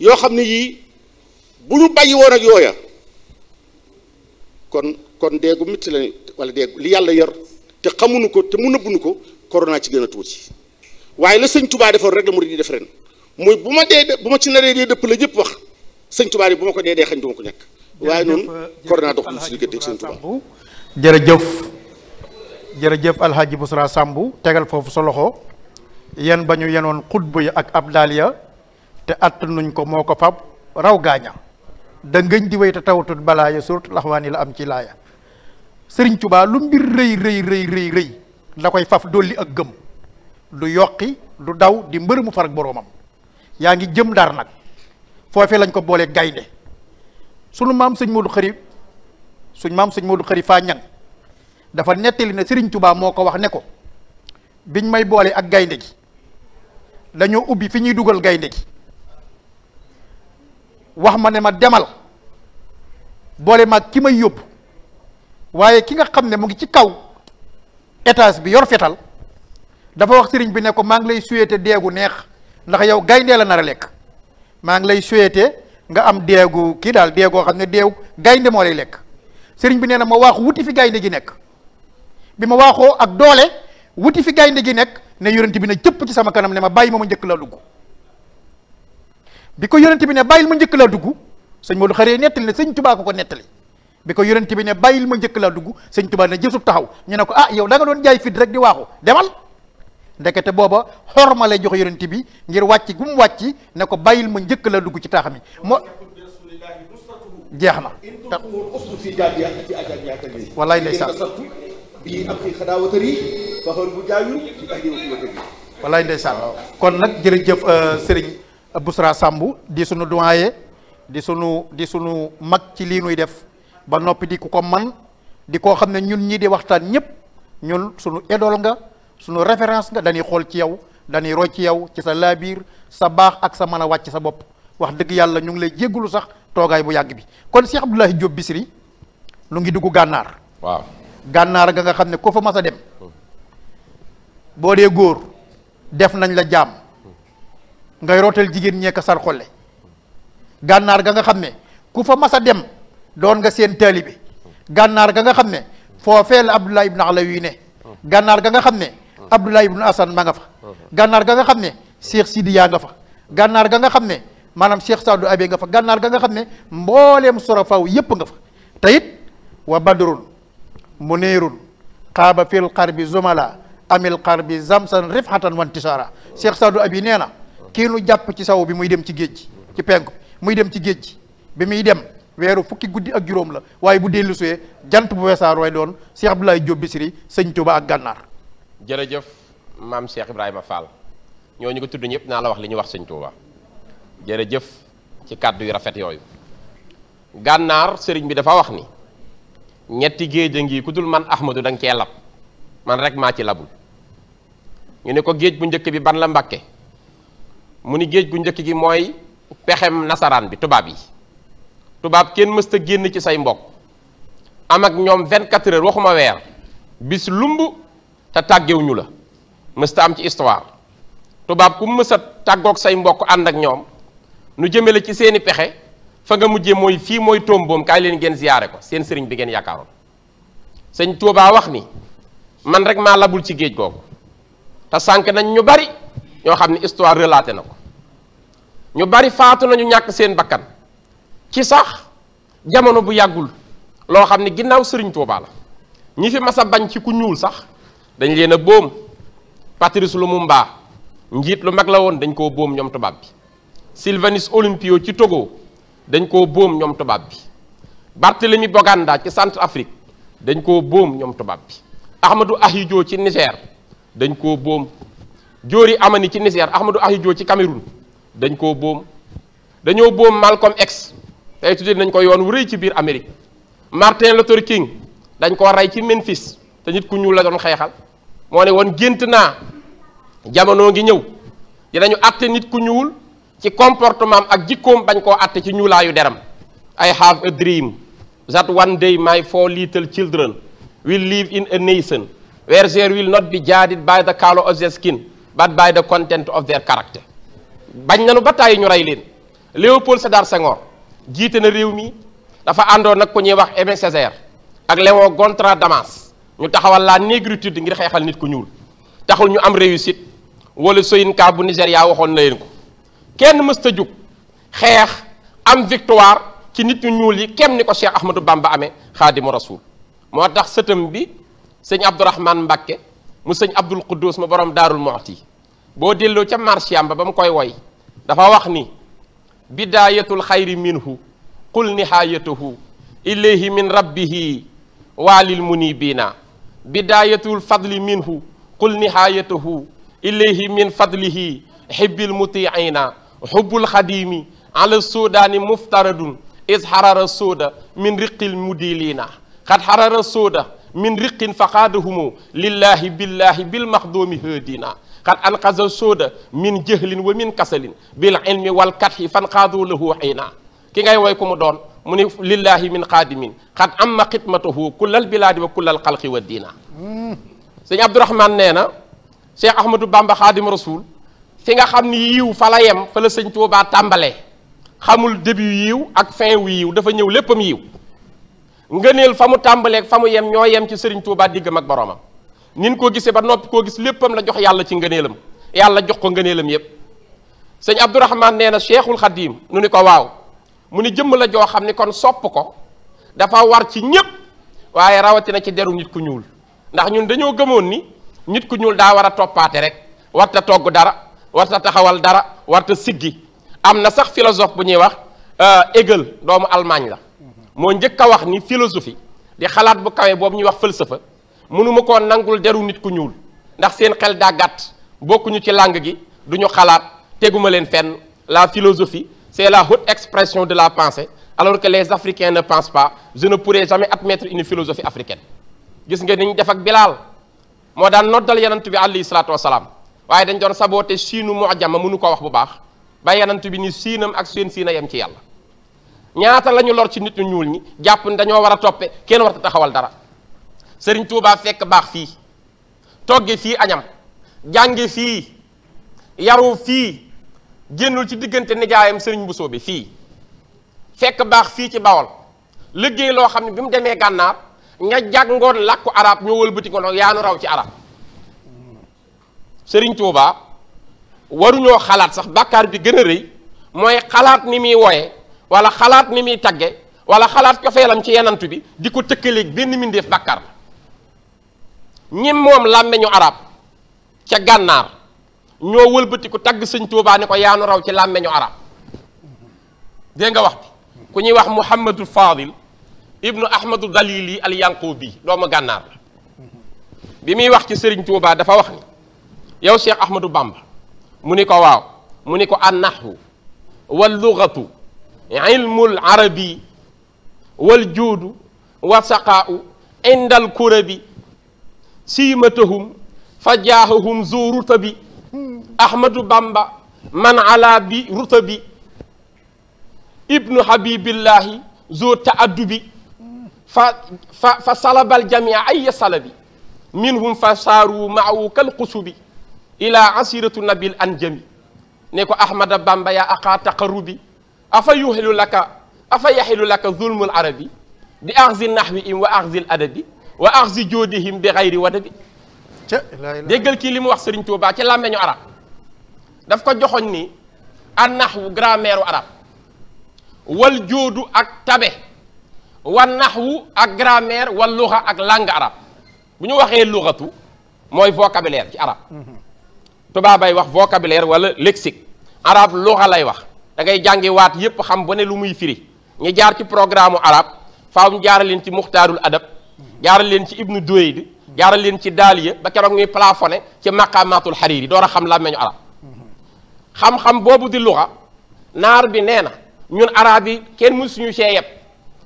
yoo xam ne yii bu ñu bàyyi woon ak yooya kon kon deegu mitti la wala deegu li yàlla yor te xamunu ko te mu nëbbuñu ko corona ci gën a tuuti waaye la sëñ tubaa defoon rek la murid yi def ren muy bu ma dee bu ma ci naree dee dëpp la ñëpp wax sëñ tubaa yi bu ma ko dee dee xañ du ko nekk waaye noonu corona dox na suñu de sëñ tubaa jërëjëf al alhaji Busra Sambu tegal fofu sa loxo yan bañu ñu khutba ya ak Abdalia, te nuñ ko moko ko fab raw gaña da ngeñ di way ta tawatut balaa ya surtout laxwaani la am ci laaya serigne touba lu mbir reey reey reey reey reey la koy faf doli ak gem du yokki du daw di mbër mu farak boroomam yaa jëm dar nak fofé lañ ko bolé gaynde suñu mam serigne Modou Xari suñu mam serigne Modou kharifa dafa nettali na Serigne tubaab moo ko wax ne ko biñ may boole ak gaynde gi dañoo ubbi fi ñuy dugal gaynde gi wax ma ne ma demal boole ma ki may yóbbu waaye ki nga xam ne mu ngi ci kaw étage bi yor fetal dafa wax sëriñ bi ne ko maa ngi lay souhaité deegu neex ndax yow gayndee la nar a lekk maa ngi lay souhaité nga am deegu kii daal deegoo xam ne deew gaynde moo lay lekk sëriñ bi nee na ma waax wuti fi gaynde gi nekk bi ma waaxoo ak doole wuti fi gaynde gi nekk ne yonent bi ne jëpp ci sama kanam ne ma bàyyi ma ma njëkk laa dugg bi ko yonent bi ne bàyyil ma njëkk laa dugg sëñ Modou xaree nettali ne sëñ Tubaa ko ko nettali bi ko yonent bi ne bàyyil ma njëkk laa dugg sëñ Tubaa ne taxaw ñu ne ko ah yow danga doon jaay fit rek di waaxu demal ndekete booba xorma lay jox yonent bi ngir wàcc gu mu wàcc ne ko bàyyil ma njëkk laa dugg ci taax mi moo jeex na wallaay ndeysaan bi am fi xadaawa tëri fa xër bu jaayu fi ahli Sambu di sunu doyen di sunu di sunu mag ci li nuy def ba nopi di ku ko man di ko xamne ñun ñi di waxtaan ñep ñun sunu idole nga sunu reference nga dañuy xol ci yow dañuy roy ci yow ci sa labir sa bax ak sa mana wacc sa bop wax deug yalla ñu ngi lay jéggulu sax toogaay bu yagg bi kon Cheikh abdullah Diop bisri, lu ngi duggu gànnaar waaw gànnaar ga nga xam ne ku fa mas a dem boo dee góor def nañ la jàmm ngay rootal jigéen ñeek sar xolle gànnaar ga nga xam ne ku fa mas a dem doon nga seen taalibe gànnaar ga nga xam ne foofee la Abdullah ibn Alawi ne gànnaar ga nga xam ne Abdullah ibn Asan ma nga fa gànnaar ga nga xam ne Cheikh Sidi yaa nga fa gànnaar ga nga xam ne maanaam Cheikh Saadu Abe nga fa gànnaar ga nga xam ne mbooleem sorofaw yépp nga fa te it wa badrun muniirun xaaba fil xarbi zumala amil xarbi zamsan rifhatan wantisara Cheikh Sadou Abi nee na kii nu jàpp ci saw bi muy dem ci géej ci penku muy dem ci géej bi muy dem weeru fukki guddi ak juróom la waaye bu dellu suwee jant bu weesaar way doon Cheikh Abdoulaye Diop Bichri sëñ Tuba ak gànnaar jërëjëf maam Cheikh Ibrahima Fall ñoo ñu ko tudd ñëpp naa la wax li ñu wax sëñ Tuba jërëjëf ci kàddu yu rafet yooyu gànnaar sëriñ bi dafa wax ni ñetti géej a ngi man ahmadu dang ci lab man rek ma ci labul ñu ne ko geej bu njëkk bi ban la mbacké mu ni geej gu njëkk gi moy pexem nasaran bi tubab yi tubab kenn mësta genn ci say mbokk am ak ñom 24 heures waxuma wër bis ta tata ñu la mësta am ci histoire tubab ku mës a tàggoog say mbokk and ak ñom nu jëmele ci seeni pexé fa nga mujjee mooy fii mooy tomboom kaay leen ngeen ziyaare ko seen sëriñ bi ngeen yaakaaroon sëñ Tuubaa wax ni man rek maa labul ci géej googu te sànq nañ ñu bari ñoo xam ne histoire relaté na ko ñu bari faatu nañu ñàkk seen bakkan ci sax jamono bu yàggul loo xam ne ginnaaw sëriñ Tuubaa la ñi fi masa bañ ci ku ñuul sax dañ leen a boom Patrice Lumumba njiit lu mag la woon dañ koo boom ñoom tubaab bi Sylvanus Olympio ci Togo dañ koo boom ñoom tubaab bi Barthélemy Boganda ci Centrafrique dañ koo boom ñoom tubaab bi Ahmadou Ahidjo ci Niger dañ koo boom Diori Amani ci Niger Ahmadou Ahidjo ci Cameroun dañ koo boom dañoo boom Malcolm X tey tuddee nañ ko yoon wu rëy ci biir Amérique Martin Luther King dañ koo rey ci Memphis te nit ku ñuul la doon xeexal moo ne woon gént naa jamono ngi ñëw dinañu àtte nit ku ñuul. ci comportement ak jikkoom bañ koo àtte ci ñuulaayu deram I have a dream that one day my four little children will live in a nation where there will not be judged by the color of their skin but by the content of their character bañ nanu ba tàyyi ñu rey leen Léopold Sédar Senghor jiite na réew mi dafa àndoon nag ku ñuy wax Aimé Césaire ak Léon Gontran Damas ñu taxawal la négritude ngir xeexal nit ko ñuul taxul ñu am réussit wala Soyinka bu Nigéria waxoon na leen ko كين مستجوب خير أم فيكتوار كي نيت كم كيم احمد بامبا امي خادم رسول موتاخ ستم بي سيغ عبد الرحمن مباكي مو عبد القدوس مبروم دار المعتي بو ديلو تيا مارشيام بام بابا واي دا فا واخني بدايه الخير منه قل نهايته اليه من ربه وللمنيبين بدايه الفضل منه قل نهايته اليه من فضله حب المطيعين حب الخديم على السودان مفترض إذ حرر السودة من رق المديلين قد حرر السودة من رق فقادهم لله بالله بالمخدوم هدينا قد أنقذ السودة من جهل ومن كسل بالعلم والكتح فانقاذوا له حينا كي غاي ويكم دون من لله من قادم قد أما قدمته كل البلاد وكل الخلق والدين سيدي عبد الرحمن نينا شيخ أحمد بامبا خادم رسول fi nga xam ni yiiw fa la yem fa la sëñ Tuubaa tàmbale xamul début yiw ak fin wu dafa ñëw léppam yiw nga ngëneel fa mu tàmbaleek fa mu yem ñoo yem ci sëriñ Tuubaa diggam ak boroomam nin koo gisee ba noppi koo gis léppam la jox yàlla ci ngëneelam yàlla jox ko ngëneelam yépp sëñ Abdourahman nee na Cheikhul Khadim nu ni ko waaw mu ni jëmm la joo xam ni kon sopp ko dafa war ci ñépp waaye rawatina ci deru nit ku ñuul ndax ñun dañoo gëmoon ni nit ku ñuul daa war a toppaate rek warta warta taxawal dara warta siggi am sax philosophe bu ñi wax euh, Hegel doomu Allemagne la mo njëkk wax ni philosophie di xalaat bu kawé bobu ñi wax philosophe mënuma nangul deru nit ku ñuul ndax seen xel daa bokku ñu ci langue gi duñu xalaat len fenn la philosophie c'est la haute expression de la pensée alors que les africains ne pensent pas je ne pourrai jamais admettre une philosophie africaine gis nga ni ñu def ak Bilal mo daan noddal yonent bi alayhi salaatu waaye dañ doon saboté siinu mojama mënu ko wax bu baax ba yanant bi ni sinam ak sen sina yam ci yalla ñaata lañu lor ci nit ñu ñuul ñi japp dañu wara topé kene toppe warta taxawal dara serigne touba fekk baax fi togge fi añam jangé fi yaru fi génnul ci digënté nijaayam serigne Bousso bi fi fekk baax fi ci Bawol liggéey lo xamni bimu démé gannaar nga lakku arab ñu wëlbuti ko yaanu raw ci arab sëriñ Tuuba waruñoo xalaat sax bàkkaar bi gën a rëy mooy xalaat ni muy woye wala xalaat ni muy tagge wala xalaat cofeelam ci yenantu bi di ko tëkkaleeg benn mbindeef bàkkaar la ñim moom làmmeñu arab ca gànnaar ñoo wëlbati ku tagg sëñ Tuuba ni ko yaanu raw ci làmmeñu arab dégg nga wax bi ku ñuy wax Muhammadul Fadil ibnu Ahmadu Dalili al Yanqubi doomu gànnaar la bi muy wax ci sëriñ Tuuba dafa wax ni yow Cheikh Ahmadou Bamba mu ni ko waaw mu ni ko annahu wallugatu ilmul arabi waljuudu wa saqaa'u inda alkurabi siimatahum fa jaahuhum zu rutabi ahmadu bamba man ala bi rutabi ibnu habibillahi zu taaddubi fa fa fa salabal jamia ayya salabi minhum fa saaru maahu kalqusubi الى عسيره النبي الانجم نيكو احمد بامبا يا اقا تقربي افا يحل لك افا يحل لك ظلم العربي باخذ النحو ام واخذ الادب واخذ جودهم بغير ودب ديغل كي ليم واخ سيرن توبا تي لامنيو عرب داف كو جوخون ني النحو غرامير عرب والجود اك تابه والنحو اك غرامير واللغه اك لانغ عرب بنيو واخي لغتو موي فوكابولير تي عرب tubaabay wax vocabulaire wala lexique arab luxa lay wax da ngay jàngi waat yépp xam ba ne lu muy firi ñu jaar ci programme arab faaw ñu leen ci muxtaarul adab jaara leen ci ibnu duweyd jaara leen ci daaliya ba keroog ñuy plafonné ci maqamatul xariiri door a xam làmmeñu arab xam-xam boobu di luxa naar bi nee na ñun arab yi kenn mu suñu see yëpp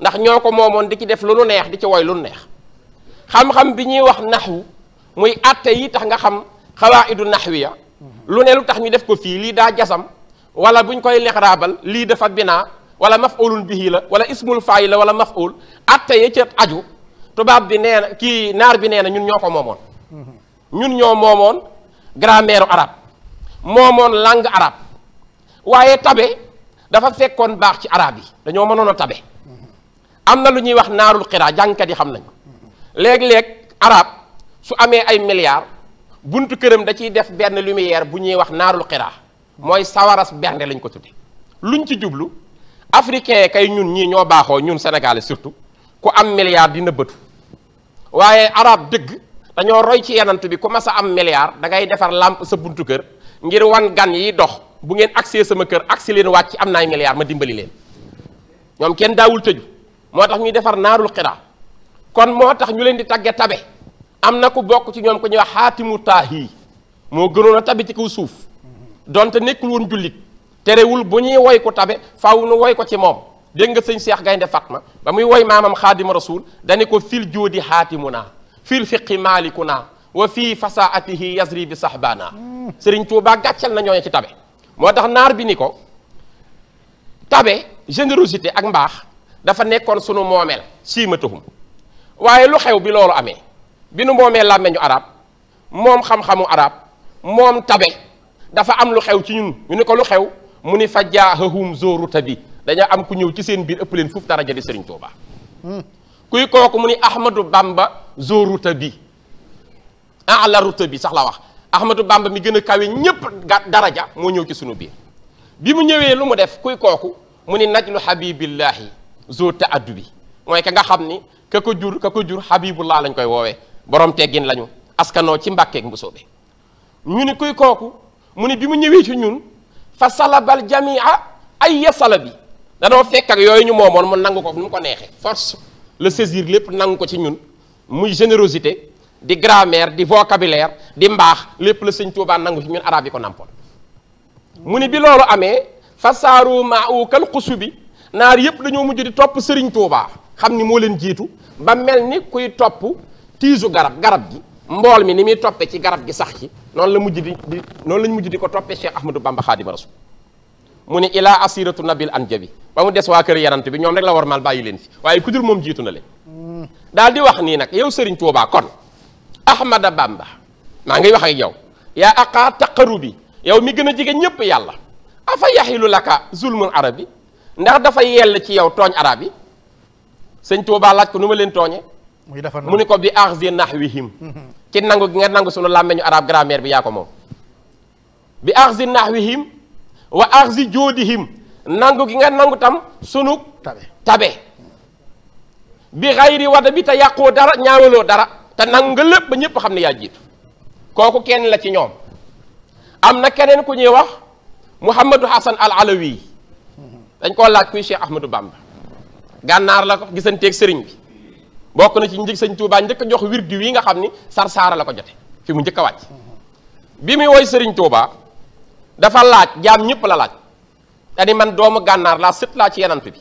ndax ñoo ko moomoon di ci def lu nu neex di ci woy lu nu neex xam-xam bi ñuy wax naxwu muy atte yi tax nga xam xawaa idu naxwiya lu ne lu tax ñu def ko fii lii daa jasam wala buñ koy lexraabal lii dafa binaa wala maf'ulun bihi la wala ismul faay la wala maf'ul atte ya ca aju tubaab bi nee kii naar bi nee na ñun ñoo ko moomoon ñun ñoo moomoon grammaire arabe moomoon langue arabe waaye tabe dafa fekkoon baax ci arabe yi dañoo mënoon a tabe am na lu ñuy wax naarul xiraa jàngkat yi xam nañ léeg-léeg arabe su amee ay milliards buntu kërëm da ciy def benn lumière bu ñuy wax narul qira, moy sawaras bernde lañ ko tudde luñ ci djublu africain kay ñun ñi ño baxo ñun sénégalais surtout ku am milliard di nëbbatu waaye arab deug dañu roy ci yanant bi ku am milliard da ngay defar lampe sa buntu kër ngir wan gan yi dox bu ngeen accès sama kër accès leen wacc am nai milliard ma dimbali leen ñom kenn daawul tëju motax ñuy defar narul qira, kon motax ñu leen di tagge tabe am na ku bokk ci ñoom ku ñuy wax xaatimu taahi moo gënoon a tabi ci kaw suuf donte nekkul woon jullit terewul bu ñuy woy ko tabe faaw nu woy ko ci moom dégg nga sëñ Seex Gaynde Fatma ba muy woy maamam xaadima rasul dane ko fil joodi xaatimu naa fil fiqi maaliku naa wa fii fasaatihi yazri bi sahbaana sëriñ Tuubaa gàccal na ñooñu ci tabe moo tax naar bi ni ko tabe générosité ak mbaax dafa nekkoon sunu moomeel siimatahum waaye lu xew bi loolu amee bi nu moomee làmmeñu arab moom xam-xamu arab moom tabe dafa am lu xew ci ñun ñu ni ko lu xew mu ni fa jaahahum zóoruta bi dañoo am ku ñëw ci seen biir ëpp leen foofu daraja di Sëriñ Tuuba hmm. kuy kooku mu ni Ahmadou Bamba zóoruta bi ala ruta bi sax la wax Ahmadou Bamba mi gën a kawe ñépp daraja moo ñëw ci sunu biir bi mu ñëwee lu mu def kuy kooku mu ni najlu habibillaahi zoo ta addu bi mooy ka nga xam ni ka ko jur ka ko jur habibullah lañ koy woowee borom teggin lañu askanoo ci mbàkkeeg mbusoobe ñu ni kuy kooku mu ni bi mu ñëwee ci ñun fa salabal jamia ay ya sala bi danoo fekk ak yooyu ñu moomoon mu nangu ko nu mu ko neexee force le saisir lépp nangu ko ci ñun muy générosité di grammaire di vocabulaire di mbaax lépp la sëñ Tuubaa nangu ci ñun arab ko nampoon mu ni bi loolu amee fasaaru maahu kal xusu bi naar yëpp dañoo mujj di topp sëriñ Tuubaa xam ni moo leen jiitu ba mel ni kuy topp tiisu garab garab gi mbool mi ni muy toppe ci garab gi sax ci noonu la mujj di di noonu lañ mujj di ko toppe Cheikh Ahmadou Bamba Xaadimu Rasuul mu ne ilaa asiratu nabil anjabi ba mu des waa kër yarant bi ñoom rek la war maal bàyyi leen fi waaye ku dul moom jiitu na leen daal di wax nii nag yow Serigne Touba kon Ahmada Bamba maa ngi wax ak yow yaa aqaa taqarubi yow mi gën a jege ñépp yàlla afa yaxilu laka zulmul bi ndax dafa yell ci yow tooñ arab yi sëñ Touba laaj nu ma leen tooñee muy defar mu ni ko bi akhzi nahwihim ci [laughs] nangu gi nga nangu sunu làmmeñu arab grammaire bi ya ko mom bi akhzi nahwihim wa akhzi joodihim nangu gi nga nangu tam sunu tabe tabe bi ghairi wadabi ta te yàqoo dara ñaawaloo dara ta nangu lepp ñepp xamni ya jitt koku kenn la ci ñom am keneen ku ñuy wax muhammadu Hassan al Alawi mm-hmm. dañ ko laaj ku Cheikh Ahmadou Bamba gannar la ko ak serigne bi bokk na ci njëg seigne Touba ndek jox wirdi wi nga xamni sar sara la ko jotté fi mu njëkk a wàcc bi mi woy seigne Touba dafa laaj jam ñepp la laaj dani man doomu gannar la set la ci yanant bi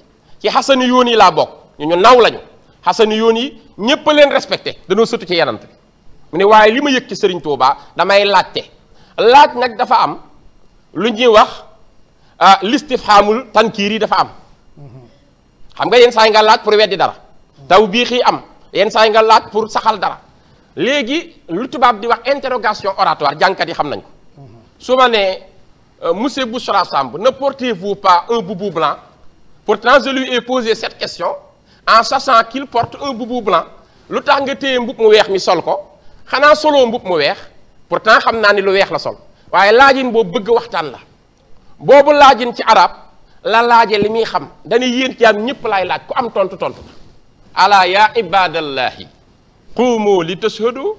ci hasan yoon la bok ñu ñu naw lañu hasan yoon ñepp leen respecté dañu sëtu ci yanant bi mu ni way li yek ci seigne Touba damay laajte laaj nak dafa am lu ñuy wax ah, listifhaamul tankiir yi dafa am mm-hmm. xam nga yeen saa nga laaj pour wéddi dara taw am yenn say nga laaj pour saxal dara léegi lu tubab di wax interrogation oratoire jankati yi xam nañ ko suma ma euh, monsieur Bouchra Samb ne portez-vous pas un boubou blanc pourtant je lui ai posé cette question en sachant qu'il porte un boubou blanc lu tax nga téye mbub mu wex mi sol ko xana solo mbub mu wex pourtant xamna ni lu wex la sol waye laajin bo bëgg waxtan la bobu laajin ci arab la laaje limi xam dañuy yeen ci am ñepp lay laaj ku am tontu tontu ألا يا عباد الله قوموا لتشهدوا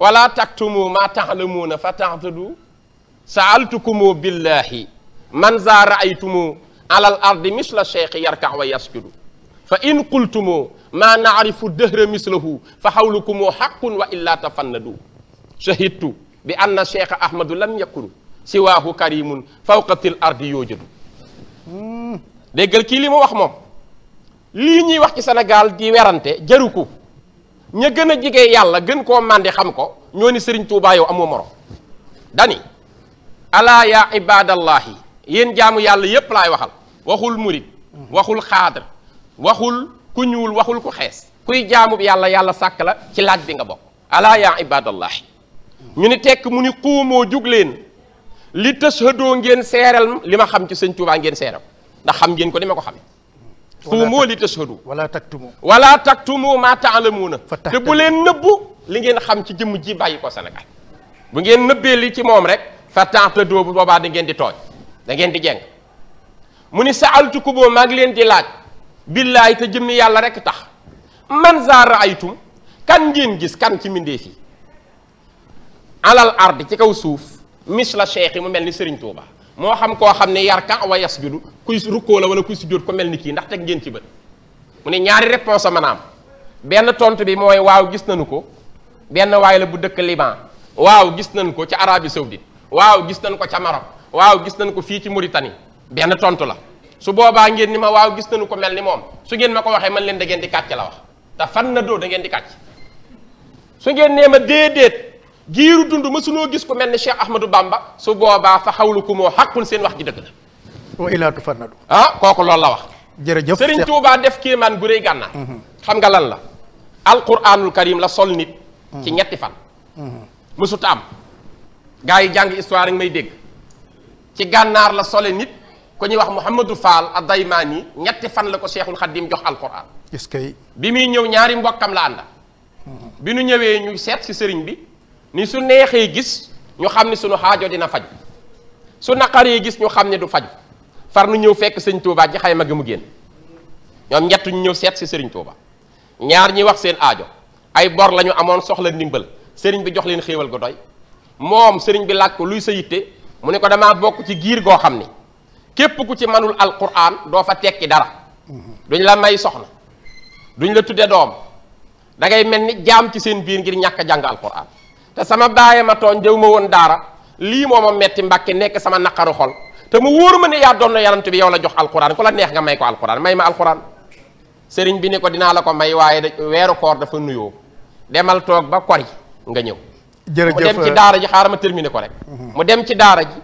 ولا تكتموا ما تعلمون فتعتدوا سألتكم بالله من ذا رأيتم على الأرض مثل الشيخ يركع ويسجد فإن قلتم ما نعرف الدهر مثله فحولكم حق وإلا تفندوا شهدت بأن الشيخ أحمد لم يكن سواه كريم فوق الأرض يوجد ديغل كي لي ما واخ lii ñuy wax ci Sénégal di werante jaru ko ña gën a jege yàlla gën koo màndi xam ko ñoo ni sëriñ Touba yow amoo morom dani alaa yaa ibadallahi yéen jaamu yàlla yépp laay waxal waxul murit waxul xaadar waxul ku ñuul waxul ku xees kuy jaamu yàlla yàlla sàkk la ci laaj bi nga bokk alaa yaa ibadallahi ñu ni tekk mu ni xuumoo jug leen li tashadoo ngeen seeral li ma xam ci sëñ Touba ngeen seeral ndax xam ngeen ko ni ma ko xamee suumoo li tashhadu wala taktumu wala taktumu maa taalamuuna te bu leen nëbbu li ngeen xam ci jëmm ji bàyyi ko Sénégal bu ngeen nëbbee li ci moom rek fa taxta doo bu boobaa da ngeen di tooñ da ngeen di jeng mu ni saaltukumoo maa ngi leen di laaj billaay te jëmm yàlla rek tax man za raaytum kan ngeen gis kan ci mbindeef yi alal ardi ci kaw suuf mis la cheikh yi mu mel ni Serigne Touba moo xam koo xam ne yarkan wa yasjudu kuy rukkoo la wala kuy sujjóot ko mel ni kii ndax teg ngeen ci bët mu ne ñaari réponse a maanaam benn tontu bi mooy waaw gis nañu ko benn waay la bu dëkk Liban waaw gis nañ ko ca Arabie Saoudite waaw gis nañ ko ca Maroc waaw gis nañ ko fii ci Mauritanie benn tontu la su boobaa ngeen ni ma waaw gis nañu ko mel ni moom su ngeen ma ko waxee man leen da ngeen di kàcc la wax te fan na doo da ngeen di kàcc su ngeen nee ma giiru dund mësunoo gis ku melni cheikh ahmadou bamba su boba fa hawlukum haqqun xàqun seen wax ji deug la wa ila tufannadu ah koku lol la wax jërëjëf serigne touba def kéemaan gu réy ganna mhm. xam nga lan la alquranul karim la sol nit mhm. ci ñetti fan musu mhm. tam gaay jang histoire ngi may deg ci gannar la sole nit ko ñi wax Mouhamadou Fall ak Daymaani ñetti fan la ko Cheikhul Khadim jox alquran. est-ce que. bi mi ñew ñaari mbokam la ànda. bi nu ñewé ñu set ci serigne bi ni su neexee gis ñu xamni ni haajo dina faj su naqari gis ñu xamni ni du faj far nu ñew fekk sëñ Touba ji xayma gi mu génn ñom ñett ñu ñew set ci sëriñ Touba ñaar ñi wax seen aajo ay bor lañu amon soxla ndimbal sëriñ bi jox leen xewal go doy mom sëriñ bi lakku luy sa mu ne ko dama bok ci giir go xamni kep ku ci manul alquran do fa tekki dara duñ la may soxna duñ la tudde dom da ngay melni ni ci seen biir ngir ñaka jang alquran te sama baay ma tooñ jëw ma woon daara lii moo ma metti mbakki nekk sama naqaru xol te mu wóor ma ne yaa doon na bi yow la jox alquran ku la neex nga may ko alquran may ma alquran sëriñ bi ne ko dinaa la ko may waaye da weeru koor dafa nuyoo demal toog ba kori nga ñëw jërëjëf mu dem ci daara ji xaaral ma terminé ko rek mhm. mu dem ci daara ji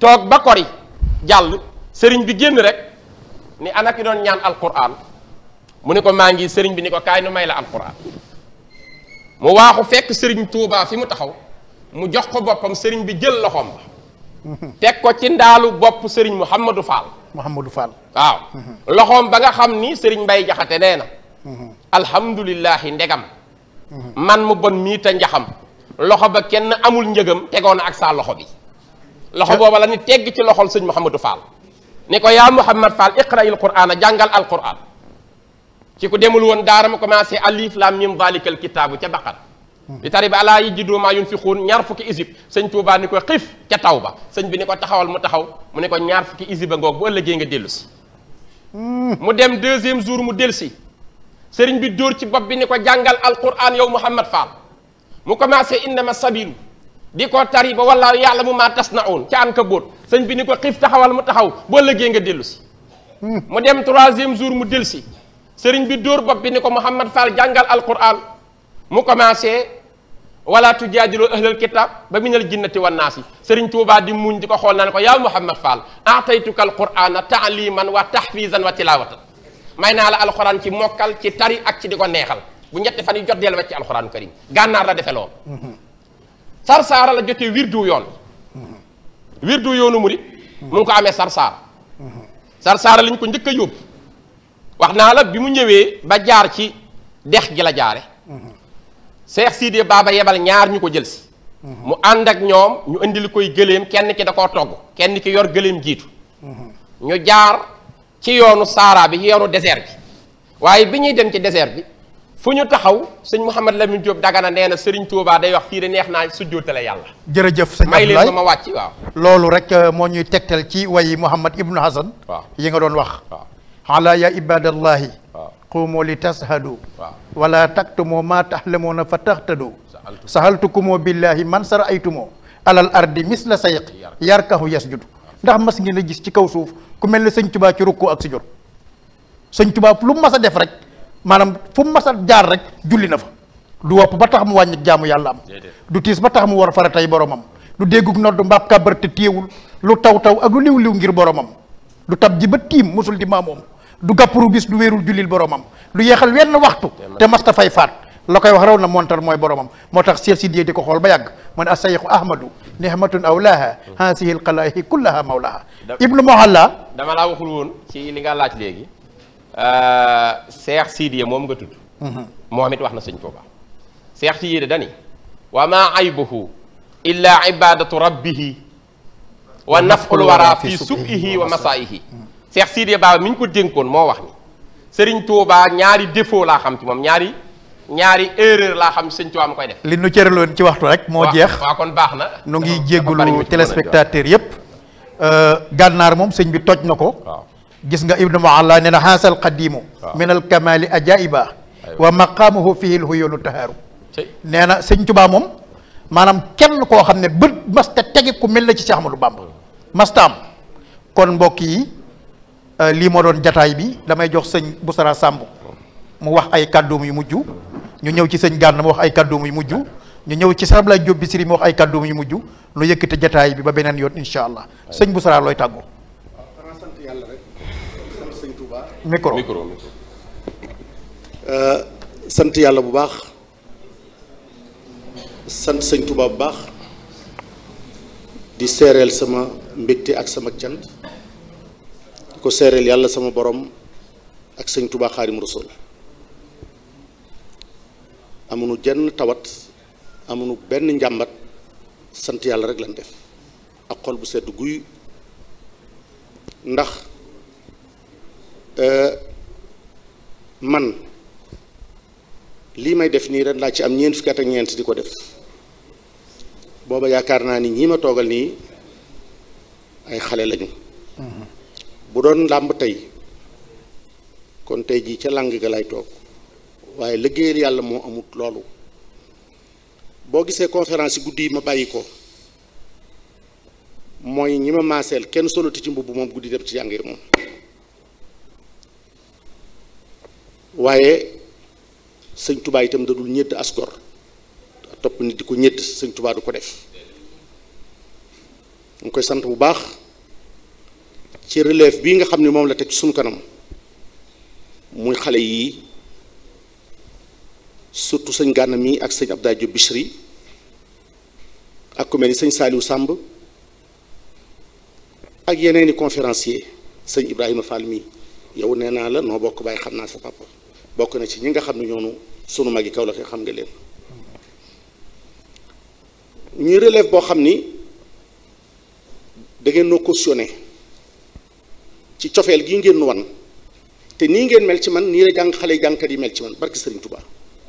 toog ba kori jàll sëriñ bi génn rek ni ana ki doon ñaan alquran mu ne ko maa ngi sëriñ bi ni ko kaay nu may la alquran mu waaxu fekk sëriñ Touba fi mu taxaw mu jox ko boppam sëriñ bi jël loxoom ba [laughs] teg ko ci ndaalu bopp sëriñ Mouhamadou Fall Mouhamadou Fall waaw [laughs] loxoom ba nga xam ni sëriñ Mbay Jaxate nee na mm-hmm. alhamdulillahi ndegam mm-hmm. man mu bon mii njaxam loxo ba kenn amul njëgam tegoon ak saa loxo bi loxo booba la ni tegg ci loxol sëñ Mouhamadou Fall ni ko yaa Mouhamad Fall iqra'il qur'ana jàngal al qur'an ci ku demul woon daara mu commencé alif lam mim zalikal kitaabu ca baqar li hmm. tari bi alaa yajidu maa yunfiquun ñaar fukki isib sëñ Tuubaa ni ko xif ca taw ba sëñ bi ni ko taxawal mu taxaw mu ne ko ñaar fukki isib a ngoog bu ëllëgee nga dellu hmm. mu dem deuxième jour mu dellu si sëriñ bi dóor ci bopp bi ni ko jàngal alquran yow Muhammad Fall mu commencé innama sabilu di ko tari ba wala yàlla mu maa tas na oon ca an ka bóot sëñ ni ko xif taxawal mu taxaw bu ëllëgee nga dellu si hmm. mu dem troisième jour mu dellu si sëriñ bi dóor bopp bi ni ko Mouhamad Fall jàngal alquran mu commencé wala tujaadilu ahlal kitab ba minal jinnati wan naas yi sëriñ Tuubaa di muñ di ko xool naan ko yaa Mouhamad Fall ataytuka alqurana taaliman wa tahfisan wa tilawatan may naa la alquran ci mokkal ci tari ak ci di ko neexal bu ñetti fan yi jot deel wecc alquranu karim gànnaar la defe lool sarsaara la jotee wirdu yoon wirdu yoonu murit mu ngi ko amee sarsaara sarsaara lañ ko njëkk a wax naa la bi mu ñëwee ba jaar ci dex gi la jaare seex siidee baaba yebal ñaar ñu ko jël mhm. mu ànd ak ñoom ñu indi li koy gëléem kenn ki da koo togg kenn ki yor gëléem jiitu mhm. ñu jaar ci yoonu saara bi ci yoonu désert bi waaye bi ñuy dem ci désert bi fu ñu taxaw sëñ Mouhamed Lamine Diop dagana nee na Serigne Touba day wax fii de neex naa sujjootale yàlla. jërëjëf sa Abdoulaye may leen ko ma wàcc waaw. loolu rek euh, moo ñuy tegtal ci wayi Mouhamed Ibnu Hassan. waaw yi nga doon wax. ala ya ibadallahi qumu li tashadu wala taktumu ma taxlamuuna fa taxtadu sahaltukumu billahi man sara aytumo alal ardi misla sayq yarkahu yasjudu ndax mas ngeen a gis ci kaw suuf ku mel ne sëñ tubaa ci rukkoo ak sujjóot sëñ tubaa lu mu mas a def rek maanaam fu mu jaar rek julli na fa du wopp ba tax mu wàññi jaamu yàlla am du tiis ba tax mu war fara tey boromam du déggug nodd mbaab kàbbar te téewul lu taw taw ak lu liw liw ngir boromam du tab ji ba tiim musul di maamoom du gapuru bis du wérul julil boromam du yeexal wenn waxtu te masta fay fat la koy wax raw na montar moy boromam motax tax Cheikh Sidiye di ba yag man ne ahmadu nihmatun awlaha hasihi alqalaahi kullaha mawlaha ibnu muhalla dama la waxul won ci li nga laaj léegi Cheikh sidie mom nga tudd moom waxna seigne toba Cheikh Sidiye dani wa ma aybuhu illa ibadatu rabbihi wa naful wara fi subihi wa cheikh sidi baba miñ ko denkon mo wax ni serigne touba ñaari défaut la xam ci mom ñaari ñaari erreur la xam serigne touba ma koy def li nu won ci waxtu rek mo jeex wa kon baxna nu ngi jéggulu téléspectateur yépp euh, gannar mom serigne bi toj nako gis nga ibnu mualla nena hasal haasal qadimu min al kamal ajaiba wa maqamuhu fihi al huyul taharu nena serigne touba mom manam kenn ko xamne ne masta tegi ku mel ci Cheikh amadou Bamba mm. mastam kon mbok yi Euh, lii moo doon jataay bi damay jox sëñ Boussara Samb mu wax ay kàdduum yu mujj ñu ñëw ci sëñ Gànn mu wax ay kàdduum yu mujj ñu ñëw ci Sarablaye Diop Bichri mu wax ay kàdduum yu mujj lu yëkkati jataay bi ba beneen yoon incha allah sëñ Boussara looy tàggoo. micro micro euh, sant yàlla bu baax sant sëñ Touba bu baax di seereel sama mbégte ak sama cant ko seereel yàlla sama borom ak sëñ Tuubaa la Rasuul amunu jenn tawat amunu benn njàmbat sant yàlla rek lañ def ak xol bu sedd guy ndax euh, man lii may def nii rek laa ci am ñeent fukki at ak di ko def booba yaakaar naa ni ñii ma toogal nii ay xale lañu. Mm-hmm. bu doon làmb tey kon tey jii ca làng ga lay toog waaye liggéeyal yàlla moo amut loolu boo gisee conférence yi guddi yi ma bàyyi ko mooy ñi ma maaseel kenn soloti ci mbubb moom guddi dem ci jàng moom waaye sëñ tubaa itam da dul ñëdd asgor topp nit di ko ñëdd sëñ tubaa du ko def mu koy sant bu baax ci relève bii nga xam ne moom la teg suñ kanam muy xale yii surtout sëñ Gana mi ak sëñ ab Diop Bichri ak ku mel ni sëñ Saliou sàmb ak yeneen i yi sëñ Ibrahima Fall mii yow nee naa la noo bokk bàyyi xam naa sa papa bokk na ci ñi nga xam ne ñoonu sunu mag yi kaw la koy xam nga leen ñuy relève boo xam ni da ngeen noo cautionné ci cofeel gii ngeen wan te nii ngeen mel ci man nii la jàng xale jàngkat yi mel ci man barke Serigne Touba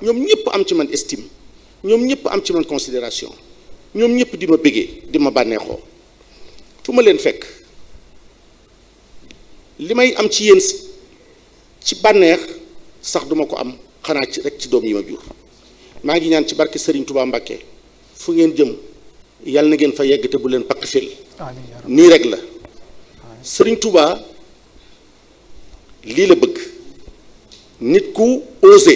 ñoom ñëpp am ci man estime ñoom ñëpp am ci man considération ñoom ñëpp di ma bégee di ma bànneexoo fu ma leen fekk li may am ci yéen ci bànneex sax duma ko am xanaa ci rek ci doom yi ma jur maa ngi ñaan ci barke Serigne Touba Mbacké fu ngeen jëm yàlla na ngeen fa yegg te bu leen pakk fil nii rek la Serigne Touba lii la bëgg nit ku osé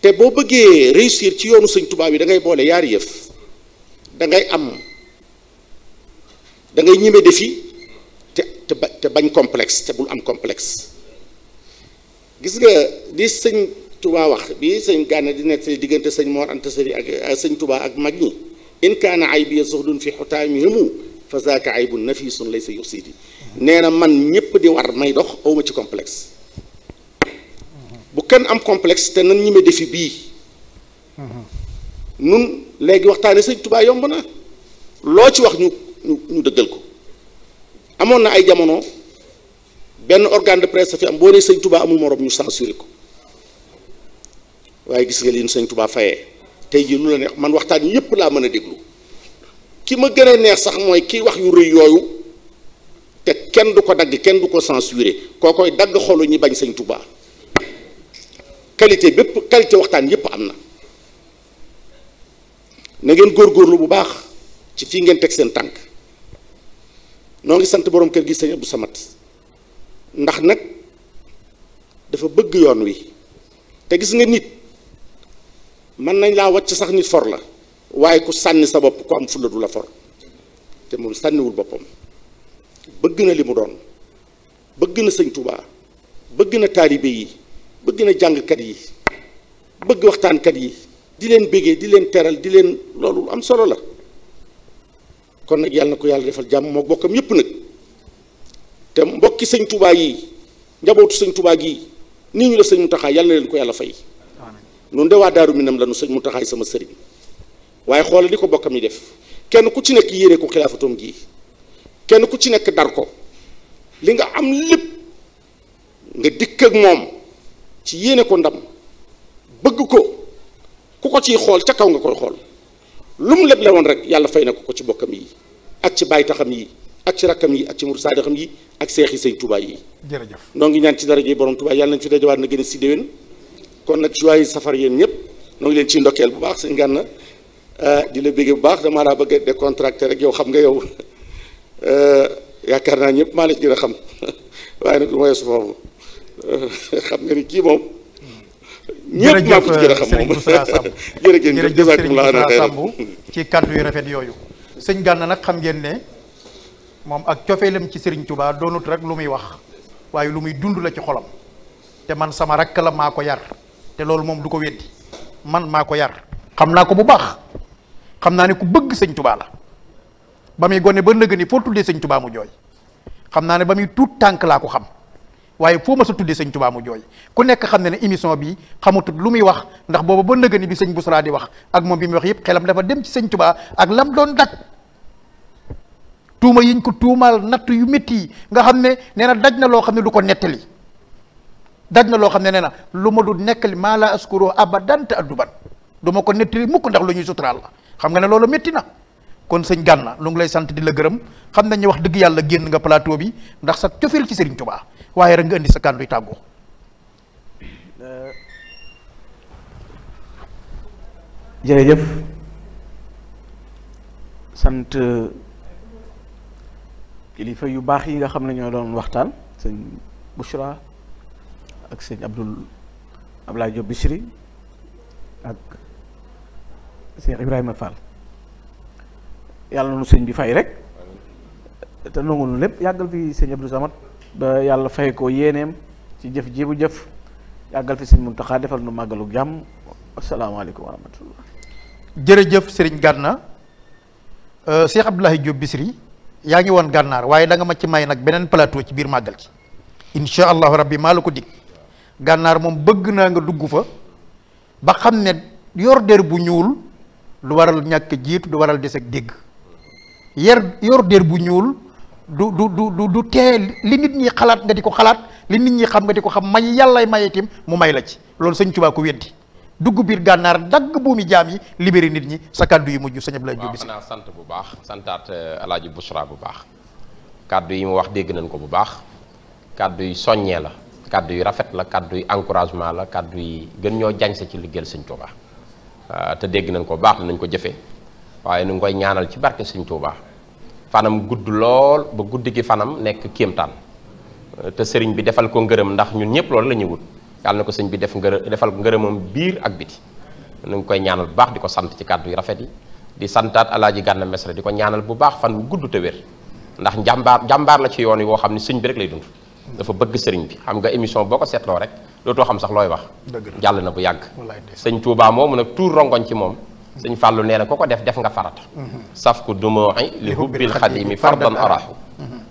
te boo bëggee réussir ci yoonu sëñ Tuubaa bi da ngay boole yaari yëf da ngay am da ngay ñime defi te te ba te bañ complexe te bul am complexe gis nga li sëñ Tuubaa wax bi sëñ Gana di nekk diggante sëñ Mor Anta Sali ak sëñ Tuubaa ak mag ñi in kaana aybi suxdun fi xutaamihim fa zaaka aybun nafisun laysa yusidi nee na man ñëpp di war may dox awma ci complexe bu kenn am complexe te nan ñime defi bii nun léegi waxtaane sëñ tubaa yomb na loo ci wax ñu ñu dëggal ko amoon na ay jamono benn organe de presse fi am boo ne sëñ Tuubaa amul morom ñu censuré ko waaye gis nga li sëñ Tuubaa fayee tey jii lu la ne man waxtaan yëpp laa mën a déglu ki ma gën a neex sax mooy kiy wax yu rëy yooyu te kenn du ko dagg kenn du ko censuré dagg censuré? ñi bañ qualité bépp qualité waxtaan yépp am na na ngeen góorgóorlu bu baax ci fii ngeen teg seen tànk noo ngi sant borom kër gi sëñ Abdou Samad ndax nag dafa bëgg yoon wi te gis nga nit nañ sax nit for la waaye ku sa am bëgg na li mu doon bëgg na sëñ Touba bëgg na taalibe yi bëgg na jàngkat yi bëgg waxtaankat yi di leen béggee di leen teral di leen loolu am solo la kon nag yàlla na ko yàlla defal jàmm moo bokkam yépp nag te mbokki sëñ Touba yi njabootu sëñ Touba gii nii ñu la sëñ Mountakha yàlla na leen ko yàlla fay noonu de waa Daaru Minam la nu sëñ Mountakha sama sëriñ waaye xoolal li ko bokkam yi def kenn ku ci nekk yéene ko xilaafatoom gii kenn ku ci nekk dar ko li nga am lépp nga dikk ak moom ci yéene ko ndam bëgg ko ku ko ciy xool ca kaw nga koy xool lu mu leble woon rek yàlla fay na ko ko ci bokkam yi ak ci bàyyi taxam yi ak ci rakkam yi ak ci mur saadixam yi ak seexi sëñ Tuubaa yi. jërëjëf noo ngi ñaan ci ji borom Tuubaa yàlla nañ fi dajawaat na gën a si déwén kon nag joyeux safar yéen ñëpp noo ngi leen ciy ndokkeel bu baax sëñ Gana ah, di la béggee bu baax damaa laa bëgg a décontracté rek yow xam nga yow. Eh, yaakaar naa ñëpp maa la ci gën a xam [laughs] waaye nag lu ma yeesu foofu eh, [laughs] xam nga ni kii moom. ñëpp maa ko ci gën a xam moom [laughs] jërëjëf Serigne ci kàddu yu rafet yooyu. sëñ Gana nag xam ngeen ne moom ak cofeelam ci Serigne Touba doonut rek lu muy wax waaye lu muy dund la ci xolam te man sama rakk la maa ko yar te loolu moom du ko weddi man maa ko yar. xam naa ko bu baax xam naa ne ku bëgg sëñ Touba la. ba muy gone ba nëgë ni foo tuddee sëñ tubaa mu jooy xam naa ne ba muy tuut tànk laa ko xam waaye foo ma sa tuddee sëñ tubaa mu jooy ku nekk xam ne ne émission bii xamutut lu muy wax ndax booba ba nëgë ni bi sëñ Bousra di wax ak moom bi muy wax yëpp xelam dafa dem ci sëñ tubaa ak lam doon daj tuuma yiñ ko tuumaal natt yu metti yi nga xam ne nee na daj na loo xam ne du ko nettali daj na loo xam ne nee na lu ma du nekkali maa laa askuroo abadan te adduban du ma ko nettali mukk ndax lu ñuy suturaal xam nga ne loolu métti na kon sëñ Gana lu ngi lay sant di la gërëm xam nañ ne wax dëgg yàlla génn nga plateau bi ndax sa cofeel ci Serigne Touba waaye rek nga indi sa kàddu yi tàggoo. jërëjëf sant uh, kilifa yu baax yi nga xam ne ñoo doon waxtaan sëñ Bouchra ak sëñ Abdul Abdoulaye Diop Bichri ak sëñ Ibrahima Fall. yalla nu sëñ bi fay rek te nangu nu lepp yagal fi sëñ Abdou Samad ba yalla fay ko yenem ci jëf jibu bu jëf yàggal fi sëñ Muntaxa defal nu jam assalamu alaykum wa rahmatullah jërëjëf garna euh Cheikh Abdoulaye Diop bisri yaangi won garnar waye da nga ma ci may nak benen plateau ci bir magal ci inshallah rabbi maluko dik garnar dig nga duggu fa ba xamne yor der bu ñuul lu waral ñak jitu du waral des ak deg yér yor dér bu ñuul du du du du tee li nit ñi xalaat nga di ko xalaat li nit ñi xam nga di ko xam may yàllay mayetim mu may la ci loolu sëñ Tuubaa ko weddi dugg biir gànnaar dagg buumi jaam yi libéré nit ñi sa kàddu yi mujj sëñ Abdoulaye Diop si xanaa sant bu baax santaat euh, alaaji Bouchra bu baax kàddu yi mu wax dégg nañ ko bu baax kàddu yi soññee la kàddu yu rafet la kàddu yi encouragement la kàddu yi gën ñoo jañ ci ci liggéeyal sëñ Tuubaa euh, te dégg nañ ko baax nañ ko jëfee waaye nu ngi koy ñaanal ci barke Sëñ Tuubaa fanam gudd lool ba guddi gi fanam nekk kéemtaan te sëriñ bi defal ko ngërëm ndax ñun ñëpp loolu la ñuy wut yàlla na ko sëñ bi def ngërë defal ngërëmam biir ak biti nu ngi koy ñaanal bu baax di ko sant ci kàddu yu rafet yi di santaat alaaji Gana Mesere di ko ñaanal bu baax fan wu gudd te wér ndax njàmbaar njàmbaar la ci yoon yi woo xam ne sëñ bi rek lay dund dafa bëgg sëriñ bi xam nga émission boo ko seetloo rek dootoo xam sax looy wax jàll na bu yàgg sëñ Tuubaa moomu nag tuur rongoñ ci moom sëñ Fallou nee na ku ko def def nga farata saf ku dumoo ay li hubbil xadimi fardan arahu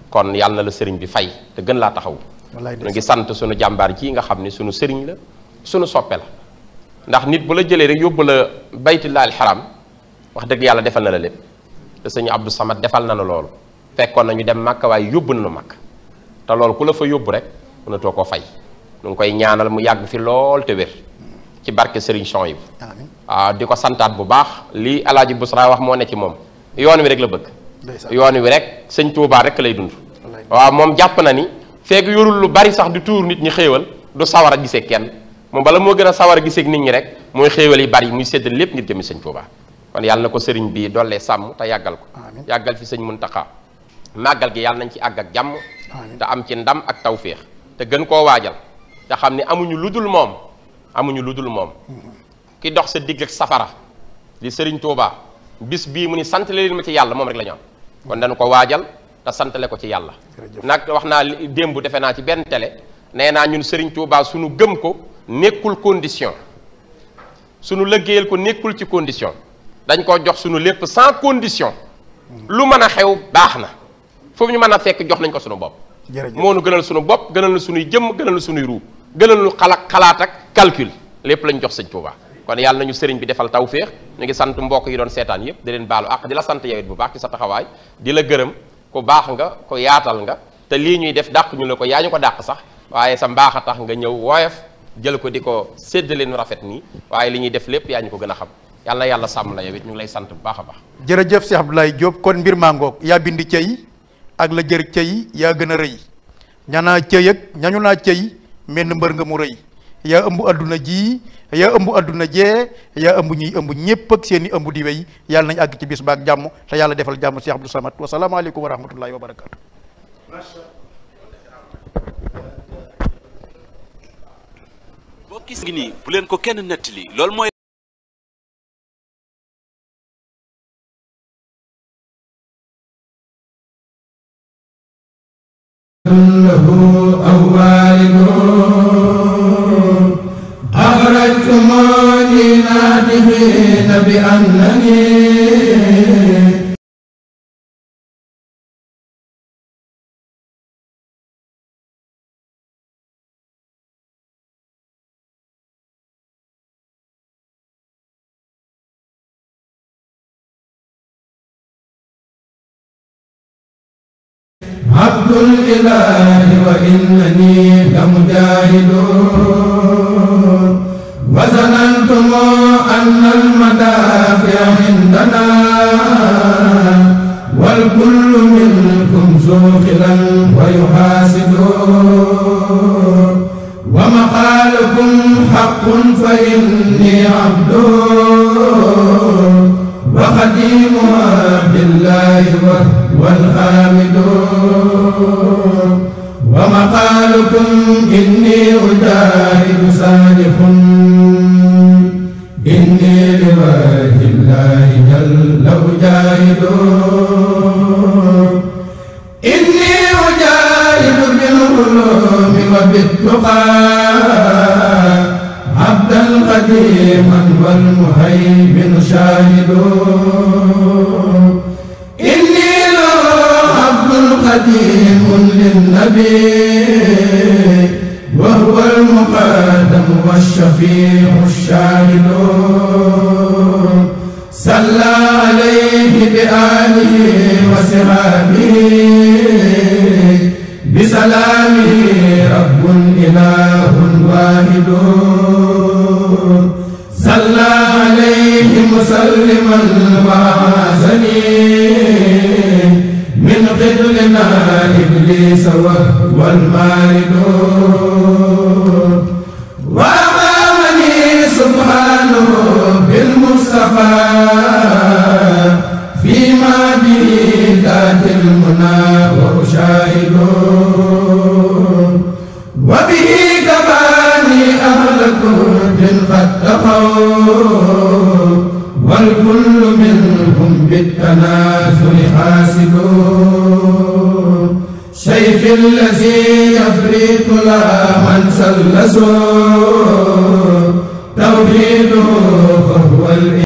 kon yàlla na la sëriñ bi fay te gën laa taxaw ñu ngi sant suñu jàmbaar ji nga xam ne suñu sëriñ la suñu soppe la ndax nit bu la jëlee rek yóbbu la baytullaahil xaram wax dëgg yàlla defal na la lépp te sëñ Abdou Samad defal na la loolu fekkoon nañu dem màkk waaye yóbbu nañu màkk te loolu ku la fa yóbbu rek mënatoo koo fay ñu ngi koy ñaanal mu yàgg fi lool ci barke Serigne Chouaib waaw ah, di ko santaat bu baax lii alaaji Busra wax moo ne ci moom yoon wi rek la bëgg yoon wi rek sëñ Touba rek lay dund waaw moom jàpp na ni feeg yorul lu bari sax di tuur nit ñi xéewal du sawar a gisee kenn moom bala moo gën a sawar a gisee nit ñi rek mooy xéewal yi bari muy séddal lépp ngir jëmi sëñ Touba kon yàlla na ko sëriñ bii dollee sàmm te yàggal ko yàggal fi sëñ Muntaxa màggal gi yàlla nañ ci àgg ak jàmm te am ci ndam ak tawféex te gën koo waajal te xam ne amuñu ludul moom amuñu luddul mom ki dox sa digg ak safara li serigne Touba bis bi muni sante leen ma ci yàlla mom rek lañu am kon dañ ko ta sante le ko ci yàlla nak waxna dembu defena ci ben télé neena ñun serigne Touba suñu gëm ko nekkul condition suñu leggeel ko nekkul ci condition dañ ko jox suñu lépp sans condition lu mëna xew baxna na ñu mëna fekk jox nañ ko suñu bop mo nu gënal suñu bop gënal na suñu jëm gënal na suñu ruu gënal lu xalaat xalaat ak calcul lépp lañ jox sëñ Tuuba kon yàlla na ñu sëriñ bi defal tawféex ñu ngi sant mbokk yi doon seetaan yëpp di leen baalu àq di la sant yow bu baax sa taxawaay di la gërëm ku baax nga ku yaatal nga te lii ñuy def dàq ñu la ko yaa ñu ko dàq sax waaye sa mbaax a tax nga ñëw woyof jël ko di ko sédd leen rafet nii waaye li ñuy def lépp yaa ñu ko gën a xam yàlla yàlla sàmm la yow it ñu ngi lay sant bu baax a baax jërëjëf Cheikh Abdoulaye Diop kon mbir maa ngoog yaa bind cey ak la jër cey yaa gën a rëy ña naa cey ñañu naa cey menn mbër nga mu rëy yaa ëmb adduna ji yaa ëmb adduna jee yaa ëmb ñuy ëmb ñépp ak seen i ëmb di wéy yàlla nañ àgg ci bis baak jàmm te yàlla defal jàmm si Abdou samat wasalaamaaleykum wa rahmatullahi wa barakaatu bokki ngi nii bu leen ko kenn nettali lool mooy العارفين بأنني عبد الإله وإنني لمجاهد المدافع عندنا والكل منكم زوخلا ويحاسب ومقالكم حق فإني عبد وخديمها بالله والحامد ومقالكم إني أجاهد صادق بالتقى عبدا قديما والمهيمن شاهد إني له عبد القديم للنبي وهو المقدم والشفيع الشاهد صلى عليه بآله وصحابه بسلامه إله واحد صلى عليه مسلما وعزني من قبلنا إبليس وهو المارد وأمامني سبحانه بالمصطفى فيما به ذات كل قد تقوا والكل منهم بالتناسل حاسدون شيخ الذي يفريط لا من سلسوا توحيده فهو